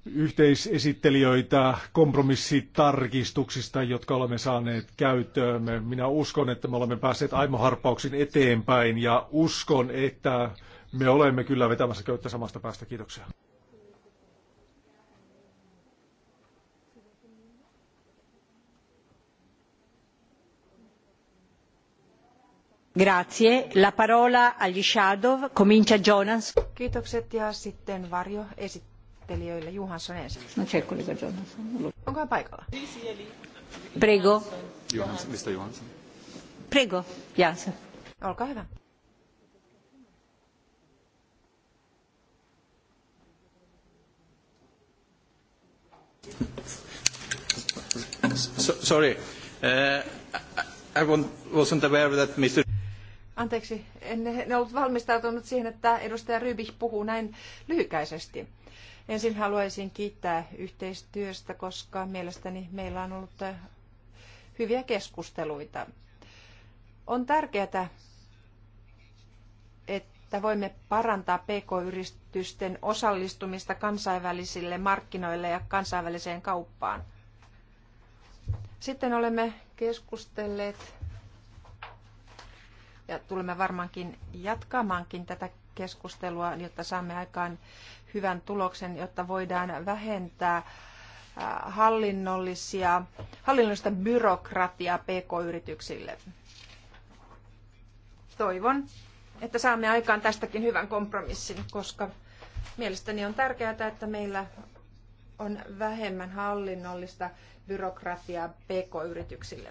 yhteisesittelijöitä kompromissitarkistuksista, jotka olemme saaneet käyttöömme. Minä uskon, että me olemme päässeet harppauksin eteenpäin ja uskon, että me olemme kyllä vetämässä köyttä samasta päästä. Kiitoksia.
Grazie. La parola agli shadow. Comincia Jonas.
Kiitokset ja sitten varjo esittää varjoesittelijöille. Juhansson ensin. No check, oliko
Johnson.
Onko hän paikalla? Prego.
Johansson,
mistä Johansson?
Prego, Jansson. Olkaa hyvä.
So, sorry, uh, I wasn't aware that Mr.
Anteeksi, en, en ollut valmistautunut siihen, että edustaja Rybih puhuu näin lyhykäisesti. Ensin haluaisin kiittää yhteistyöstä, koska mielestäni meillä on ollut äh, hyviä keskusteluita. On tärkeää, että voimme parantaa pk-yritysten osallistumista kansainvälisille markkinoille ja kansainväliseen kauppaan. Sitten olemme keskustelleet ja tulemme varmaankin jatkamaankin tätä keskustelua, jotta saamme aikaan hyvän tuloksen, jotta voidaan vähentää äh, hallinnollisia, hallinnollista byrokratiaa pk-yrityksille. Toivon, että saamme aikaan tästäkin hyvän kompromissin, koska mielestäni on tärkeää, että meillä on vähemmän hallinnollista byrokratiaa pk-yrityksille.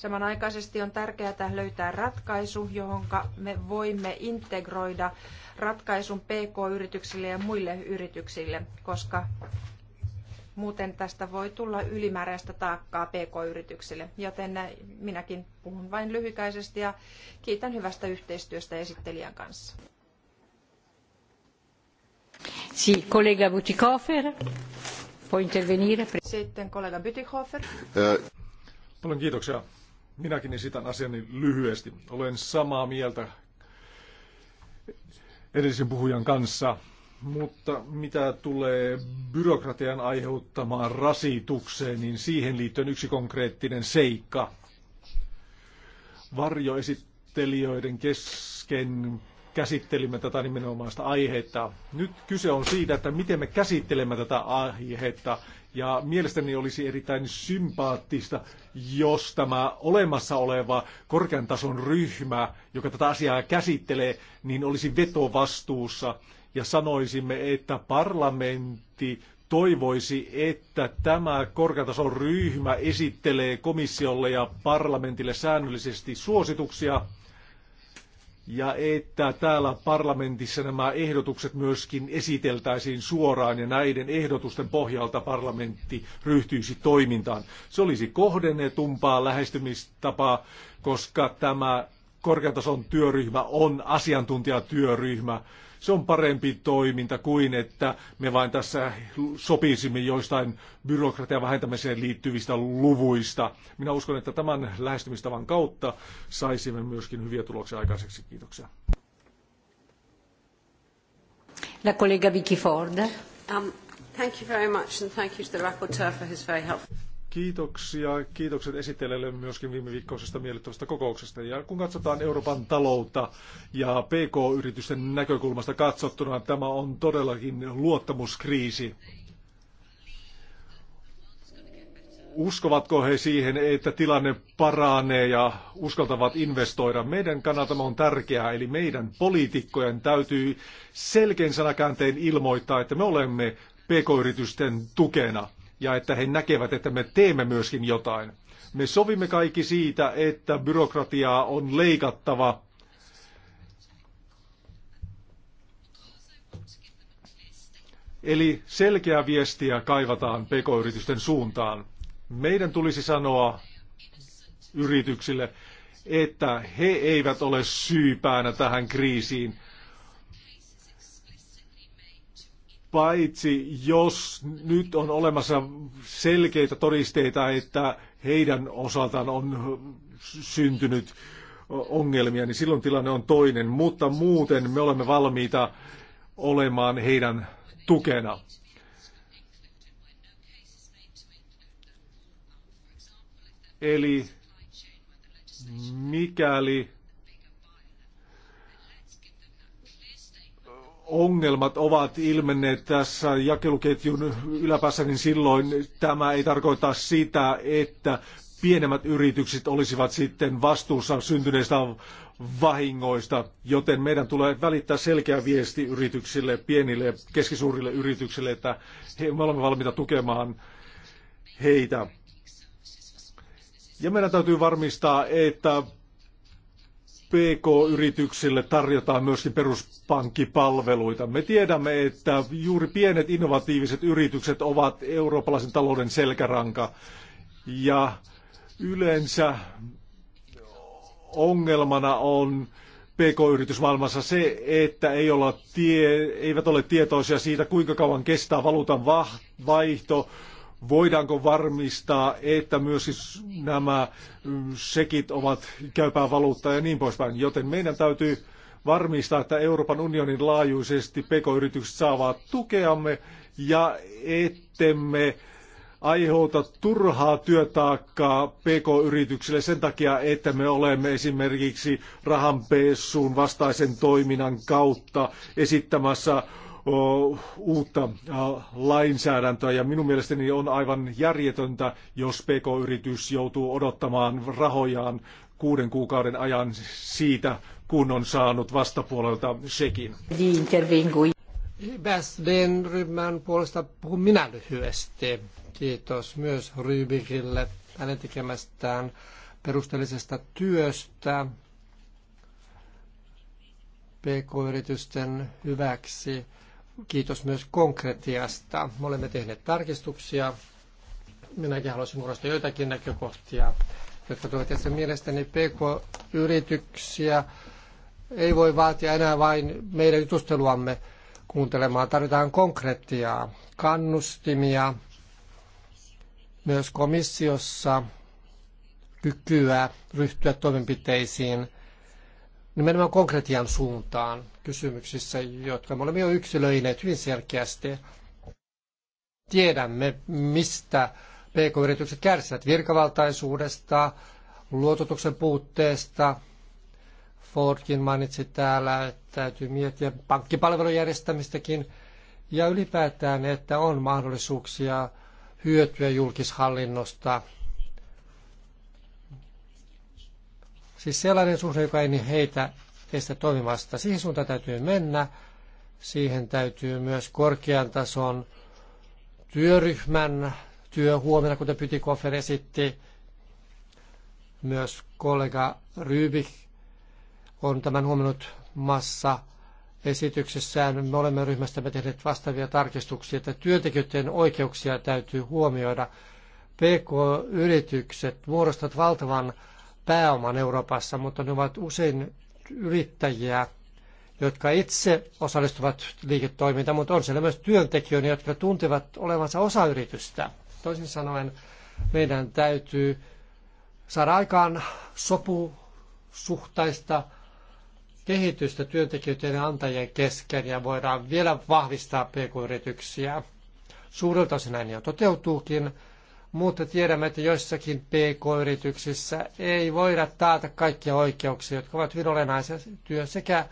Samanaikaisesti on tärkeää löytää ratkaisu, johon me voimme integroida ratkaisun PK-yrityksille ja muille yrityksille, koska muuten tästä voi tulla ylimääräistä taakkaa PK-yrityksille. Joten minäkin puhun vain lyhykäisesti ja kiitän hyvästä yhteistyöstä esittelijän kanssa.
Si, kollega Butikofer,
Sitten kollega Butikofer.
Eh, paljon kiitoksia Minäkin esitän asiani lyhyesti. Olen samaa mieltä edellisen puhujan kanssa, mutta mitä tulee byrokratian aiheuttamaan rasitukseen, niin siihen liittyen yksi konkreettinen seikka. Varjoesittelijöiden kesken käsittelimme tätä nimenomaista aihetta. Nyt kyse on siitä, että miten me käsittelemme tätä aihetta ja mielestäni olisi erittäin sympaattista, jos tämä olemassa oleva korkean tason ryhmä, joka tätä asiaa käsittelee, niin olisi vetovastuussa. Ja sanoisimme, että parlamentti toivoisi, että tämä tason ryhmä esittelee komissiolle ja parlamentille säännöllisesti suosituksia ja että täällä parlamentissa nämä ehdotukset myöskin esiteltäisiin suoraan ja näiden ehdotusten pohjalta parlamentti ryhtyisi toimintaan. Se olisi kohdennetumpaa lähestymistapaa, koska tämä korkeatason työryhmä on asiantuntijatyöryhmä, se on parempi toiminta kuin, että me vain tässä sopisimme joistain byrokratian vähentämiseen liittyvistä luvuista. Minä uskon, että tämän lähestymistavan kautta saisimme myöskin hyviä tuloksia aikaiseksi. Kiitoksia.
La collega Vicky Ford. Um,
thank you very much and thank you to the rapporteur for his very
helpful... Kiitoksia. Kiitokset esittelijälle myöskin viime viikkoisesta miellyttävästä kokouksesta. Ja kun katsotaan Euroopan taloutta ja PK-yritysten näkökulmasta katsottuna, tämä on todellakin luottamuskriisi. Uskovatko he siihen, että tilanne paranee ja uskaltavat investoida? Meidän kannaltamme on tärkeää, eli meidän poliitikkojen täytyy selkeän sanakäänteen ilmoittaa, että me olemme PK-yritysten tukena – ja että he näkevät, että me teemme myöskin jotain. Me sovimme kaikki siitä, että byrokratiaa on leikattava. Eli selkeää viestiä kaivataan pk-yritysten suuntaan. Meidän tulisi sanoa yrityksille, että he eivät ole syypäänä tähän kriisiin. paitsi jos nyt on olemassa selkeitä todisteita, että heidän osaltaan on syntynyt ongelmia, niin silloin tilanne on toinen, mutta muuten me olemme valmiita olemaan heidän tukena. Eli mikäli ongelmat ovat ilmenneet tässä jakeluketjun yläpäässä, niin silloin tämä ei tarkoita sitä, että pienemmät yritykset olisivat sitten vastuussa syntyneistä vahingoista, joten meidän tulee välittää selkeä viesti yrityksille, pienille ja keskisuurille yrityksille, että he, me olemme valmiita tukemaan heitä. Ja meidän täytyy varmistaa, että PK-yrityksille tarjotaan myöskin peruspankkipalveluita. Me tiedämme, että juuri pienet innovatiiviset yritykset ovat eurooppalaisen talouden selkäranka. Ja yleensä ongelmana on PK-yritysmaailmassa se, että ei olla tie, eivät ole tietoisia siitä, kuinka kauan kestää valuutan vaihto, voidaanko varmistaa, että myös siis nämä sekit ovat käypää valuuttaa ja niin poispäin. Joten meidän täytyy varmistaa, että Euroopan unionin laajuisesti pk-yritykset saavat tukeamme ja ettemme aiheuta turhaa työtaakkaa pk-yrityksille sen takia, että me olemme esimerkiksi rahanpeessuun vastaisen toiminnan kautta esittämässä uutta lainsäädäntöä ja minun mielestäni on aivan järjetöntä, jos PK-yritys joutuu odottamaan rahojaan kuuden kuukauden ajan siitä, kun on saanut vastapuolelta sekin.
Väsden ryhmän puolesta puhun minä lyhyesti. Kiitos myös Rybikille hänen tekemästään perusteellisesta työstä pk-yritysten hyväksi Kiitos myös konkretiasta. Me olemme tehneet tarkistuksia. Minäkin haluaisin korostaa joitakin näkökohtia, jotka tuovat tässä mielestäni PK-yrityksiä. Ei voi vaatia enää vain meidän jutusteluamme kuuntelemaan. Tarvitaan konkretiaa, kannustimia, myös komissiossa kykyä ryhtyä toimenpiteisiin – nimenomaan konkretian suuntaan kysymyksissä, jotka me olemme jo yksilöineet hyvin selkeästi. Tiedämme, mistä pk-yritykset kärsivät virkavaltaisuudesta, luototuksen puutteesta. Fordkin mainitsi täällä, että täytyy miettiä pankkipalvelun järjestämistäkin ja ylipäätään, että on mahdollisuuksia hyötyä julkishallinnosta Siis sellainen suhde, joka ei niin heitä estä toimimasta. Siihen suuntaan täytyy mennä. Siihen täytyy myös korkean tason työryhmän työhuomenna kuten Pytikofer esitti. Myös kollega Rybik on tämän huomannut massa esityksessään. Me olemme me tehneet vastaavia tarkistuksia, että työntekijöiden oikeuksia täytyy huomioida. PK-yritykset muodostavat valtavan pääoman Euroopassa, mutta ne ovat usein yrittäjiä, jotka itse osallistuvat liiketoimintaan, mutta on siellä myös työntekijöitä, jotka tuntevat olevansa osa yritystä. Toisin sanoen meidän täytyy saada aikaan sopusuhtaista kehitystä työntekijöiden ja antajien kesken ja voidaan vielä vahvistaa pk-yrityksiä. Suurelta osin näin jo toteutuukin, mutta tiedämme, että joissakin PK-yrityksissä ei voida taata kaikkia oikeuksia, jotka ovat hyvin olennaisia työ sekä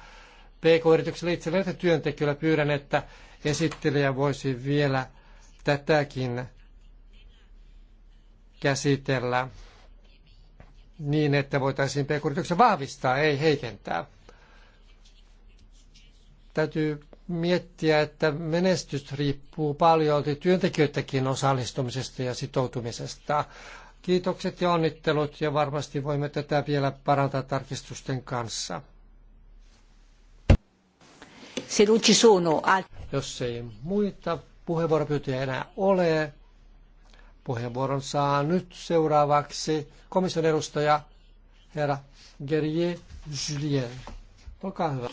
pk yrityksellä itselleen että työntekijöillä. Pyydän, että esittelijä voisi vielä tätäkin käsitellä niin, että voitaisiin pk-yrityksen vahvistaa, ei heikentää. Täytyy miettiä, että menestys riippuu paljon työntekijöidenkin osallistumisesta ja sitoutumisesta. Kiitokset ja onnittelut ja varmasti voimme tätä vielä parantaa tarkistusten kanssa. Jos ei muita puheenvuoropyyntöjä enää ole, puheenvuoron saa nyt seuraavaksi komission edustaja herra Gerier Julien. Olkaa hyvä.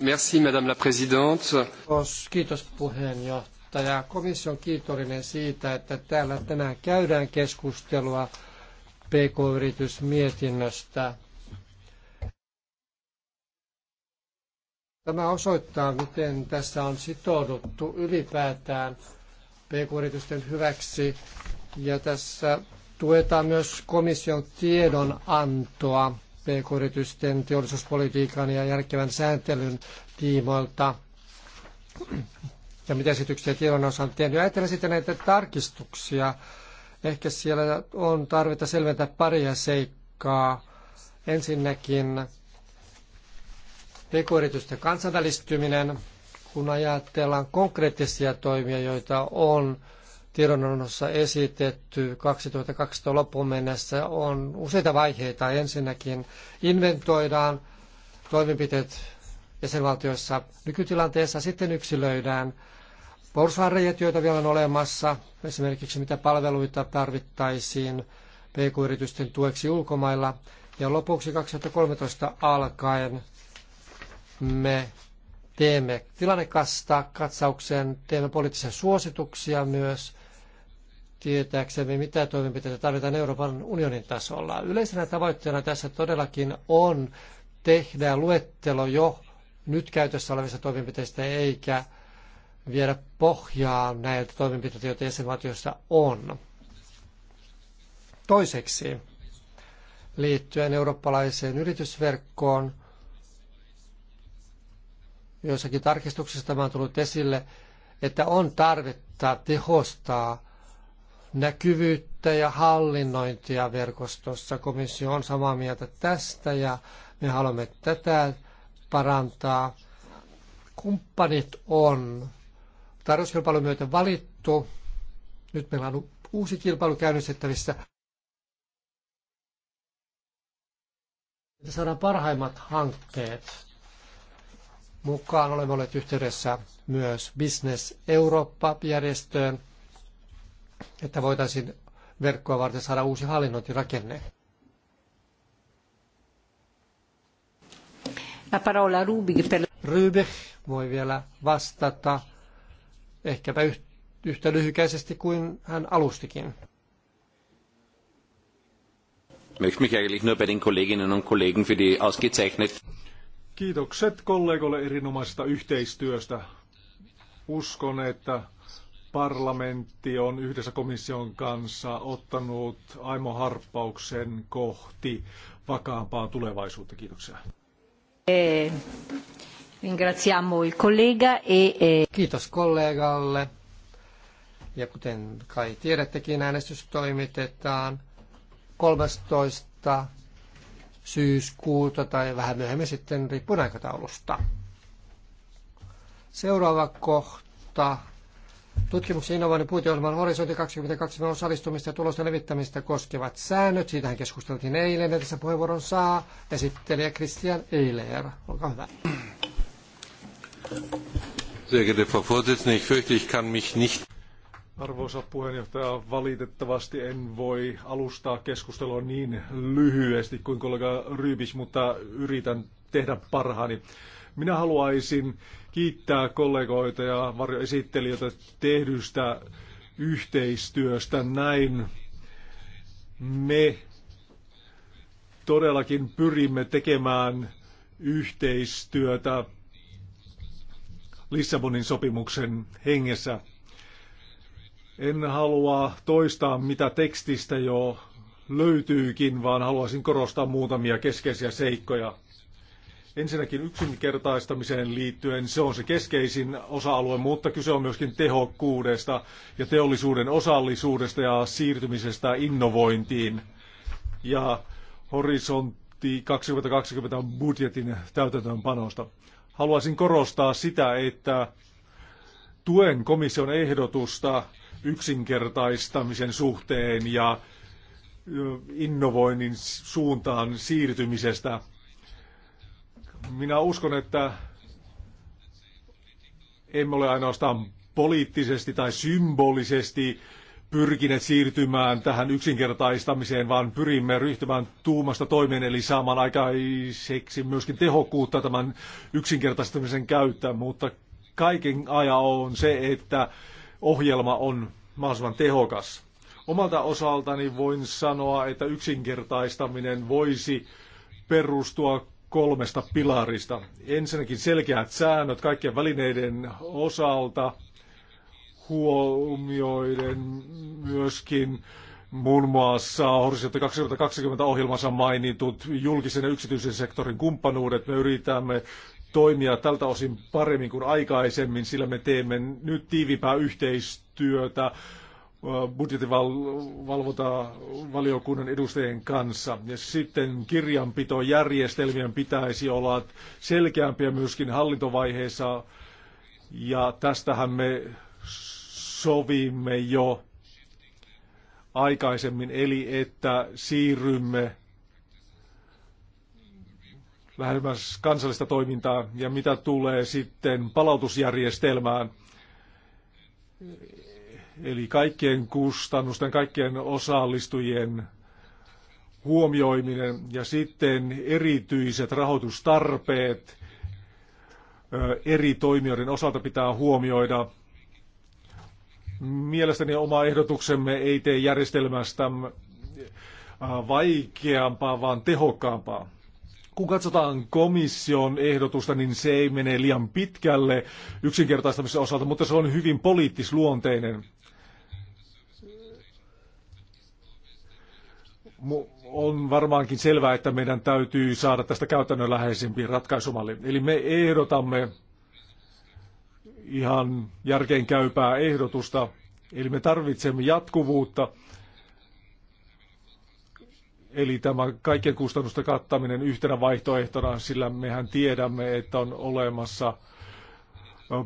Merci, Madame la Présidente. Kiitos puheenjohtaja. Komissio on kiitollinen siitä, että täällä tänään käydään keskustelua PK-yritysmietinnöstä. Tämä osoittaa, miten tässä on sitouduttu ylipäätään pk-yritysten hyväksi ja tässä tuetaan myös komission tiedonantoa pk-yritysten teollisuuspolitiikan ja järkevän sääntelyn tiimoilta. Ja mitä esityksiä tiedonannossa on tehnyt. Ajattelen sitten näitä tarkistuksia. Ehkä siellä on tarvetta selventää paria seikkaa. Ensinnäkin pk-yritysten kansainvälistyminen, kun ajatellaan konkreettisia toimia, joita on tiedonannossa esitetty 2012 loppuun mennessä on useita vaiheita. Ensinnäkin inventoidaan toimenpiteet jäsenvaltioissa nykytilanteessa, sitten yksilöidään porsaanreijät, joita vielä on olemassa, esimerkiksi mitä palveluita tarvittaisiin pk-yritysten tueksi ulkomailla. Ja lopuksi 2013 alkaen me teemme tilannekasta katsauksen, teemme poliittisia suosituksia myös tietääksemme, mitä toimenpiteitä tarvitaan Euroopan unionin tasolla. Yleisenä tavoitteena tässä todellakin on tehdä luettelo jo nyt käytössä olevista toimenpiteistä, eikä viedä pohjaa näiltä toimenpiteitä, joita jäsenvaltioissa on. Toiseksi, liittyen eurooppalaiseen yritysverkkoon, joissakin tarkistuksissa tämä on tullut esille, että on tarvetta tehostaa näkyvyyttä ja hallinnointia verkostossa. Komissio on samaa mieltä tästä ja me haluamme tätä parantaa. Kumppanit on tarjouskilpailun myötä valittu. Nyt meillä on uusi kilpailu käynnistettävissä. Saadaan parhaimmat hankkeet mukaan. Olemme olleet yhteydessä myös Business Eurooppa-järjestöön että voitaisiin verkkoa varten saada uusi hallinnointirakenne.
La parola Rubik per...
voi vielä vastata ehkäpä yhtä lyhykäisesti kuin hän alustikin.
Möchte mich eigentlich nur bei den Kolleginnen und Kollegen für die ausgezeichnet.
Kiitokset kollegoille erinomaisesta yhteistyöstä. Uskon, että parlamentti on yhdessä komission kanssa ottanut aimo harppauksen kohti vakaampaa tulevaisuutta. Kiitoksia.
E, e,
e. Kiitos kollegalle. Ja kuten kai tiedättekin, äänestys toimitetaan 13. syyskuuta tai vähän myöhemmin sitten riippuen aikataulusta. Seuraava kohta Tutkimuksen innovoinnin puiteohjelman horisontti 22 osallistumista ja tulosten levittämistä koskevat säännöt. Siitähän keskusteltiin eilen ja tässä puheenvuoron saa esittelijä Christian Eiler. Olkaa hyvä.
ich fürchte, ich kann mich nicht
Arvoisa puheenjohtaja, valitettavasti en voi alustaa keskustelua niin lyhyesti kuin kollega Rybis, mutta yritän tehdä parhaani. Minä haluaisin kiittää kollegoita ja varjoesittelijöitä tehdystä yhteistyöstä. Näin me todellakin pyrimme tekemään yhteistyötä Lissabonin sopimuksen hengessä. En halua toistaa, mitä tekstistä jo löytyykin, vaan haluaisin korostaa muutamia keskeisiä seikkoja. Ensinnäkin yksinkertaistamiseen liittyen se on se keskeisin osa-alue, mutta kyse on myöskin tehokkuudesta ja teollisuuden osallisuudesta ja siirtymisestä innovointiin. Ja horisontti 2020 budjetin täytäntöönpanosta. Haluaisin korostaa sitä, että tuen komission ehdotusta yksinkertaistamisen suhteen ja innovoinnin suuntaan siirtymisestä – minä uskon, että emme ole ainoastaan poliittisesti tai symbolisesti pyrkineet siirtymään tähän yksinkertaistamiseen, vaan pyrimme ryhtymään tuumasta toimeen, eli saamaan aikaiseksi myöskin tehokkuutta tämän yksinkertaistamisen käyttä. mutta kaiken aja on se, että ohjelma on mahdollisimman tehokas. Omalta osaltani voin sanoa, että yksinkertaistaminen voisi perustua kolmesta pilarista. Ensinnäkin selkeät säännöt kaikkien välineiden osalta, huomioiden myöskin muun muassa Horisontti 2020 ohjelmassa mainitut julkisen ja yksityisen sektorin kumppanuudet. Me yritämme toimia tältä osin paremmin kuin aikaisemmin, sillä me teemme nyt tiivimpää yhteistyötä valiokunnan edustajien kanssa. Ja sitten kirjanpitojärjestelmien pitäisi olla selkeämpiä myöskin hallintovaiheessa. Ja tästähän me sovimme jo aikaisemmin, eli että siirrymme lähemmäs kansallista toimintaa ja mitä tulee sitten palautusjärjestelmään eli kaikkien kustannusten, kaikkien osallistujien huomioiminen ja sitten erityiset rahoitustarpeet eri toimijoiden osalta pitää huomioida. Mielestäni oma ehdotuksemme ei tee järjestelmästä vaikeampaa, vaan tehokkaampaa. Kun katsotaan komission ehdotusta, niin se ei mene liian pitkälle yksinkertaistamisen osalta, mutta se on hyvin poliittisluonteinen. on varmaankin selvää, että meidän täytyy saada tästä käytännönläheisempi ratkaisumalli. Eli me ehdotamme ihan järkeenkäypää ehdotusta, eli me tarvitsemme jatkuvuutta, eli tämä kaikkien kustannusten kattaminen yhtenä vaihtoehtona, sillä mehän tiedämme, että on olemassa –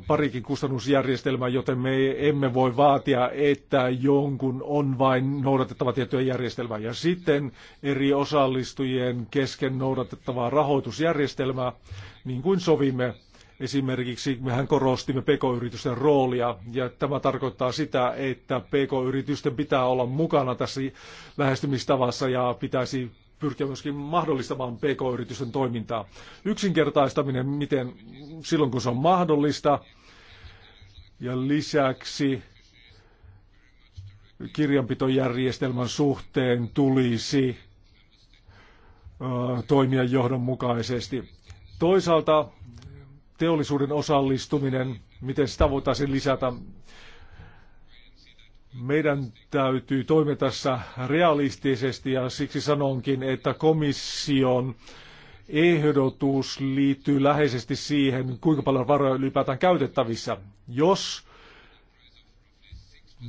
parikin kustannusjärjestelmää, joten me emme voi vaatia, että jonkun on vain noudatettava tiettyä järjestelmää. Ja sitten eri osallistujien kesken noudatettavaa rahoitusjärjestelmää, niin kuin sovimme. Esimerkiksi mehän korostimme pk-yritysten roolia, ja tämä tarkoittaa sitä, että pk-yritysten pitää olla mukana tässä lähestymistavassa ja pitäisi pyrkiä myöskin mahdollistamaan pk-yritysten toimintaa. Yksinkertaistaminen, miten silloin kun se on mahdollista. Ja lisäksi kirjanpitojärjestelmän suhteen tulisi toimia johdonmukaisesti. Toisaalta teollisuuden osallistuminen, miten sitä voitaisiin lisätä, meidän täytyy toimia tässä realistisesti ja siksi sanonkin, että komission ehdotus liittyy läheisesti siihen, kuinka paljon varoja ylipäätään käytettävissä. Jos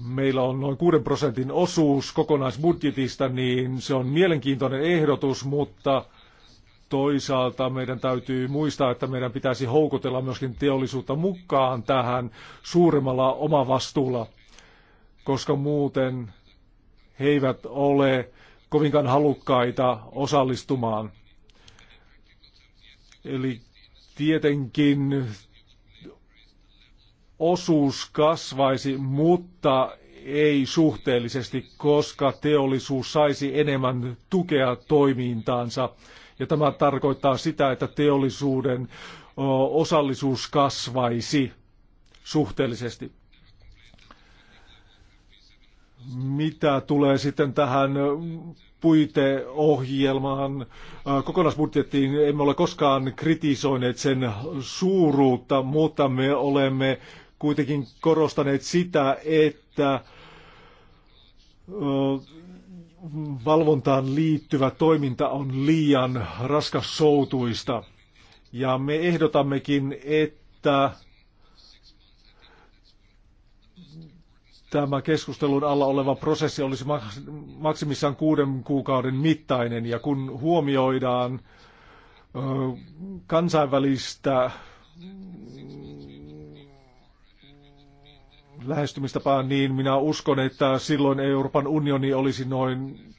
meillä on noin 6 prosentin osuus kokonaisbudjetista, niin se on mielenkiintoinen ehdotus, mutta toisaalta meidän täytyy muistaa, että meidän pitäisi houkutella myöskin teollisuutta mukaan tähän suuremmalla omavastuulla koska muuten he eivät ole kovinkaan halukkaita osallistumaan. Eli tietenkin osuus kasvaisi, mutta ei suhteellisesti, koska teollisuus saisi enemmän tukea toimintaansa. Ja tämä tarkoittaa sitä, että teollisuuden osallisuus kasvaisi suhteellisesti. Mitä tulee sitten tähän puiteohjelmaan, äh, kokonaisbudjettiin, emme ole koskaan kritisoineet sen suuruutta, mutta me olemme kuitenkin korostaneet sitä, että äh, valvontaan liittyvä toiminta on liian raskassoutuista. Ja me ehdotammekin, että tämä keskustelun alla oleva prosessi olisi maksimissaan kuuden kuukauden mittainen ja kun huomioidaan kansainvälistä mm, lähestymistapaa, niin minä uskon, että silloin Euroopan unioni olisi noin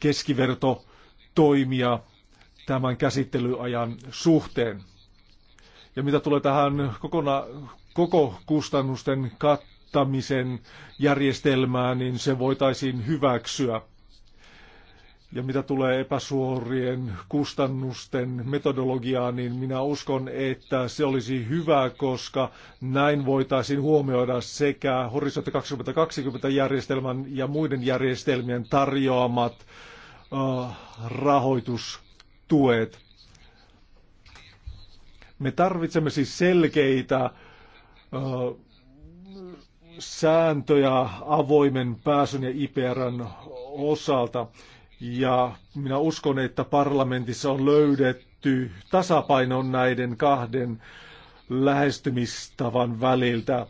keskiverto toimia tämän käsittelyajan suhteen. Ja mitä tulee tähän kokona, koko kustannusten kat, valittamisen järjestelmää, niin se voitaisiin hyväksyä. Ja mitä tulee epäsuorien kustannusten metodologiaan, niin minä uskon, että se olisi hyvä, koska näin voitaisiin huomioida sekä Horisontti 2020 järjestelmän ja muiden järjestelmien tarjoamat rahoitustuet. Me tarvitsemme siis selkeitä sääntöjä avoimen pääsyn ja IPRn osalta. Ja minä uskon, että parlamentissa on löydetty tasapaino näiden kahden lähestymistavan väliltä.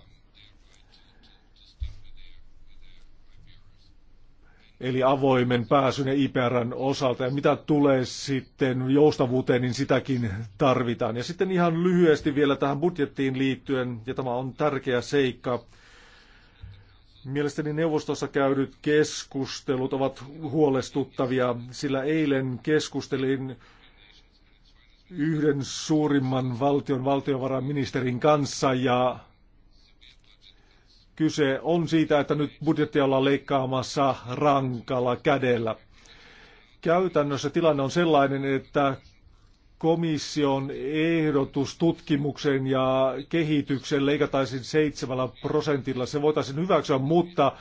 Eli avoimen pääsyn ja IPRn osalta. Ja mitä tulee sitten joustavuuteen, niin sitäkin tarvitaan. Ja sitten ihan lyhyesti vielä tähän budjettiin liittyen, ja tämä on tärkeä seikka Mielestäni neuvostossa käydyt keskustelut ovat huolestuttavia, sillä eilen keskustelin yhden suurimman valtion valtiovarainministerin kanssa ja kyse on siitä, että nyt budjetti ollaan leikkaamassa rankalla kädellä. Käytännössä tilanne on sellainen, että komission ehdotus tutkimuksen ja kehityksen leikataisiin seitsemällä prosentilla. Se voitaisiin hyväksyä, mutta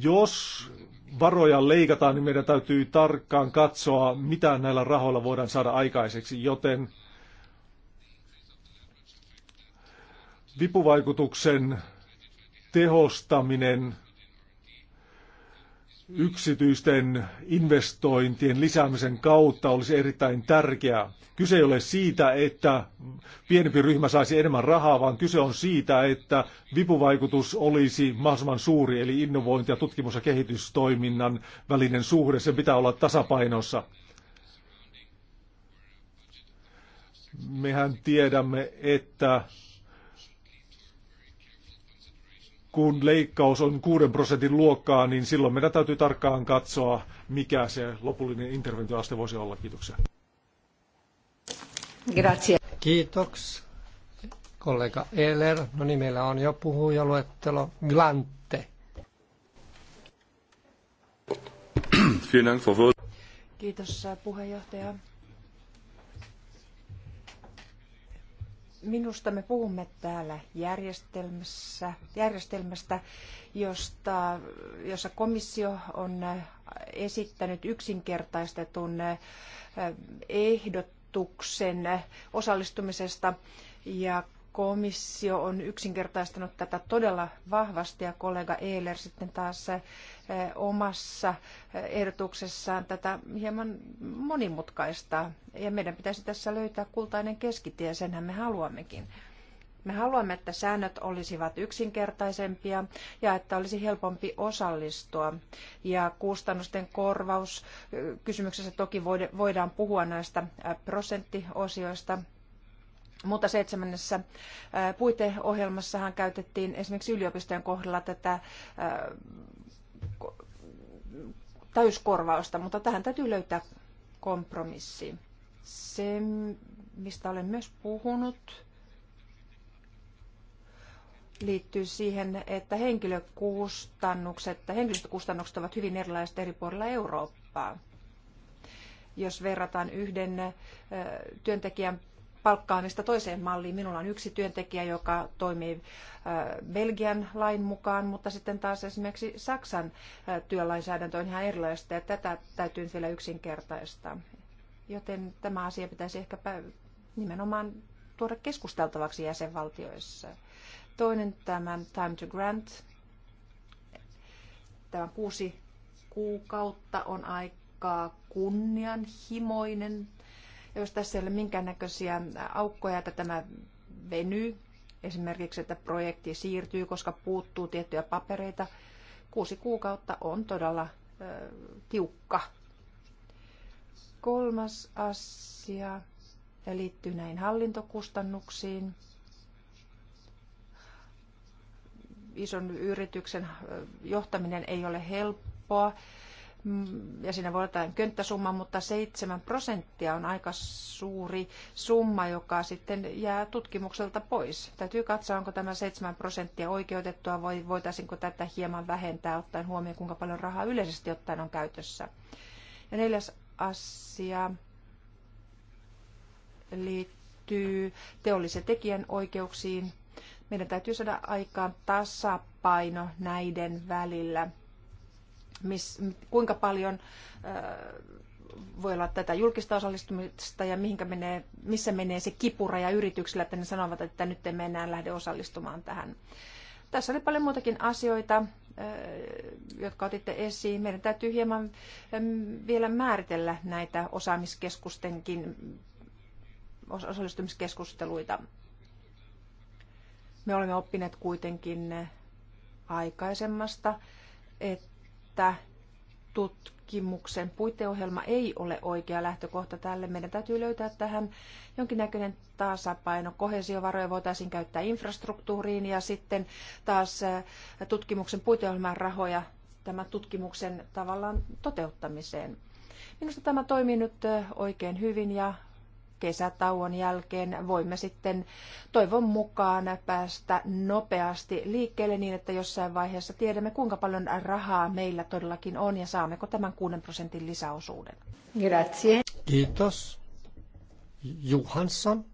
jos varoja leikataan, niin meidän täytyy tarkkaan katsoa, mitä näillä rahoilla voidaan saada aikaiseksi, joten vipuvaikutuksen tehostaminen yksityisten investointien lisäämisen kautta olisi erittäin tärkeää. Kyse ei ole siitä, että pienempi ryhmä saisi enemmän rahaa, vaan kyse on siitä, että vipuvaikutus olisi mahdollisimman suuri, eli innovointi ja tutkimus- ja kehitystoiminnan välinen suhde, sen pitää olla tasapainossa. Mehän tiedämme, että kun leikkaus on 6 prosentin luokkaa, niin silloin meidän täytyy tarkkaan katsoa, mikä se lopullinen interventioaste voisi olla. Kiitoksia.
Grazie. Kiitos, kollega Eller. No niin, meillä on jo puhujaluettelo. Glante.
Kiitos äh, puheenjohtaja. Minusta me puhumme täällä järjestelmässä, järjestelmästä, josta, jossa komissio on esittänyt yksinkertaistetun eh, ehdotuksen osallistumisesta ja komissio on yksinkertaistanut tätä todella vahvasti ja kollega Ehler sitten taas eh, omassa eh, ehdotuksessaan tätä hieman monimutkaista. Ja meidän pitäisi tässä löytää kultainen keskitie, ja senhän me haluammekin. Me haluamme, että säännöt olisivat yksinkertaisempia ja että olisi helpompi osallistua. Ja kustannusten korvaus, kysymyksessä toki voidaan puhua näistä eh, prosenttiosioista, mutta seitsemännessä puiteohjelmassahan käytettiin esimerkiksi yliopistojen kohdalla tätä täyskorvausta, mutta tähän täytyy löytää kompromissi. Se, mistä olen myös puhunut, liittyy siihen, että henkilökustannukset, henkilöstökustannukset ovat hyvin erilaiset eri puolilla Eurooppaa. Jos verrataan yhden työntekijän palkkaamista toiseen malliin. Minulla on yksi työntekijä, joka toimii äh, Belgian lain mukaan, mutta sitten taas esimerkiksi Saksan äh, työlainsäädäntö on ihan erilaista ja tätä täytyy vielä yksinkertaistaa. Joten tämä asia pitäisi ehkä nimenomaan tuoda keskusteltavaksi jäsenvaltioissa. Toinen tämän Time to Grant, tämä kuusi kuukautta on aika kunnianhimoinen jos tässä ei ole minkäännäköisiä aukkoja, että tämä venyy, esimerkiksi että projekti siirtyy, koska puuttuu tiettyjä papereita, kuusi kuukautta on todella ö, tiukka. Kolmas asia liittyy näihin hallintokustannuksiin. Ison yrityksen johtaminen ei ole helppoa ja siinä voi olla jotain könttäsumma, mutta 7 prosenttia on aika suuri summa, joka sitten jää tutkimukselta pois. Täytyy katsoa, onko tämä 7 prosenttia oikeutettua, vai voitaisiinko tätä hieman vähentää, ottaen huomioon, kuinka paljon rahaa yleisesti ottaen on käytössä. Ja neljäs asia liittyy teollisen tekijän oikeuksiin. Meidän täytyy saada aikaan tasapaino näiden välillä miss, kuinka paljon voi olla tätä julkista osallistumista ja mihinkä menee, missä menee se kipuraja yrityksillä, että ne sanovat, että nyt emme enää lähde osallistumaan tähän. Tässä oli paljon muutakin asioita, jotka otitte esiin. Meidän täytyy hieman vielä määritellä näitä osaamiskeskustenkin osallistumiskeskusteluita. Me olemme oppineet kuitenkin aikaisemmasta, että että tutkimuksen puiteohjelma ei ole oikea lähtökohta tälle. Meidän täytyy löytää tähän jonkinnäköinen tasapaino. Kohesiovaroja voitaisiin käyttää infrastruktuuriin ja sitten taas tutkimuksen puiteohjelman rahoja tämän tutkimuksen tavallaan toteuttamiseen. Minusta tämä toimii nyt oikein hyvin ja kesätauon jälkeen voimme sitten toivon mukaan päästä nopeasti liikkeelle niin, että jossain vaiheessa tiedämme, kuinka paljon rahaa meillä todellakin on ja saammeko tämän 6 prosentin lisäosuuden.
Grazie. Kiitos. Johansson.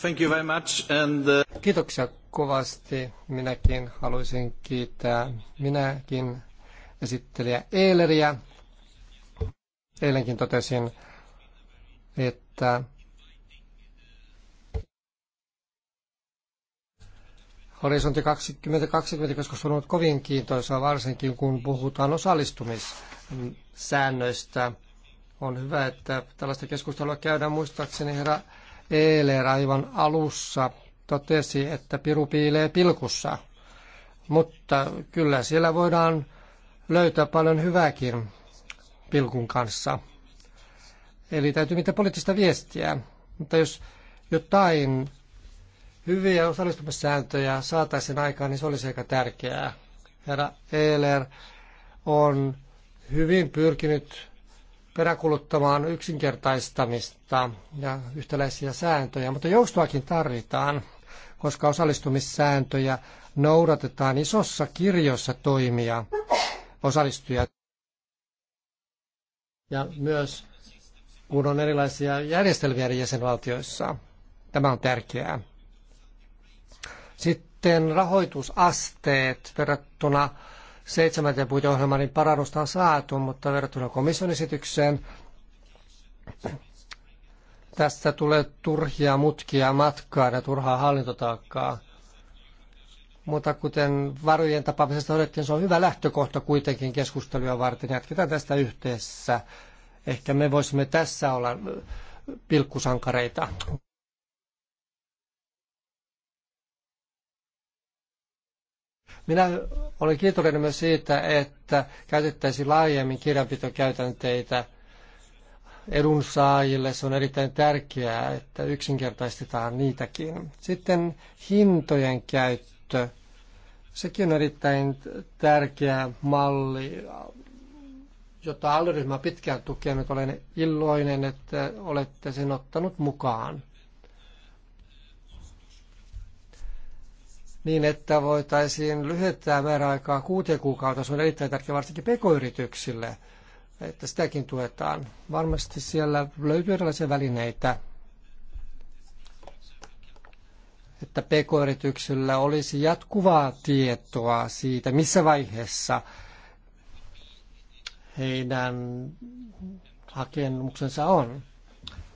Thank you very much and, uh... Kiitoksia kovasti. Minäkin haluaisin kiittää minäkin esittelijä Eileriä. Eilenkin totesin että Horisontti 2020 se on ollut kovin kiintoisaa, varsinkin kun puhutaan osallistumissäännöistä. On hyvä, että tällaista keskustelua käydään. Muistaakseni herra Eeler aivan alussa totesi, että piru piilee pilkussa. Mutta kyllä siellä voidaan löytää paljon hyvääkin pilkun kanssa. Eli täytyy mitä poliittista viestiä. Mutta jos jotain hyviä osallistumissääntöjä saataisiin aikaan, niin se olisi aika tärkeää. Herra Eeler on hyvin pyrkinyt peräkuluttamaan yksinkertaistamista ja yhtäläisiä sääntöjä, mutta joustoakin tarvitaan, koska osallistumissääntöjä noudatetaan isossa kirjossa toimia osallistujat ja myös kun on erilaisia järjestelmiä eri jäsenvaltioissa. Tämä on tärkeää. Sitten rahoitusasteet verrattuna seitsemänteen puiteohjelmaan, niin parannusta on saatu, mutta verrattuna komission esitykseen tästä tulee turhia mutkia matkaa ja turhaa hallintotaakkaa. Mutta kuten varojen tapaamisesta todettiin, se on hyvä lähtökohta kuitenkin keskustelua varten. Jatketaan tästä yhteessä. Ehkä me voisimme tässä olla pilkkusankareita. Minä olen kiitollinen myös siitä, että käytettäisiin laajemmin kirjanpitokäytänteitä edunsaajille. Se on erittäin tärkeää, että yksinkertaistetaan niitäkin. Sitten hintojen käyttö. Sekin on erittäin tärkeä malli jota alryhmä pitkään tukenut. Olen iloinen, että olette sen ottanut mukaan. Niin, että voitaisiin lyhentää määräaikaa kuuteen kuukautta. Se on erittäin tärkeää varsinkin pekoyrityksille, että sitäkin tuetaan. Varmasti siellä löytyy erilaisia välineitä, että pk-yrityksillä olisi jatkuvaa tietoa siitä, missä vaiheessa – heidän hakemuksensa on.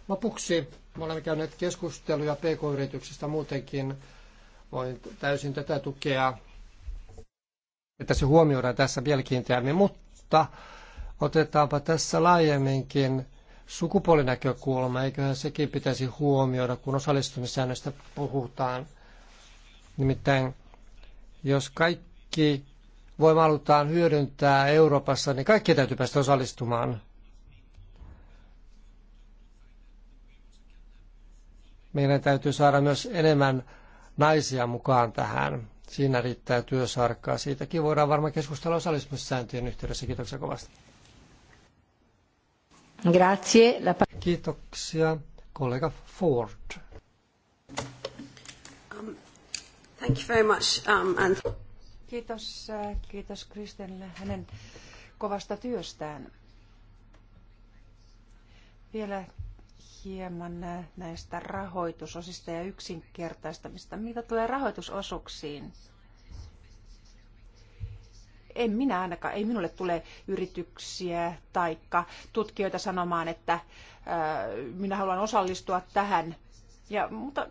Lopuksi me olemme käyneet keskusteluja pk-yrityksistä muutenkin. Voin täysin tätä tukea, että se huomioidaan tässä vielä kiinteämmin, mutta otetaanpa tässä laajemminkin sukupuolinäkökulma, eiköhän sekin pitäisi huomioida, kun osallistumissäännöstä puhutaan. Nimittäin, jos kaikki halutaan hyödyntää Euroopassa, niin kaikki täytyy päästä osallistumaan. Meidän täytyy saada myös enemmän naisia mukaan tähän. Siinä riittää työsarkkaa. Siitäkin voidaan varmaan keskustella osallistumissääntöjen yhteydessä. Kiitoksia kovasti. Grazie. Kiitoksia. Kollega Ford.
Um, thank you very much. Um, and...
Kiitos, äh, kiitos Kristenille hänen kovasta työstään. Vielä hieman äh, näistä rahoitusosista ja yksinkertaistamista. Mitä tulee rahoitusosuuksiin? En minä ainakaan, ei minulle tule yrityksiä tai tutkijoita sanomaan, että äh, minä haluan osallistua tähän. Ja, mutta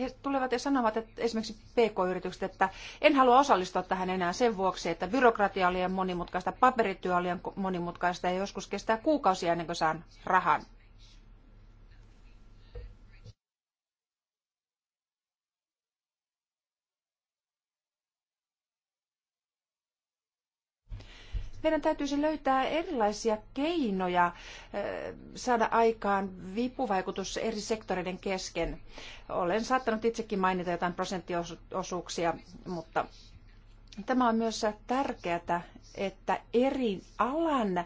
he tulevat ja sanovat, että esimerkiksi PK-yritykset, että en halua osallistua tähän enää sen vuoksi, että byrokratia on liian monimutkaista, paperityö on liian monimutkaista ja joskus kestää kuukausia ennen kuin saan rahan. Meidän täytyisi löytää erilaisia keinoja saada aikaan vipuvaikutus eri sektoreiden kesken. Olen saattanut itsekin mainita jotain prosenttiosuuksia, mutta Tämä on myös tärkeää, että eri alan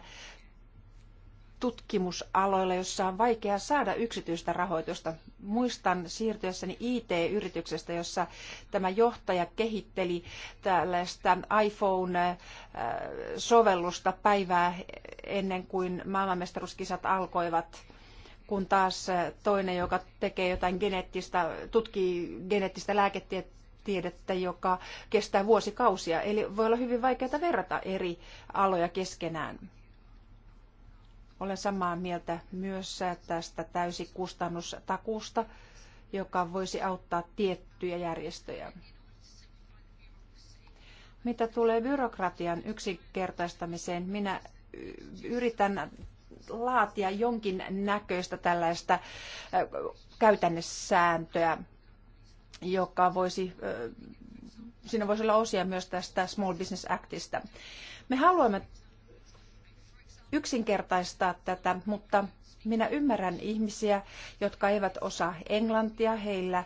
tutkimusaloilla, jossa on vaikea saada yksityistä rahoitusta. Muistan siirtyessäni IT-yrityksestä, jossa tämä johtaja kehitteli tällaista iPhone-sovellusta äh, päivää ennen kuin maailmanmestaruuskisat alkoivat kun taas äh, toinen, joka tekee jotain geneettistä, tutkii geneettistä lääketiedettä, joka kestää vuosikausia. Eli voi olla hyvin vaikeaa verrata eri aloja keskenään. Olen samaa mieltä myös tästä täysikustannustakuusta, joka voisi auttaa tiettyjä järjestöjä. Mitä tulee byrokratian yksinkertaistamiseen, minä yritän laatia jonkin näköistä tällaista käytännessääntöä, joka voisi, siinä voisi olla osia myös tästä Small Business Actista. Me haluamme yksinkertaistaa tätä, mutta minä ymmärrän ihmisiä, jotka eivät osaa englantia. Heillä,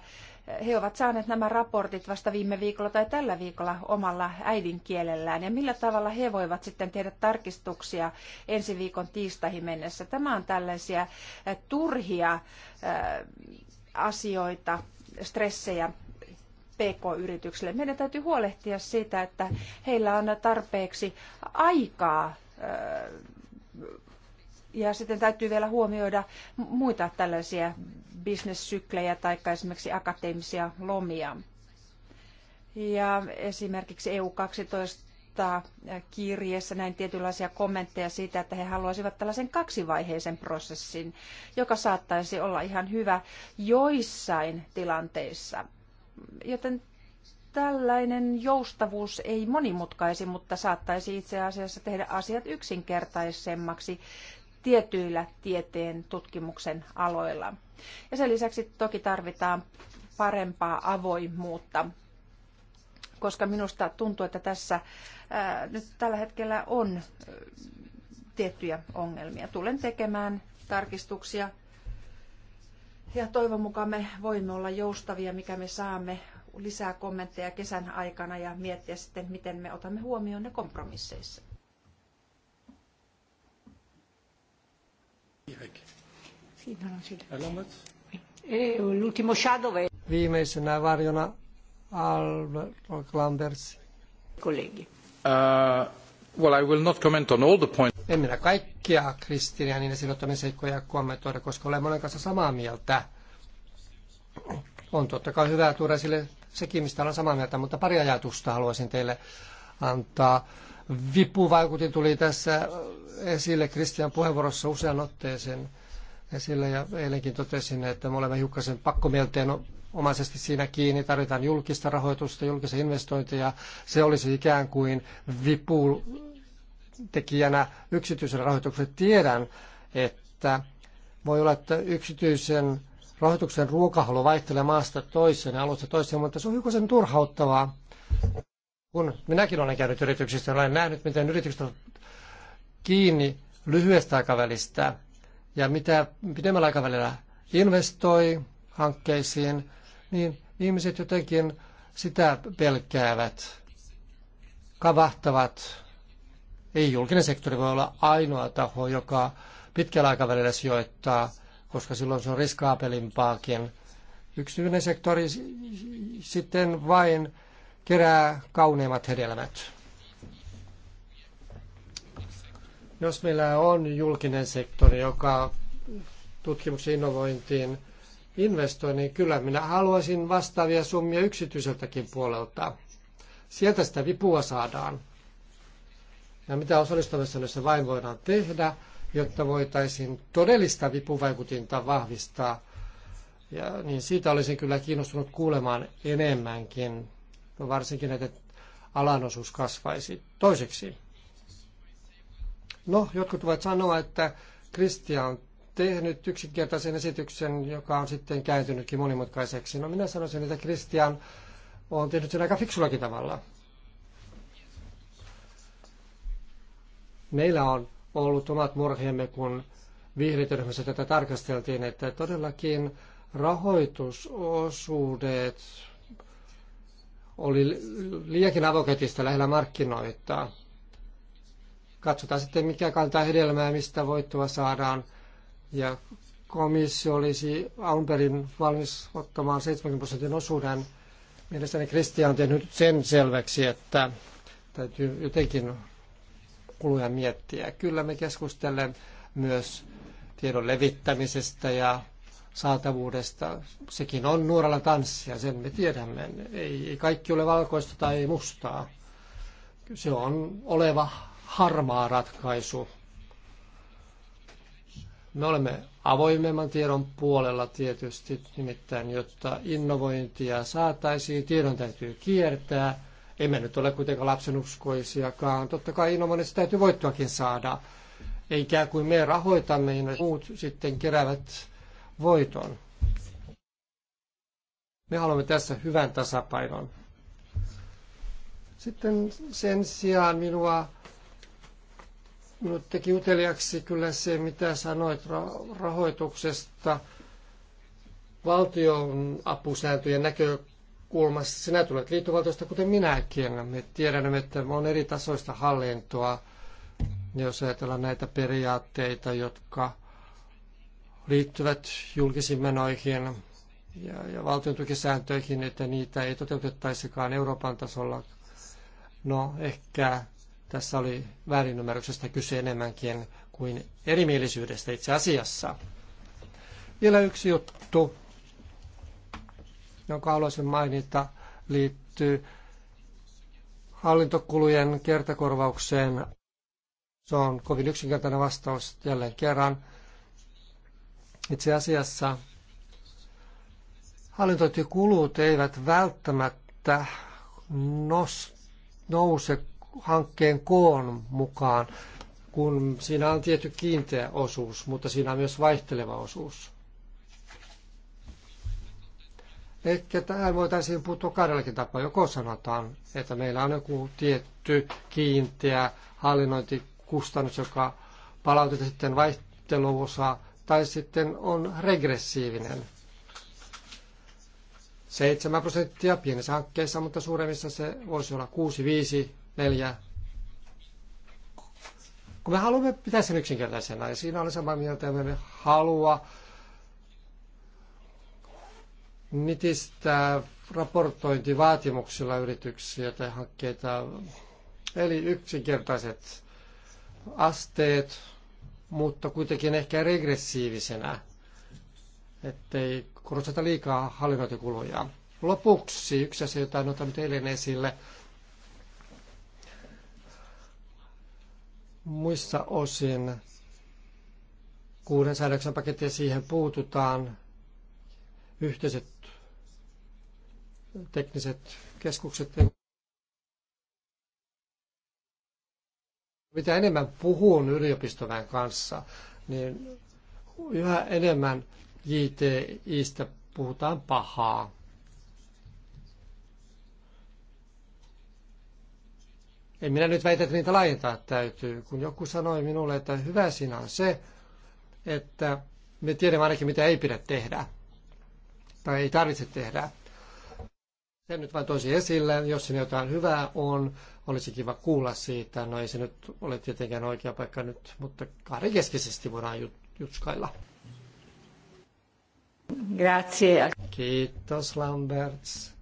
he ovat saaneet nämä raportit vasta viime viikolla tai tällä viikolla omalla äidinkielellään. Ja millä tavalla he voivat sitten tehdä tarkistuksia ensi viikon tiistaihin mennessä. Tämä on tällaisia turhia asioita, stressejä PK-yrityksille. Meidän täytyy huolehtia siitä, että heillä on tarpeeksi aikaa ja sitten täytyy vielä huomioida muita tällaisia bisnessyklejä tai esimerkiksi akateemisia lomia. Ja esimerkiksi EU12 kirjeessä näin tietynlaisia kommentteja siitä, että he haluaisivat tällaisen kaksivaiheisen prosessin, joka saattaisi olla ihan hyvä joissain tilanteissa. Joten tällainen joustavuus ei monimutkaisi, mutta saattaisi itse asiassa tehdä asiat yksinkertaisemmaksi tietyillä tieteen tutkimuksen aloilla. Ja sen lisäksi toki tarvitaan parempaa avoimuutta, koska minusta tuntuu, että tässä ää, nyt tällä hetkellä on tiettyjä ongelmia. Tulen tekemään tarkistuksia ja toivon mukaan me voimme olla joustavia, mikä me saamme lisää kommentteja kesän aikana ja miettiä sitten, miten me otamme huomioon ne kompromisseissa.
No, Viimeisenä varjona Al Lambers. Kollegi. Uh,
well, I will not comment on all the points. En minä
kaikkia Kristin ja niiden silottamien seikkoja kommentoida, koska olen monen kanssa samaa mieltä. On totta kai hyvä tuoda sille sekin, mistä olen samaa mieltä, mutta pari ajatusta haluaisin teille antaa vipuvaikutin tuli tässä esille Kristian puheenvuorossa usean otteeseen esille ja eilenkin totesin, että me olemme hiukkasen pakkomielteen omaisesti siinä kiinni, tarvitaan julkista rahoitusta, julkisia investointeja, se olisi ikään kuin vipu tekijänä yksityisen rahoituksen. Tiedän, että voi olla, että yksityisen rahoituksen ruokahalu vaihtelee maasta toiseen ja alusta toiseen, mutta se on hiukan turhauttavaa. Kun minäkin olen käynyt yrityksissä, olen nähnyt, miten yritykset ovat kiinni lyhyestä aikavälistä ja mitä pidemmällä aikavälillä investoi hankkeisiin, niin ihmiset jotenkin sitä pelkäävät, kavahtavat. Ei julkinen sektori voi olla ainoa taho, joka pitkällä aikavälillä sijoittaa, koska silloin se on riskaapelimpaakin. Yksityinen sektori sitten vain kerää kauneimmat hedelmät. Jos meillä on julkinen sektori, joka tutkimuksen innovointiin investoi, niin kyllä minä haluaisin vastaavia summia yksityiseltäkin puolelta. Sieltä sitä vipua saadaan. Ja mitä se vain voidaan tehdä, jotta voitaisiin todellista vipuvaikutinta vahvistaa. Ja, niin siitä olisin kyllä kiinnostunut kuulemaan enemmänkin No varsinkin, näitä alan osuus kasvaisi. Toiseksi, no jotkut voivat sanoa, että Kristian on tehnyt yksinkertaisen esityksen, joka on sitten kääntynytkin monimutkaiseksi. No minä sanoisin, että Kristian on tehnyt sen aika fiksullakin tavalla. Meillä on ollut omat murheemme, kun vihreätyryhmässä tätä tarkasteltiin, että todellakin rahoitusosuudet oli liiakin avokätistä lähellä markkinoita. Katsotaan sitten, mikä kantaa hedelmää, mistä voittoa saadaan. Ja komissio olisi alun perin valmis ottamaan 70 prosentin osuuden. Mielestäni Kristian on tehnyt sen selväksi, että täytyy jotenkin kuluja miettiä. Kyllä me keskustelemme myös tiedon levittämisestä ja saatavuudesta. Sekin on nuorella tanssia, sen me tiedämme. Ei, ei kaikki ole valkoista tai mustaa. Se on oleva harmaa ratkaisu. Me olemme avoimemman tiedon puolella tietysti, nimittäin jotta innovointia saataisiin, tiedon täytyy kiertää. Emme nyt ole kuitenkaan lapsenuskoisiakaan. Totta kai innovoinnista täytyy voittoakin saada. Eikä kuin me rahoitamme, niin muut sitten keräävät voiton. Me haluamme tässä hyvän tasapainon. Sitten sen sijaan minua, minut teki uteliaksi kyllä se, mitä sanoit rahoituksesta valtion apusääntöjen näkökulmasta. Sinä tulet liittovaltiosta, kuten minäkin. Me tiedämme, että on eri tasoista hallintoa, jos ajatellaan näitä periaatteita, jotka liittyvät julkisiin menoihin ja, ja valtion tukisääntöihin, että niitä ei toteutettaisikaan Euroopan tasolla. No ehkä tässä oli väärinymmärryksestä kyse enemmänkin kuin erimielisyydestä itse asiassa. Vielä yksi juttu, jonka haluaisin mainita, liittyy hallintokulujen kertakorvaukseen. Se on kovin yksinkertainen vastaus jälleen kerran. Itse asiassa hallintotyökulut eivät välttämättä nos, nouse hankkeen koon mukaan, kun siinä on tietty kiinteä osuus, mutta siinä on myös vaihteleva osuus. Ehkä tähän voitaisiin puuttua kahdellakin tapaa. Joko sanotaan, että meillä on joku tietty kiinteä hallinnointikustannus, joka palautetaan sitten vaihteluosa tai sitten on regressiivinen. 7 prosenttia pienissä hankkeissa, mutta suuremmissa se voisi olla 6, 5, 4. Kun me haluamme pitää sen yksinkertaisena, ja siinä olen samaa mieltä, että me halua nitistää raportointivaatimuksilla yrityksiä tai hankkeita. Eli yksinkertaiset asteet, mutta kuitenkin ehkä regressiivisenä, ettei korosteta liikaa hallinnointikuluja. Lopuksi yksi asia, jota en ottanut eilen esille, muissa osin kuuden säädöksen pakettia siihen puututaan. Yhteiset tekniset keskukset Mitä enemmän puhun yliopistoväen kanssa, niin yhä enemmän JTIstä puhutaan pahaa. En minä nyt väitä, että niitä laajentaa täytyy, kun joku sanoi minulle, että hyvä siinä on se, että me tiedämme ainakin mitä ei pidä tehdä tai ei tarvitse tehdä. Sen nyt vain toisin esille, jos siinä jotain hyvää on, olisi kiva kuulla siitä. No ei se nyt ole tietenkään oikea paikka nyt, mutta kahdenkeskisesti voidaan jutskailla.
Grazie.
Kiitos Lamberts.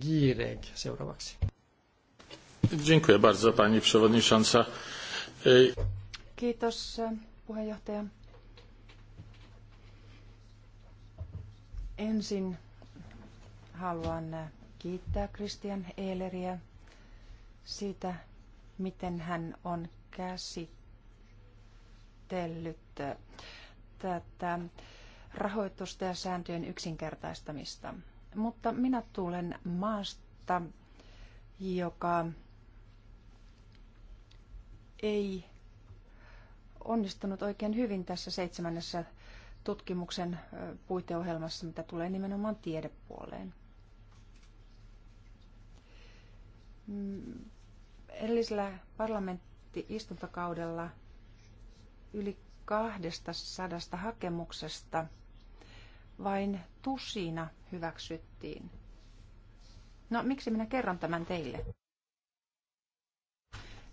Gireg seuraavaksi.
Dziękuję bardzo pani przewodnicząca.
Kiitos puheenjohtaja. Ensin haluan kiittää Christian Eeleriä siitä, miten hän on käsitellyt tätä rahoitusta ja sääntöjen yksinkertaistamista. Mutta minä tulen maasta, joka ei onnistunut oikein hyvin tässä seitsemännessä tutkimuksen puiteohjelmassa, mitä tulee nimenomaan tiedepuoleen. Mm, edellisellä parlamenttiistuntokaudella yli 200 hakemuksesta vain tusina hyväksyttiin. No, miksi minä kerron tämän teille?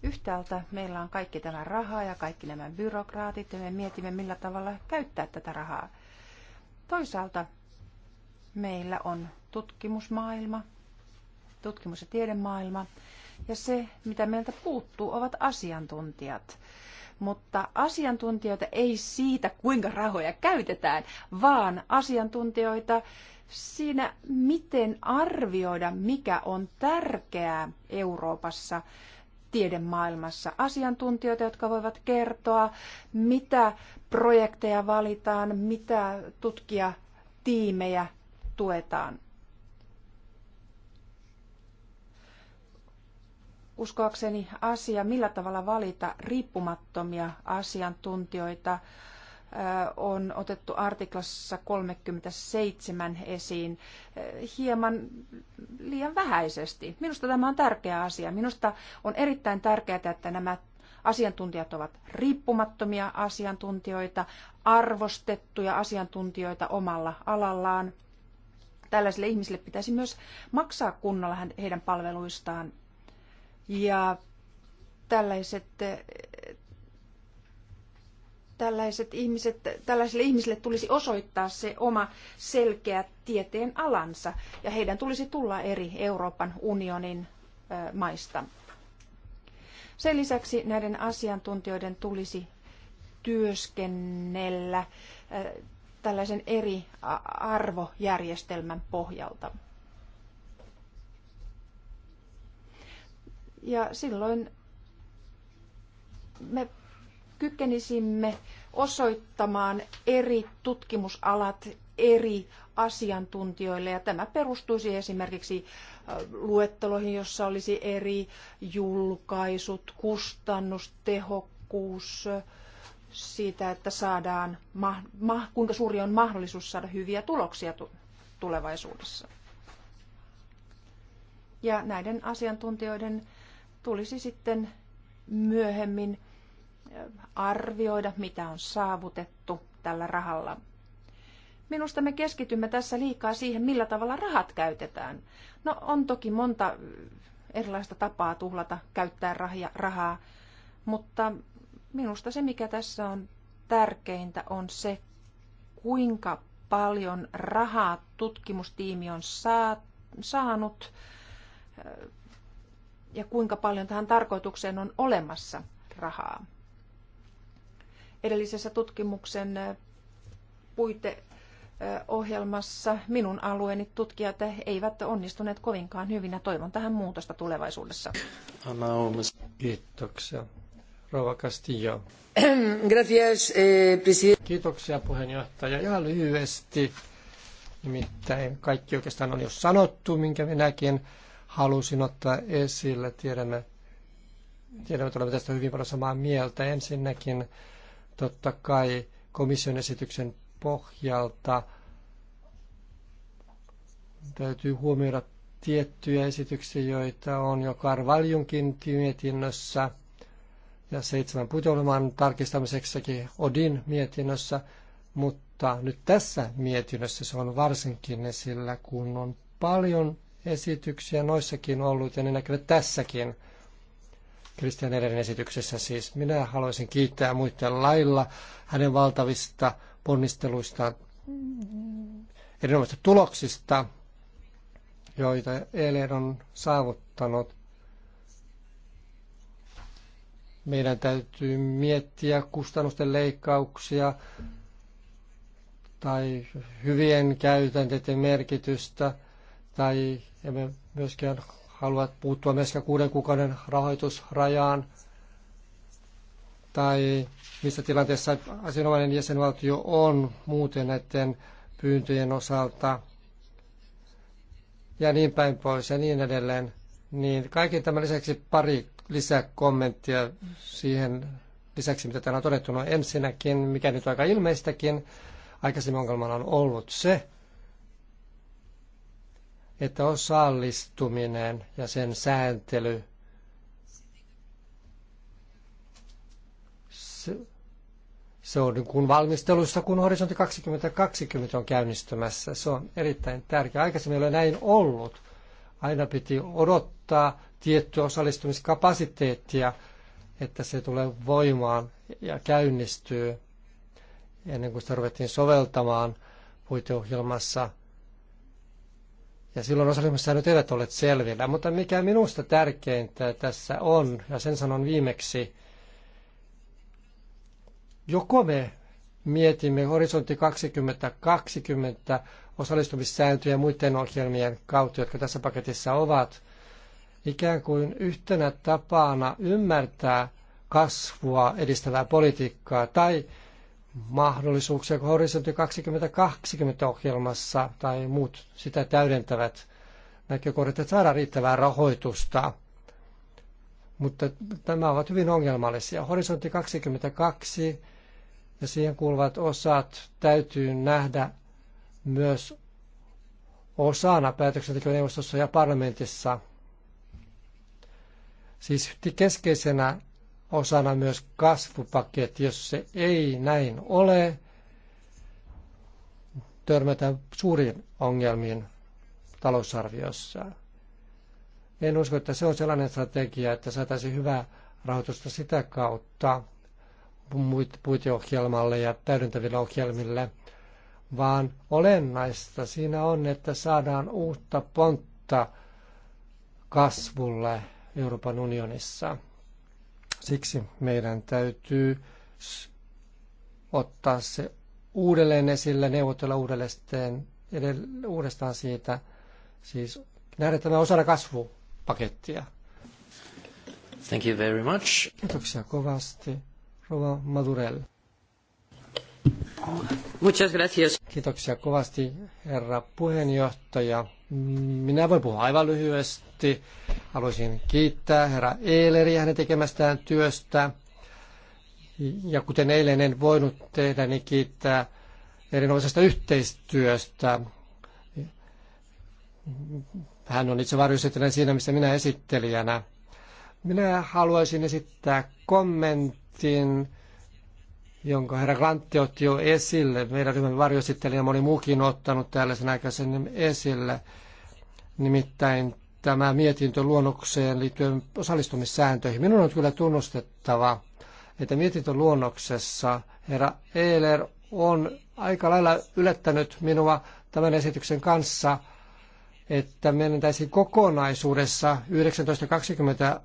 Yhtäältä meillä on kaikki tämä raha ja kaikki nämä byrokraatit ja me mietimme millä tavalla käyttää tätä rahaa. Toisaalta meillä on tutkimusmaailma, tutkimus- ja tiedemaailma. Ja se, mitä meiltä puuttuu, ovat asiantuntijat. Mutta asiantuntijoita ei siitä, kuinka rahoja käytetään, vaan asiantuntijoita siinä, miten arvioida, mikä on tärkeää Euroopassa tiedemaailmassa asiantuntijoita, jotka voivat kertoa, mitä projekteja valitaan, mitä tutkijatiimejä tuetaan. uskoakseni asia, millä tavalla valita riippumattomia asiantuntijoita, on otettu artiklassa 37 esiin hieman liian vähäisesti. Minusta tämä on tärkeä asia. Minusta on erittäin tärkeää, että nämä asiantuntijat ovat riippumattomia asiantuntijoita, arvostettuja asiantuntijoita omalla alallaan. Tällaisille ihmisille pitäisi myös maksaa kunnolla heidän palveluistaan ja tällaiset, tällaiset ihmiset, tällaisille ihmisille tulisi osoittaa se oma selkeä tieteen alansa ja heidän tulisi tulla eri Euroopan unionin maista. Sen lisäksi näiden asiantuntijoiden tulisi työskennellä tällaisen eri arvojärjestelmän pohjalta. Ja silloin me kykenisimme osoittamaan eri tutkimusalat eri asiantuntijoille. Ja tämä perustuisi esimerkiksi äh, luetteloihin, jossa olisi eri julkaisut, kustannustehokkuus, siitä, että saadaan, kuinka suuri on mahdollisuus saada hyviä tuloksia tulevaisuudessa. Ja näiden asiantuntijoiden tulisi sitten myöhemmin äh, arvioida, mitä on saavutettu tällä rahalla. Minusta me keskitymme tässä liikaa siihen, millä tavalla rahat käytetään. No on toki monta äh, erilaista tapaa tuhlata, käyttää rahaa, mutta minusta se, mikä tässä on tärkeintä, on se, kuinka paljon rahaa tutkimustiimi on saa, saanut äh, ja kuinka paljon tähän tarkoitukseen on olemassa rahaa. Edellisessä tutkimuksen puiteohjelmassa minun alueeni tutkijat eivät onnistuneet kovinkaan hyvin ja toivon tähän muutosta tulevaisuudessa.
Anna Oumes. Kiitoksia. Rova Castillo. Gracias, eh, Kiitoksia puheenjohtaja. Ja lyhyesti. Nimittäin kaikki oikeastaan on jo sanottu, minkä minäkin halusin ottaa esille. Tiedämme, tiedämme että olemme tästä hyvin paljon samaa mieltä. Ensinnäkin totta kai komission esityksen pohjalta täytyy huomioida tiettyjä esityksiä, joita on jo Karvaljunkin mietinnössä ja seitsemän putoilman tarkistamiseksi Odin mietinnössä, mutta nyt tässä mietinnössä se on varsinkin esillä, kun on paljon esityksiä noissakin ollut ja ne näkyvät tässäkin. Kristian Ederin esityksessä siis. Minä haluaisin kiittää muiden lailla hänen valtavista ponnisteluistaan, erinomaisista tuloksista, joita Elen on saavuttanut. Meidän täytyy miettiä kustannusten leikkauksia tai hyvien käytänteiden merkitystä – tai emme myöskään halua puuttua myöskään kuuden kuukauden rahoitusrajaan tai missä tilanteessa asianomainen jäsenvaltio on muuten näiden pyyntöjen osalta ja niin päin pois ja niin edelleen. Niin kaiken tämän lisäksi pari lisäkommenttia siihen lisäksi, mitä täällä on todettu. No ensinnäkin, mikä nyt on aika ilmeistäkin, aikaisemmin ongelmana on ollut se, että osallistuminen ja sen sääntely se on niin kuin valmistelussa, kun Horisontti 2020 on käynnistymässä. Se on erittäin tärkeä. Aikaisemmin ei ole näin ollut. Aina piti odottaa tiettyä osallistumiskapasiteettia, että se tulee voimaan ja käynnistyy ennen kuin sitä ruvettiin soveltamaan puiteohjelmassa – ja silloin osallistumissäännöt eivät ole selvillä. Mutta mikä minusta tärkeintä tässä on, ja sen sanon viimeksi, joko me mietimme horisontti 2020 osallistumissääntöjä muiden ohjelmien kautta, jotka tässä paketissa ovat, ikään kuin yhtenä tapana ymmärtää kasvua edistävää politiikkaa, tai mahdollisuuksia kuin Horisontti 2020 ohjelmassa tai muut sitä täydentävät näkökohdat, että saadaan riittävää rahoitusta. Mutta nämä ovat hyvin ongelmallisia. Horisontti 22 ja siihen kuuluvat osat täytyy nähdä myös osana päätöksentekoneuvostossa ja parlamentissa. Siis keskeisenä osana myös kasvupaketti. Jos se ei näin ole, törmätään suuriin ongelmiin talousarviossa. En usko, että se on sellainen strategia, että saataisiin hyvää rahoitusta sitä kautta puiteohjelmalle ja täydentäville ohjelmille, vaan olennaista siinä on, että saadaan uutta pontta kasvulle Euroopan unionissa. Siksi meidän täytyy ottaa se uudelleen esille, neuvotella uudelleen, uudestaan siitä, siis nähdä tämä osana kasvupakettia.
Thank you very much.
Kiitoksia kovasti. Rova Madurell. Muchas gracias. Kiitoksia kovasti, herra puheenjohtaja. Minä voin puhua aivan lyhyesti. Haluaisin kiittää herra Eeleriä hänen tekemästään työstä. Ja kuten eilen en voinut tehdä, niin kiittää erinomaisesta yhteistyöstä. Hän on itse varjoesittelijän siinä, missä minä esittelijänä. Minä haluaisin esittää kommentin jonka herra Glantti otti jo esille. Meidän ryhmän varjosittelijä moni muukin on ottanut tällaisen aikaisemmin esille. Nimittäin tämä mietintö luonnokseen liittyen osallistumissääntöihin. Minun on kyllä tunnustettava, että mietintöluonnoksessa herra Eiler on aika lailla yllättänyt minua tämän esityksen kanssa, että menentäisiin kokonaisuudessa 1920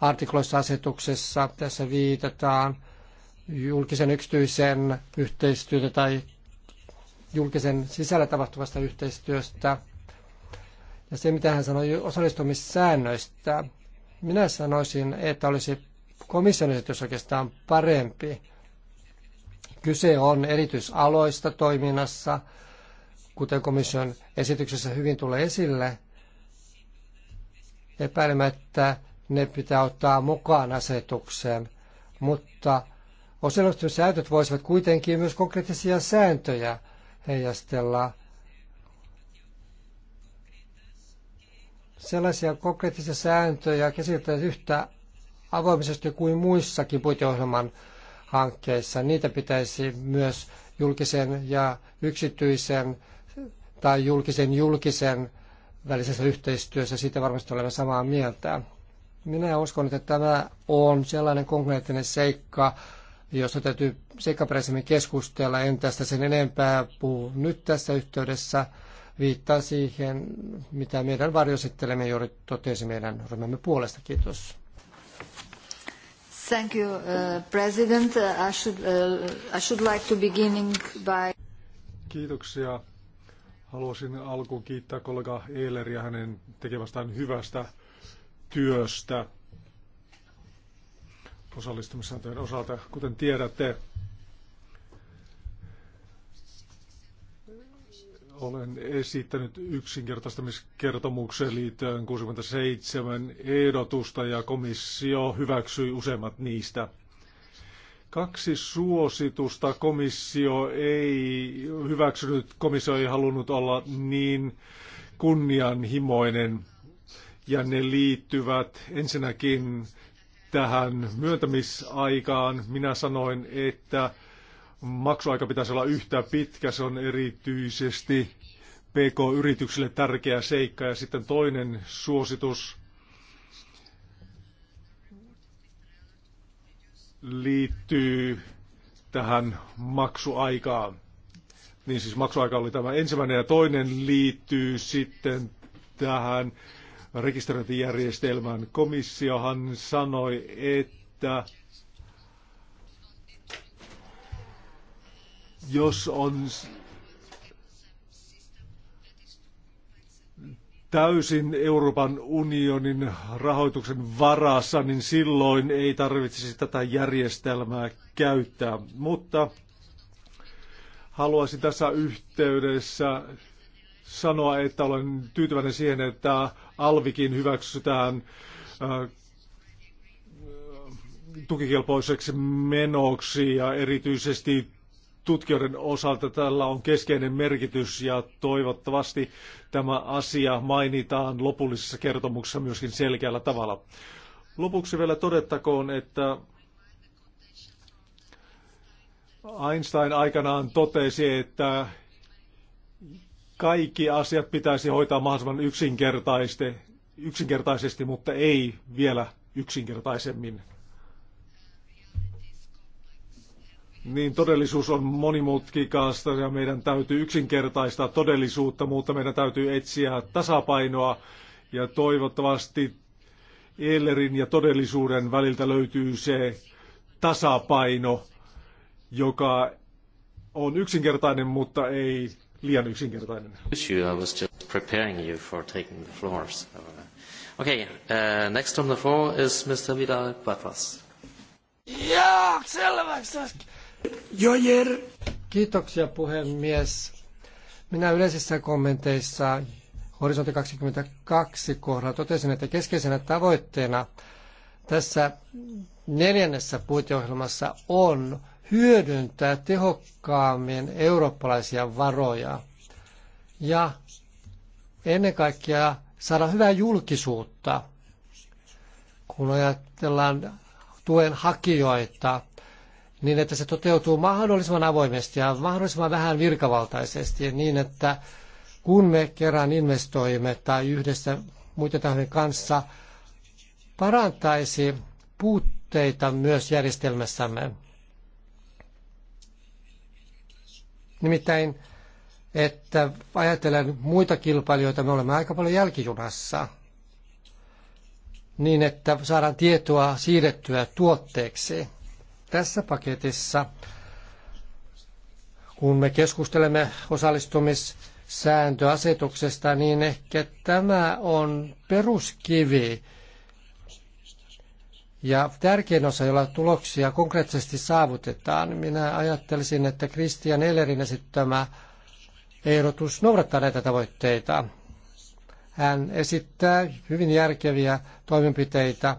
artikloissa asetuksessa. Tässä viitataan julkisen yksityisen yhteistyötä tai julkisen sisällä tapahtuvasta yhteistyöstä. Ja se, mitä hän sanoi osallistumissäännöistä, minä sanoisin, että olisi komission esitys oikeastaan parempi. Kyse on erityisaloista toiminnassa, kuten komission esityksessä hyvin tulee esille. Epäilemättä ne pitää ottaa mukaan asetukseen, mutta Osallistujat sääntöt voisivat kuitenkin myös konkreettisia sääntöjä heijastella sellaisia konkreettisia sääntöjä käsiteltäisiin yhtä avoimisesti kuin muissakin puiteohjelman hankkeissa. Niitä pitäisi myös julkisen ja yksityisen tai julkisen julkisen välisessä yhteistyössä, siitä varmasti olemme samaa mieltä. Minä uskon, että tämä on sellainen konkreettinen seikka, josta täytyy seikkaperäisemmin keskustella. En tästä sen enempää puhu nyt tässä yhteydessä. Viittaan siihen, mitä meidän varjosittelemme juuri totesi meidän ryhmämme puolesta. Kiitos.
Thank you, uh, President. I should, uh, I should like to beginning by...
Kiitoksia. Haluaisin alkuun kiittää kollega Eileriä hänen tekemästään hyvästä työstä osallistumissääntöjen osalta. Kuten tiedätte, olen esittänyt yksinkertaistamiskertomukseen liittyen 67 ehdotusta ja komissio hyväksyi useimmat niistä. Kaksi suositusta komissio ei hyväksynyt, komissio ei halunnut olla niin kunnianhimoinen ja ne liittyvät ensinnäkin tähän myöntämisaikaan. Minä sanoin, että maksuaika pitäisi olla yhtä pitkä. Se on erityisesti PK-yrityksille tärkeä seikka. Ja sitten toinen suositus liittyy tähän maksuaikaan. Niin siis maksuaika oli tämä ensimmäinen ja toinen liittyy sitten tähän rekisteröintijärjestelmän. Komissiohan sanoi, että jos on täysin Euroopan unionin rahoituksen varassa, niin silloin ei tarvitsisi tätä järjestelmää käyttää. Mutta haluaisin tässä yhteydessä sanoa, että olen tyytyväinen siihen, että Alvikin hyväksytään äh, tukikelpoiseksi menoksi ja erityisesti tutkijoiden osalta tällä on keskeinen merkitys ja toivottavasti tämä asia mainitaan lopullisessa kertomuksessa myöskin selkeällä tavalla. Lopuksi vielä todettakoon, että Einstein aikanaan totesi, että kaikki asiat pitäisi hoitaa mahdollisimman yksinkertaisesti, mutta ei vielä yksinkertaisemmin. Niin todellisuus on monimutkikasta ja meidän täytyy yksinkertaistaa todellisuutta, mutta meidän täytyy etsiä tasapainoa ja toivottavasti Ellerin ja todellisuuden väliltä löytyy se tasapaino, joka on yksinkertainen, mutta ei liian yksinkertainen.
I was just preparing you for taking the floor. So. Uh, okay, uh, next on the floor is Mr. Vidal Quadras.
Joo, selväksi Jojer. Kiitoksia puhemies. Minä yleisissä kommenteissa Horisontti 22 kohdalla totesin, että keskeisenä tavoitteena tässä neljännessä puiteohjelmassa on hyödyntää tehokkaammin eurooppalaisia varoja ja ennen kaikkea saada hyvää julkisuutta, kun ajatellaan tuen hakijoita, niin että se toteutuu mahdollisimman avoimesti ja mahdollisimman vähän virkavaltaisesti, niin että kun me kerran investoimme tai yhdessä muiden tahojen kanssa parantaisi puutteita myös järjestelmässämme. Nimittäin, että ajatellen muita kilpailijoita, me olemme aika paljon jälkijunassa niin, että saadaan tietoa siirrettyä tuotteeksi. Tässä paketissa, kun me keskustelemme osallistumissääntöasetuksesta, niin ehkä tämä on peruskivi ja tärkein osa, jolla tuloksia konkreettisesti saavutetaan, minä ajattelisin, että Christian Ellerin esittämä ehdotus noudattaa näitä tavoitteita. Hän esittää hyvin järkeviä toimenpiteitä,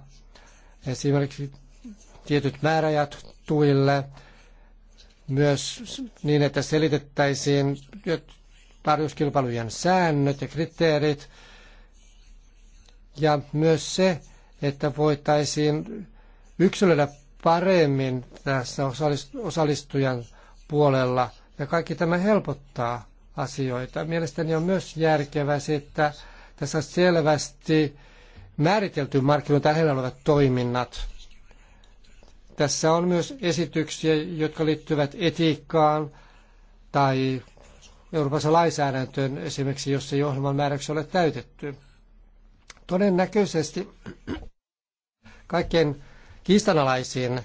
esimerkiksi tietyt määräajat tuille, myös niin, että selitettäisiin tarjouskilpailujen säännöt ja kriteerit, ja myös se, että voitaisiin yksilöidä paremmin tässä osallistujan puolella ja kaikki tämä helpottaa asioita. Mielestäni on myös järkevää se, että tässä on selvästi määritelty markkinoita lähellä olevat toiminnat. Tässä on myös esityksiä, jotka liittyvät etiikkaan tai Euroopassa lainsäädäntöön esimerkiksi, jos ei ohjelman määräyksiä ole täytetty. Todennäköisesti kaikkein kiistanalaisin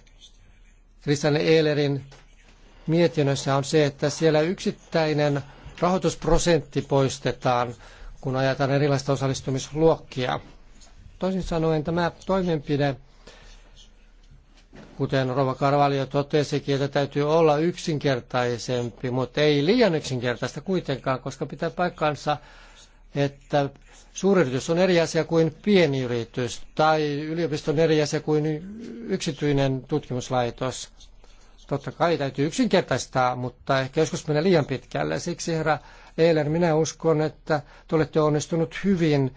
Christian Ehlerin mietinnössä on se, että siellä yksittäinen rahoitusprosentti poistetaan, kun ajataan erilaista osallistumisluokkia. Toisin sanoen tämä toimenpide, kuten Rova Karvalio totesikin, että täytyy olla yksinkertaisempi, mutta ei liian yksinkertaista kuitenkaan, koska pitää paikkansa, että Suuryritys on eri asia kuin pieni yritys tai yliopisto on eri asia kuin yksityinen tutkimuslaitos. Totta kai täytyy yksinkertaistaa, mutta ehkä joskus menee liian pitkälle. Siksi herra Eiler, minä uskon, että te olette onnistunut hyvin.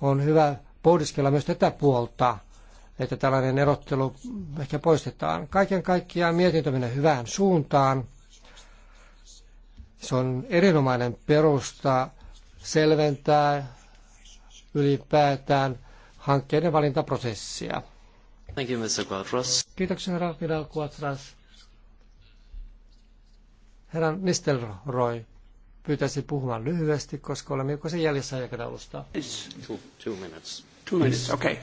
On hyvä pohdiskella myös tätä puolta, että tällainen erottelu ehkä poistetaan. Kaiken kaikkiaan mietintö menee hyvään suuntaan. Se on erinomainen perusta selventää ylipäätään hankkeiden valintaprosessia.
Thank you, Mr. Quadras.
Kiitoksia, herra Vidal Quadras. Herra Nistelrooy pyytäisi puhumaan lyhyesti, koska olemme joko sen jäljessä aikataulusta.
Two, two minutes.
Two minutes, okay.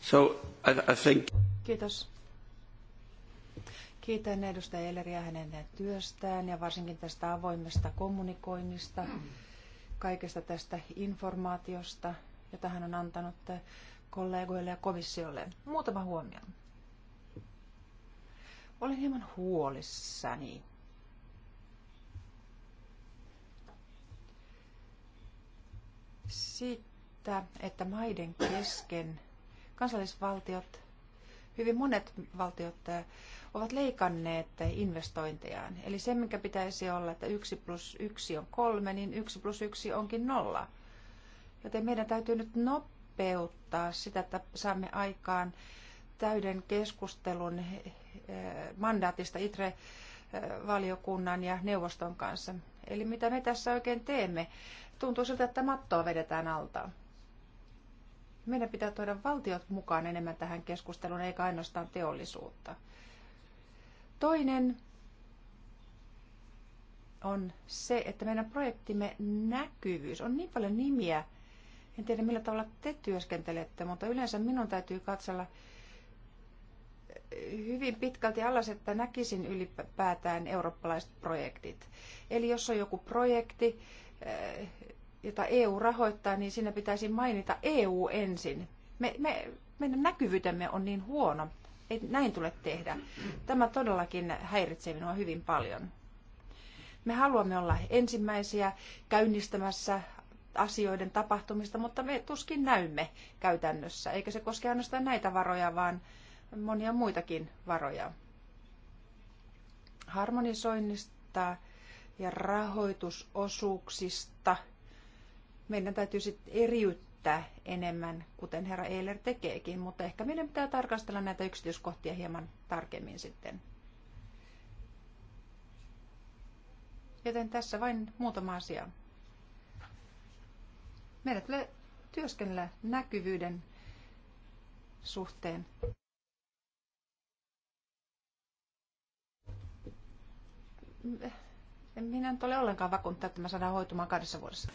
So, I, I think...
Kiitos. Kiitän edustaja Elleriä hänen työstään ja varsinkin tästä avoimesta kommunikoinnista, kaikesta tästä informaatiosta, jota hän on antanut kollegoille ja komissiolle. Muutama huomio. Olen hieman huolissani. Siitä, että maiden kesken kansallisvaltiot, hyvin monet valtiot ovat leikanneet investointejaan. Eli se, mikä pitäisi olla, että 1 plus 1 on kolme, niin 1 plus 1 onkin nolla. Joten meidän täytyy nyt nopeuttaa sitä, että saamme aikaan täyden keskustelun eh, mandaatista ITRE-valiokunnan ja neuvoston kanssa. Eli mitä me tässä oikein teemme? Tuntuu siltä, että mattoa vedetään alta. Meidän pitää tuoda valtiot mukaan enemmän tähän keskusteluun, eikä ainoastaan teollisuutta. Toinen on se, että meidän projektimme näkyvyys on niin paljon nimiä, en tiedä millä tavalla te työskentelette, mutta yleensä minun täytyy katsella hyvin pitkälti alas, että näkisin ylipäätään eurooppalaiset projektit. Eli jos on joku projekti, eh, jota EU rahoittaa, niin siinä pitäisi mainita EU ensin. Me, me, meidän näkyvyytemme on niin huono. Ei näin tule tehdä. Tämä todellakin häiritsee minua hyvin paljon. Me haluamme olla ensimmäisiä käynnistämässä asioiden tapahtumista, mutta me tuskin näymme käytännössä. Eikä se koske ainoastaan näitä varoja, vaan monia muitakin varoja. Harmonisoinnista ja rahoitusosuuksista meidän täytyy sitten eriyttää enemmän, kuten herra Eiler tekeekin, mutta ehkä meidän pitää tarkastella näitä yksityiskohtia hieman tarkemmin sitten. Joten tässä vain muutama asia. Meidän tulee työskennellä näkyvyyden suhteen. Minä en ole ollenkaan vakuuttaa, että me saadaan hoitumaan kahdessa vuodessa.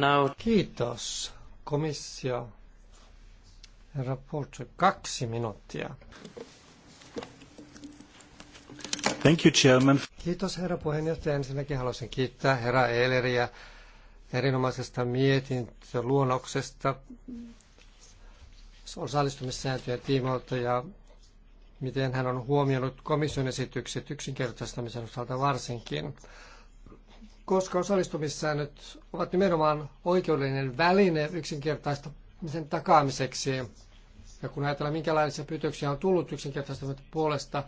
now. Kiitos. Komissio. Herra Portrait, kaksi minuuttia.
Thank you, Chairman.
Kiitos herra puheenjohtaja. Ensinnäkin haluaisin kiittää herra Eileriä erinomaisesta mietintöluonnoksesta osallistumissääntöjen tiimoilta ja miten hän on huomioinut komission esitykset yksinkertaistamisen osalta varsinkin. Koska osallistumissäännöt ovat nimenomaan oikeudellinen väline yksinkertaistamisen takaamiseksi, ja kun ajatellaan, minkälaisia pyytöksiä on tullut yksinkertaistamisen puolesta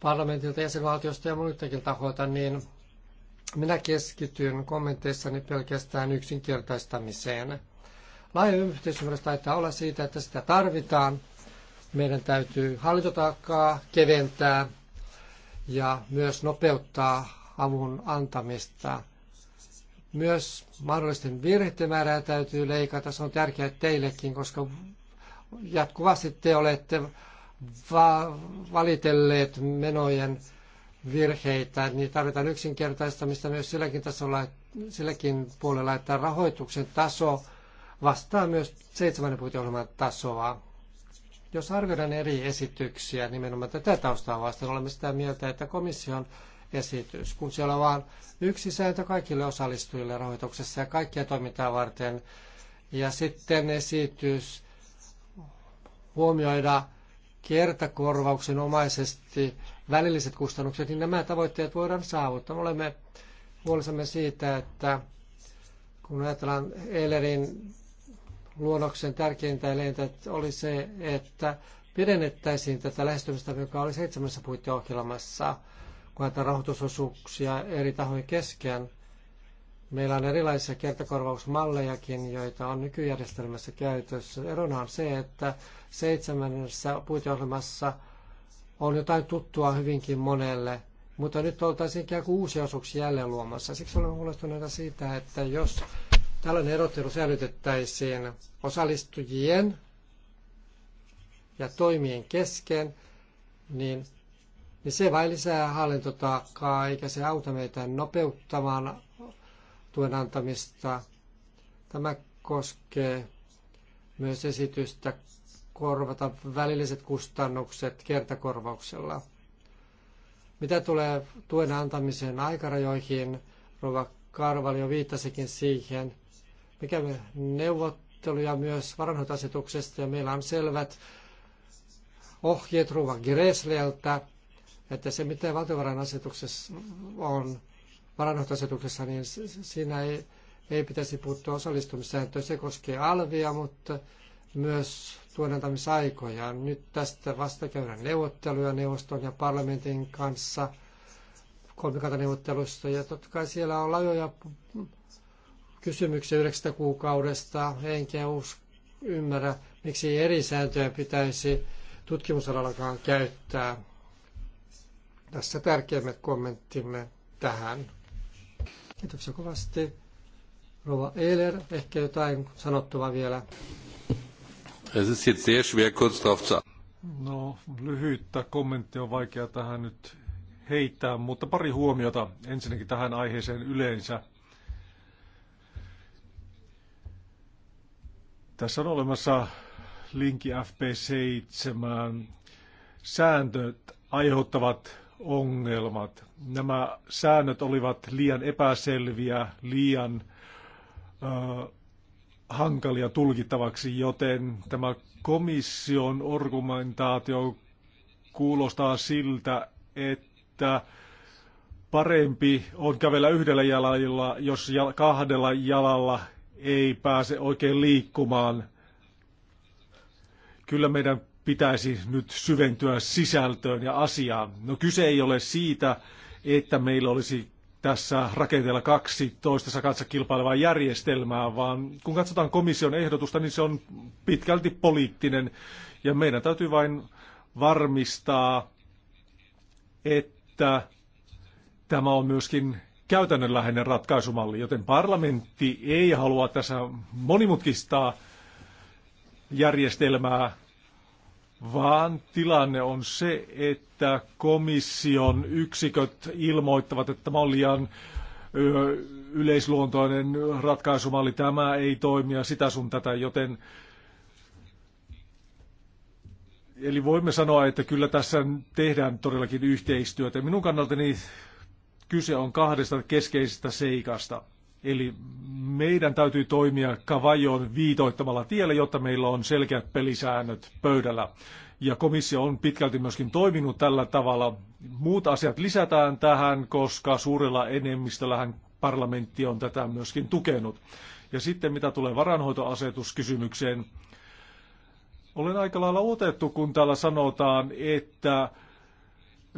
parlamentilta, jäsenvaltiosta ja muiltakin tahoilta, niin minä keskityn kommenteissani pelkästään yksinkertaistamiseen. Laaja yhteisymmärrys taitaa olla siitä, että sitä tarvitaan. Meidän täytyy hallintotaakkaa keventää ja myös nopeuttaa avun antamista. Myös mahdollisten virheiden määrää täytyy leikata. Se on tärkeää teillekin, koska jatkuvasti te olette va- valitelleet menojen virheitä, niin tarvitaan yksinkertaistamista myös silläkin, tasolla, silläkin puolella, että rahoituksen taso vastaa myös seitsemän puiteohjelman tasoa. Jos arvioidaan eri esityksiä nimenomaan tätä taustaa vasten, olemme sitä mieltä, että komission esitys, kun siellä on vain yksi sääntö kaikille osallistujille rahoituksessa ja kaikkia toimintaa varten, ja sitten esitys huomioida kertakorvauksen omaisesti välilliset kustannukset, niin nämä tavoitteet voidaan saavuttaa. Me olemme huolissamme siitä, että kun ajatellaan Eilerin luonnoksen tärkeintä elintä oli se, että pidennettäisiin tätä lähestymistä, joka oli seitsemässä puitteohjelmassa, kun näitä rahoitusosuuksia eri tahojen kesken. Meillä on erilaisia kertakorvausmallejakin, joita on nykyjärjestelmässä käytössä. Erona on se, että seitsemännessä puitteohjelmassa – on jotain tuttua hyvinkin monelle, mutta nyt oltaisiin ikään kuin uusia osuuksia jälleen luomassa. Siksi olen huolestuneena siitä, että jos tällainen erottelu säilytettäisiin osallistujien ja toimien kesken, niin, niin se vain lisää hallintotaakkaa, eikä se auta meitä nopeuttamaan tuen antamista. Tämä koskee myös esitystä korvata välilliset kustannukset kertakorvauksella. Mitä tulee tuen antamisen aikarajoihin, Rova jo viittasikin siihen, mikä me neuvotteluja myös varanhoitasetuksesta ja meillä on selvät ohjeet Rova Gresleltä, että se mitä valtiovarainasetuksessa on, varanhoitoasetuksessa, niin siinä ei, ei pitäisi puuttua osallistumissääntöön. Se koskee alvia, mutta myös suodantamisaikoja. Nyt tästä vasta käydään neuvotteluja neuvoston ja parlamentin kanssa kolmikantaneuvotteluissa. Ja totta kai siellä on lajoja kysymyksiä yhdeksästä kuukaudesta. Enkä ymmärrä, miksi eri sääntöjä pitäisi tutkimusalallakaan käyttää. Tässä tärkeimmät kommenttimme tähän. Kiitoksia kovasti. Rova Eiler, ehkä jotain sanottavaa vielä.
Es ist jetzt sehr schwer kurz zu...
No, lyhyttä kommenttia on vaikea
tähän nyt heittää, mutta pari huomiota ensinnäkin tähän aiheeseen yleensä. Tässä on olemassa linkki FP7. Sääntöt aiheuttavat ongelmat. Nämä säännöt olivat liian epäselviä, liian ö, hankalia tulkittavaksi, joten tämä komission argumentaatio kuulostaa siltä, että parempi on kävellä yhdellä jalalla, jos kahdella jalalla ei pääse oikein liikkumaan. Kyllä meidän pitäisi nyt syventyä sisältöön ja asiaan. No kyse ei ole siitä, että meillä olisi tässä rakenteella toistensa kanssa kilpailevaa järjestelmää, vaan kun katsotaan komission ehdotusta, niin se on pitkälti poliittinen ja meidän täytyy vain varmistaa, että tämä on myöskin käytännönläheinen ratkaisumalli, joten parlamentti ei halua tässä monimutkistaa järjestelmää vaan tilanne on se, että komission yksiköt ilmoittavat, että tämä on liian yleisluontoinen ratkaisumalli, tämä ei toimi ja sitä sun tätä, joten Eli voimme sanoa, että kyllä tässä tehdään todellakin yhteistyötä. Minun kannaltani kyse on kahdesta keskeisestä seikasta. Eli meidän täytyy toimia Kavajon viitoittamalla tiellä, jotta meillä on selkeät pelisäännöt pöydällä. Ja komissio on pitkälti myöskin toiminut tällä tavalla. Muut asiat lisätään tähän, koska suurella enemmistöllähän parlamentti on tätä myöskin tukenut. Ja sitten mitä tulee varanhoitoasetuskysymykseen, olen aika lailla otettu, kun täällä sanotaan, että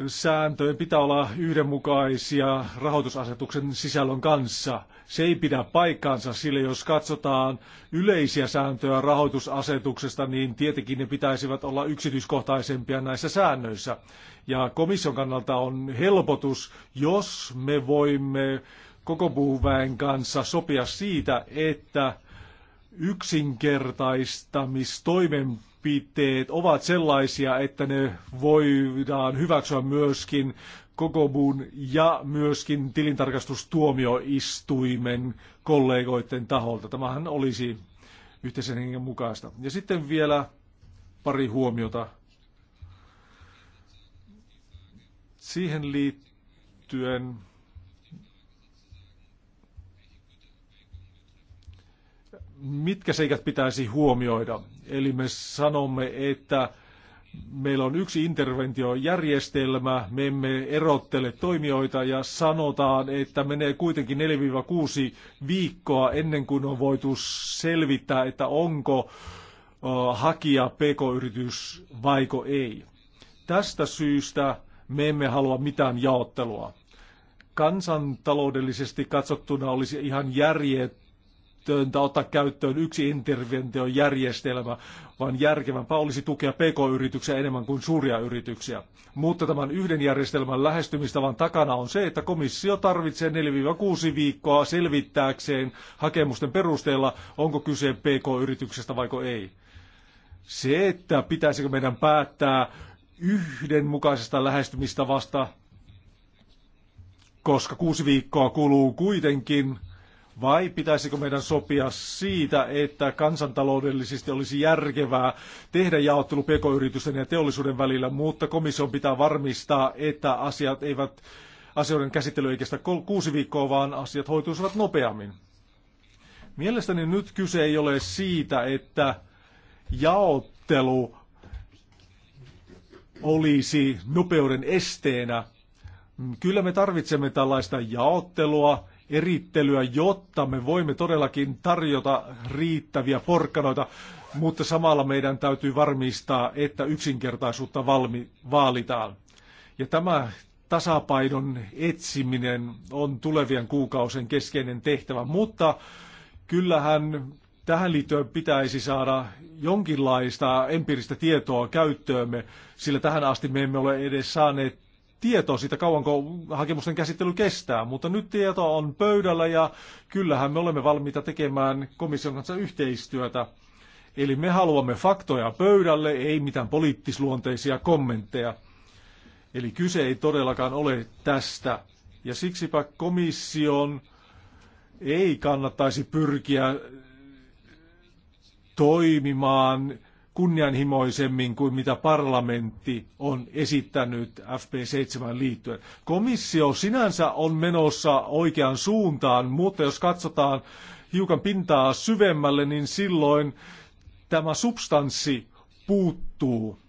sääntöjen pitää olla yhdenmukaisia rahoitusasetuksen sisällön kanssa. Se ei pidä paikkaansa, sillä jos katsotaan yleisiä sääntöjä rahoitusasetuksesta, niin tietenkin ne pitäisivät olla yksityiskohtaisempia näissä säännöissä. Ja komission kannalta on helpotus, jos me voimme koko puhuväen kanssa sopia siitä, että yksinkertaistamistoimenpiteet mielipiteet ovat sellaisia, että ne voidaan hyväksyä myöskin koko ja myöskin tilintarkastustuomioistuimen kollegoiden taholta. Tämähän olisi yhteisen hengen mukaista. Ja sitten vielä pari huomiota siihen liittyen mitkä seikat pitäisi huomioida. Eli me sanomme, että meillä on yksi interventiojärjestelmä, me emme erottele toimijoita ja sanotaan, että menee kuitenkin 4-6 viikkoa ennen kuin on voitu selvittää, että onko hakija pk-yritys vaiko ei. Tästä syystä me emme halua mitään jaottelua. Kansantaloudellisesti katsottuna olisi ihan järjet välttämätöntä ottaa käyttöön yksi interventiojärjestelmä, vaan järkevämpää olisi tukea pk-yrityksiä enemmän kuin suuria yrityksiä. Mutta tämän yhden järjestelmän lähestymistavan takana on se, että komissio tarvitsee 4-6 viikkoa selvittääkseen hakemusten perusteella, onko kyse pk-yrityksestä vaiko ei. Se, että pitäisikö meidän päättää yhdenmukaisesta lähestymistavasta, koska kuusi viikkoa kuluu kuitenkin – vai pitäisikö meidän sopia siitä, että kansantaloudellisesti olisi järkevää tehdä jaottelu pk-yritysten ja teollisuuden välillä, mutta komission pitää varmistaa, että asiat eivät, asioiden käsittely ei kestä kuusi viikkoa, vaan asiat hoituisivat nopeammin. Mielestäni nyt kyse ei ole siitä, että jaottelu olisi nopeuden esteenä. Kyllä me tarvitsemme tällaista jaottelua, erittelyä, jotta me voimme todellakin tarjota riittäviä porkkanoita, mutta samalla meidän täytyy varmistaa, että yksinkertaisuutta valmi, vaalitaan. Ja tämä tasapainon etsiminen on tulevien kuukausien keskeinen tehtävä, mutta kyllähän tähän liittyen pitäisi saada jonkinlaista empiiristä tietoa käyttöömme, sillä tähän asti me emme ole edes saaneet tietoa siitä, kauanko hakemusten käsittely kestää, mutta nyt tietoa on pöydällä ja kyllähän me olemme valmiita tekemään komission kanssa yhteistyötä. Eli me haluamme faktoja pöydälle, ei mitään poliittisluonteisia kommentteja. Eli kyse ei todellakaan ole tästä. Ja siksipä komission ei kannattaisi pyrkiä toimimaan kunnianhimoisemmin kuin mitä parlamentti on esittänyt FP7 liittyen. Komissio sinänsä on menossa oikeaan suuntaan, mutta jos katsotaan hiukan pintaa syvemmälle, niin silloin tämä substanssi puuttuu.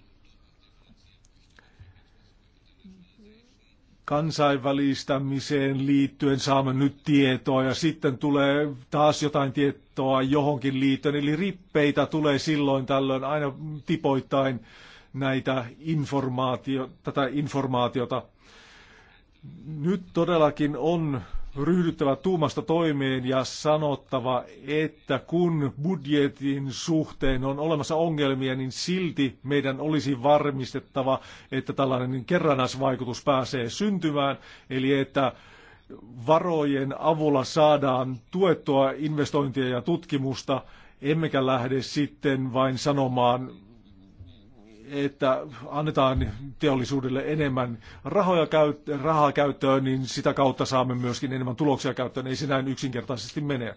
kansainvälistämiseen liittyen saamme nyt tietoa ja sitten tulee taas jotain tietoa johonkin liittyen. Eli rippeitä tulee silloin tällöin aina tipoittain näitä informaatio, tätä informaatiota. Nyt todellakin on ryhdyttävä tuumasta toimeen ja sanottava, että kun budjetin suhteen on olemassa ongelmia, niin silti meidän olisi varmistettava, että tällainen kerrannaisvaikutus pääsee syntymään, eli että varojen avulla saadaan tuettua investointia ja tutkimusta, emmekä lähde sitten vain sanomaan että annetaan teollisuudelle enemmän rahoja käyt- rahaa käyttöön, niin sitä kautta saamme myöskin enemmän tuloksia käyttöön. Ei se näin yksinkertaisesti mene.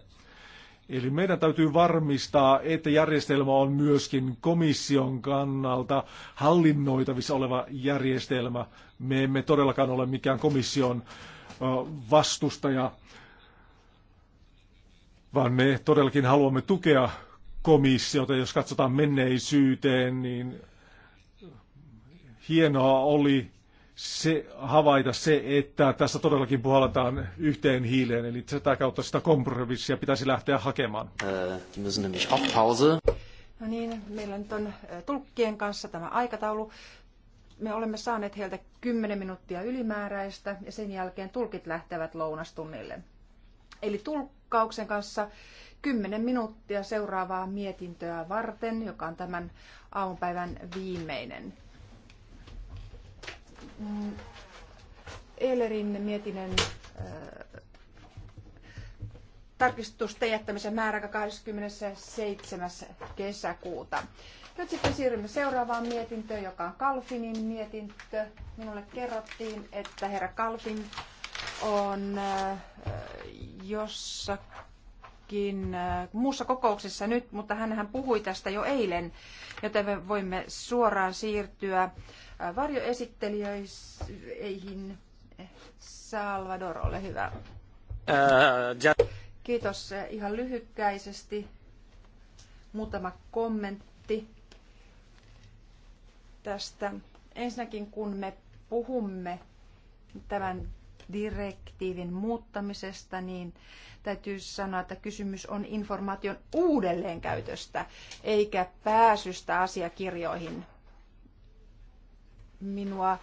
Eli meidän täytyy varmistaa, että järjestelmä on myöskin komission kannalta hallinnoitavissa oleva järjestelmä. Me emme todellakaan ole mikään komission vastustaja, vaan me todellakin haluamme tukea komissiota. Jos katsotaan menneisyyteen, niin hienoa oli se, havaita se, että tässä todellakin puhalletaan yhteen hiileen, eli tätä kautta sitä kompromissia pitäisi lähteä hakemaan. Äh,
no niin, meillä nyt on äh, tulkkien kanssa tämä aikataulu. Me olemme saaneet heiltä 10 minuuttia ylimääräistä ja sen jälkeen tulkit lähtevät lounastunnille. Eli tulkkauksen kanssa 10 minuuttia seuraavaa mietintöä varten, joka on tämän aamupäivän viimeinen. Mm. Eilerin mietinnön äh, tarkistusten jättämisen määräaika 27. kesäkuuta. Nyt sitten siirrymme seuraavaan mietintöön, joka on Kalfinin mietintö. Minulle kerrottiin, että herra Kalfin on äh, jossakin äh, muussa kokouksessa nyt, mutta hän puhui tästä jo eilen, joten me voimme suoraan siirtyä varjoesittelijöihin. Salvador, ole hyvä. Äh, Kiitos äh, ihan lyhykkäisesti. Muutama kommentti tästä. Ensinnäkin kun me puhumme tämän direktiivin muuttamisesta, niin täytyy sanoa, että kysymys on informaation uudelleenkäytöstä, eikä pääsystä asiakirjoihin minua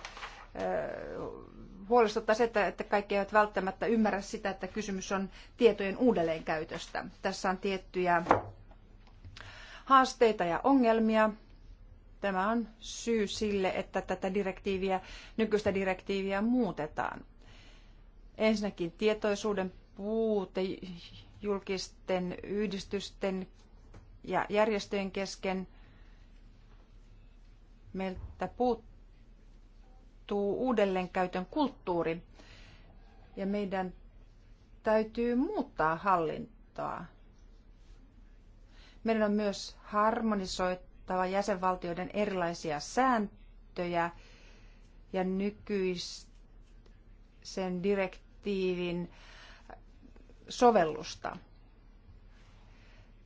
huolestuttaa se, että, että kaikki eivät välttämättä ymmärrä sitä, että kysymys on tietojen uudelleenkäytöstä. Tässä on tiettyjä haasteita ja ongelmia. Tämä on syy sille, että tätä direktiiviä, nykyistä direktiiviä muutetaan. Ensinnäkin tietoisuuden puute julkisten yhdistysten ja järjestöjen kesken. Meiltä puuttuu muodostuu uudelleenkäytön kulttuuri ja meidän täytyy muuttaa hallintoa. Meidän on myös harmonisoittava jäsenvaltioiden erilaisia sääntöjä ja nykyisen direktiivin sovellusta.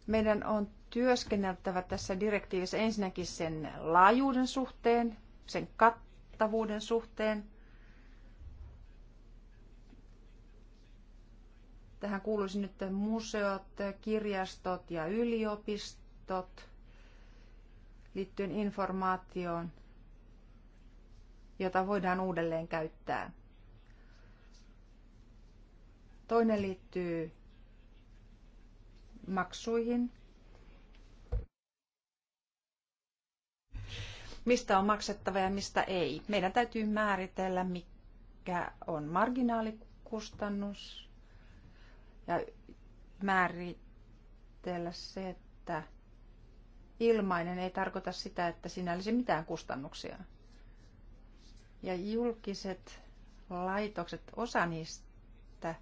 Meidän on työskenneltävä tässä direktiivissä ensinnäkin sen laajuuden suhteen, sen kat- kattavuuden suhteen. Tähän kuuluisi nyt museot, kirjastot ja yliopistot liittyen informaatioon, jota voidaan uudelleen käyttää. Toinen liittyy maksuihin mistä on maksettava ja mistä ei. Meidän täytyy määritellä, mikä on marginaalikustannus ja määritellä se, että ilmainen ei tarkoita sitä, että siinä olisi mitään kustannuksia. Ja julkiset laitokset, osa niistä,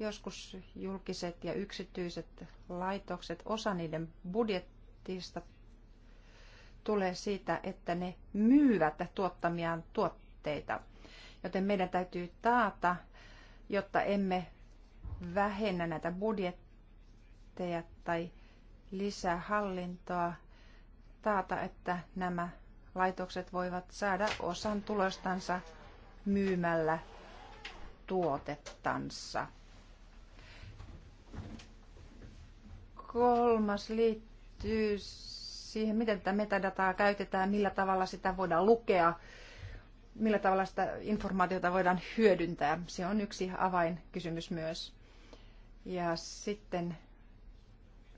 joskus julkiset ja yksityiset laitokset, osa niiden budjettista tulee siitä, että ne myyvät tuottamiaan tuotteita. Joten meidän täytyy taata, jotta emme vähennä näitä budjetteja tai lisää hallintoa, taata, että nämä laitokset voivat saada osan tulostansa myymällä tuotettansa. Kolmas liittyy siihen, miten tätä metadataa käytetään, millä tavalla sitä voidaan lukea, millä tavalla sitä informaatiota voidaan hyödyntää. Se on yksi avainkysymys myös. Ja sitten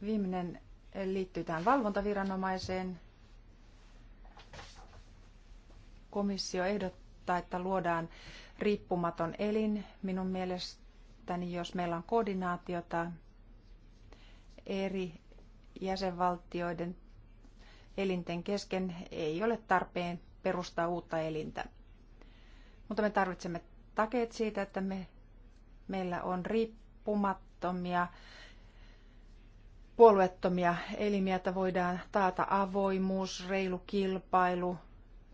viimeinen liittyy tähän valvontaviranomaiseen. Komissio ehdottaa, että luodaan riippumaton elin. Minun mielestäni, jos meillä on koordinaatiota eri jäsenvaltioiden elinten kesken ei ole tarpeen perustaa uutta elintä. Mutta me tarvitsemme takeet siitä, että me, meillä on riippumattomia, puolueettomia elimiä, että voidaan taata avoimuus, reilu kilpailu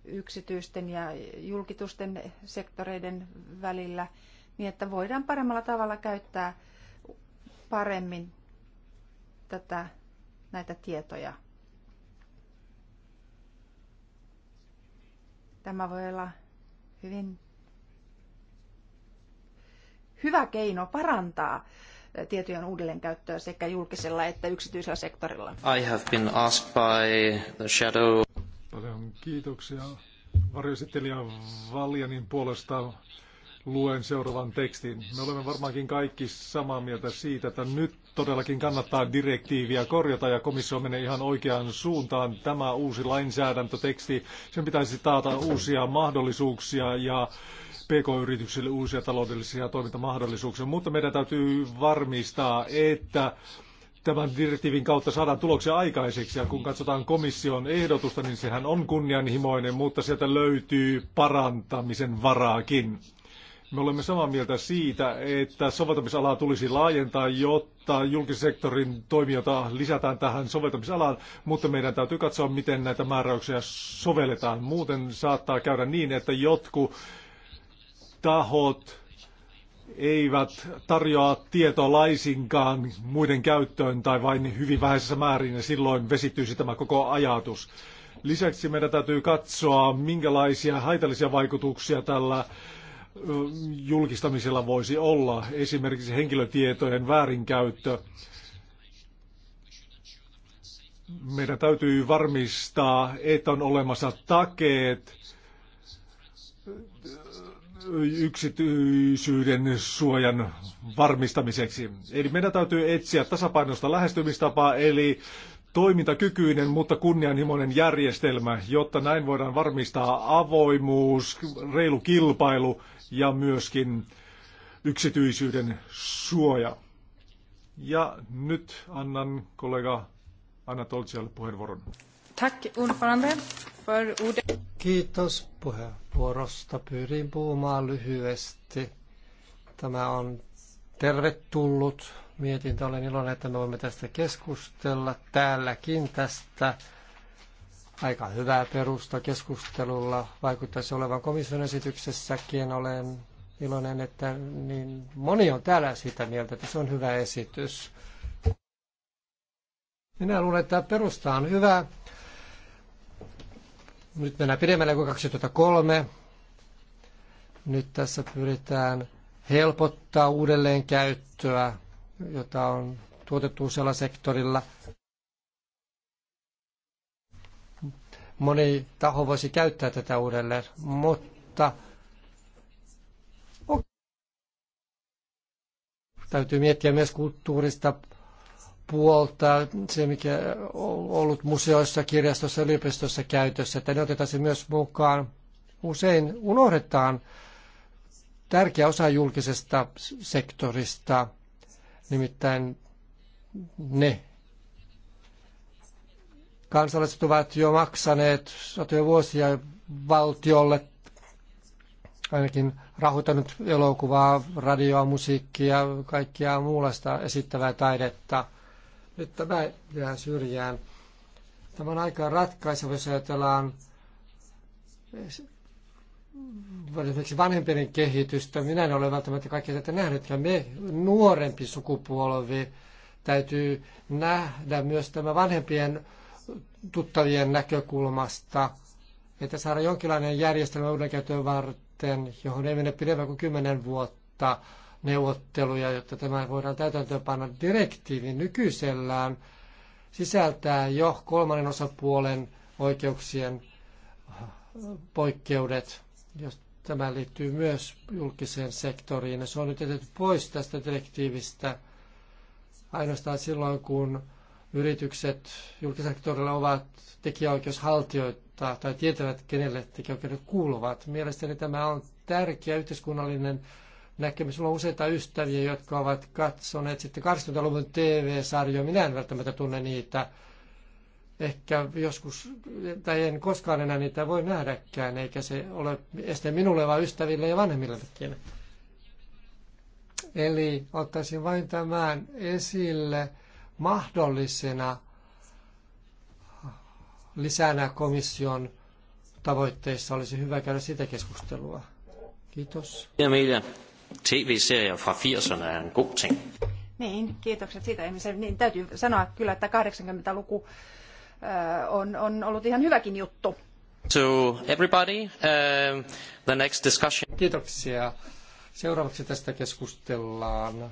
yksityisten ja julkitusten sektoreiden välillä, niin että voidaan paremmalla tavalla käyttää paremmin tätä, näitä tietoja Tämä voi olla hyvin hyvä keino parantaa tietojen uudelleenkäyttöä sekä julkisella että yksityisellä sektorilla.
I have been asked by the shadow. Paljon
kiitoksia varjoesittelijä Valjanin puolesta luen seuraavan tekstin. Me olemme varmaankin kaikki samaa mieltä siitä, että nyt todellakin kannattaa direktiiviä korjata ja komissio menee ihan oikeaan suuntaan. Tämä uusi lainsäädäntöteksti, sen pitäisi taata uusia mahdollisuuksia ja PK-yrityksille uusia taloudellisia toimintamahdollisuuksia, mutta meidän täytyy varmistaa, että tämän direktiivin kautta saadaan tuloksia aikaiseksi. Ja kun katsotaan komission ehdotusta, niin sehän on kunnianhimoinen, mutta sieltä löytyy parantamisen varaakin. Me olemme samaa mieltä siitä, että soveltamisalaa tulisi laajentaa, jotta julkisektorin toimijoita lisätään tähän soveltamisalaan, mutta meidän täytyy katsoa, miten näitä määräyksiä sovelletaan. Muuten saattaa käydä niin, että jotkut tahot eivät tarjoa tietoa laisinkaan muiden käyttöön tai vain hyvin vähäisessä määrin, ja silloin vesittyisi tämä koko ajatus. Lisäksi meidän täytyy katsoa, minkälaisia haitallisia vaikutuksia tällä julkistamisella voisi olla, esimerkiksi henkilötietojen väärinkäyttö. Meidän täytyy varmistaa, että on olemassa takeet yksityisyyden suojan varmistamiseksi. Eli meidän täytyy etsiä tasapainosta lähestymistapaa, eli toimintakykyinen, mutta kunnianhimoinen järjestelmä, jotta näin voidaan varmistaa avoimuus, reilu kilpailu ja myöskin yksityisyyden suoja.
Ja nyt
annan kollega Anna Toltsialle puheenvuoron.
Tack ordförande för ordet.
Kiitos puheenvuorosta. Pyrin puhumaan lyhyesti. Tämä on tervetullut mietintö. Olen iloinen, että me voimme tästä keskustella täälläkin tästä aika hyvää perusta keskustelulla. Vaikuttaisi olevan komission esityksessäkin. Olen iloinen, että niin moni on täällä sitä mieltä, että se on hyvä esitys. Minä luulen, että perusta on hyvä. Nyt mennään pidemmälle kuin 2003. Nyt tässä pyritään helpottaa uudelleenkäyttöä, jota on tuotettu usealla sektorilla. moni taho voisi käyttää tätä uudelleen, mutta täytyy miettiä myös kulttuurista puolta, se mikä on ollut museoissa, kirjastossa, yliopistossa käytössä, että ne otetaan se myös mukaan. Usein unohdetaan tärkeä osa julkisesta sektorista, nimittäin ne Kansalaiset ovat jo maksaneet satoja vuosia valtiolle, ainakin rahoittanut elokuvaa, radioa, musiikkia, kaikkia muunlaista esittävää taidetta. Nyt tämä jää syrjään. Tämä on aika ratkaiseva, jos ajatellaan esimerkiksi vanhempien kehitystä. Minä en ole välttämättä kaikkea tätä nähnyt. Ja me nuorempi sukupolvi täytyy nähdä myös tämä vanhempien tuttavien näkökulmasta, että saada jonkinlainen järjestelmä uudenkäyttöön varten, johon ei mene pidemmän kuin 10 vuotta neuvotteluja, jotta tämä voidaan täytäntöönpanna direktiivin nykyisellään, sisältää jo kolmannen osapuolen oikeuksien poikkeudet, jos tämä liittyy myös julkiseen sektoriin. se on nyt jätetty pois tästä direktiivistä ainoastaan silloin, kun yritykset julkissektorilla ovat tekijäoikeushaltijoita tai tietävät, kenelle tekijäoikeudet kuuluvat. Mielestäni tämä on tärkeä yhteiskunnallinen näkemys. Minulla on useita ystäviä, jotka ovat katsoneet sitten 80-luvun TV-sarjoja. Minä en välttämättä tunne niitä. Ehkä joskus, tai en koskaan enää niitä voi nähdäkään, eikä se ole este minulle, vaan ystäville ja vanhemmillekin. Eli ottaisin vain tämän esille – mahdollisena lisänä komission tavoitteissa. Olisi hyvä käydä sitä keskustelua. Kiitos.
Ja TV-serie fra 80 on er god ting.
Niin, kiitokset siitä. Niin, täytyy sanoa kyllä, että 80-luku äh, on, on ollut ihan hyväkin juttu.
To everybody, uh, the next discussion. Kiitoksia.
Seuraavaksi tästä keskustellaan,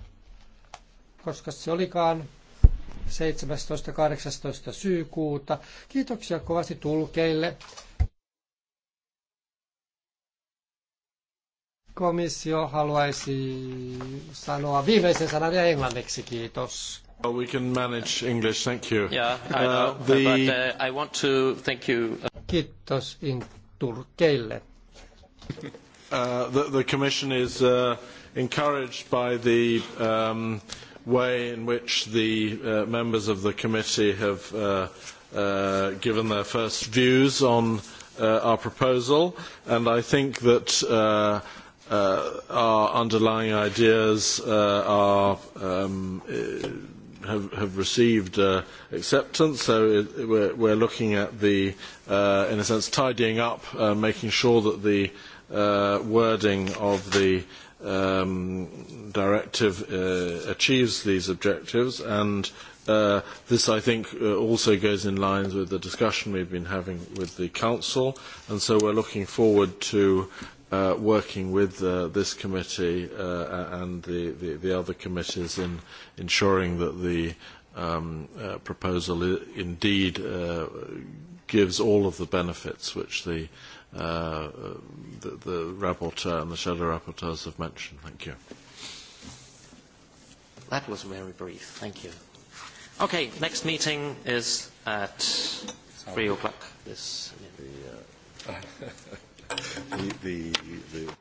koska se olikaan 17.18. syykuuta. Kiitoksia kovasti tulkeille. Komissio haluaisi sanoa viimeisen sanan ja englanniksi, kiitos.
Well, we can manage English, thank you. Yeah, I uh, know, uh, the... but uh, I want to thank you.
Kiitos turkeille.
Uh, the, the Commission is uh, encouraged by the um, way in which the uh, members of the committee have uh, uh, given their first views on uh, our proposal, and I think that uh, uh, our underlying ideas uh, are um, uh, have, have received uh, acceptance. So it, we're, we're looking at the, uh, in a sense, tidying up, uh, making sure that the uh, wording of the um, directive uh, achieves these objectives and uh, this, I think, uh, also goes in line with the discussion we've been having with the Council, and so we're looking forward to uh, working with uh, this committee uh, and the, the, the other committees in ensuring that the um, uh, proposal indeed uh, gives all of the benefits which the uh, uh, the, the rapporteur and the shadow rapporteurs have mentioned. Thank you. That was very brief. Thank you. Okay, next meeting is at three o'clock. This. The, uh, the, the, the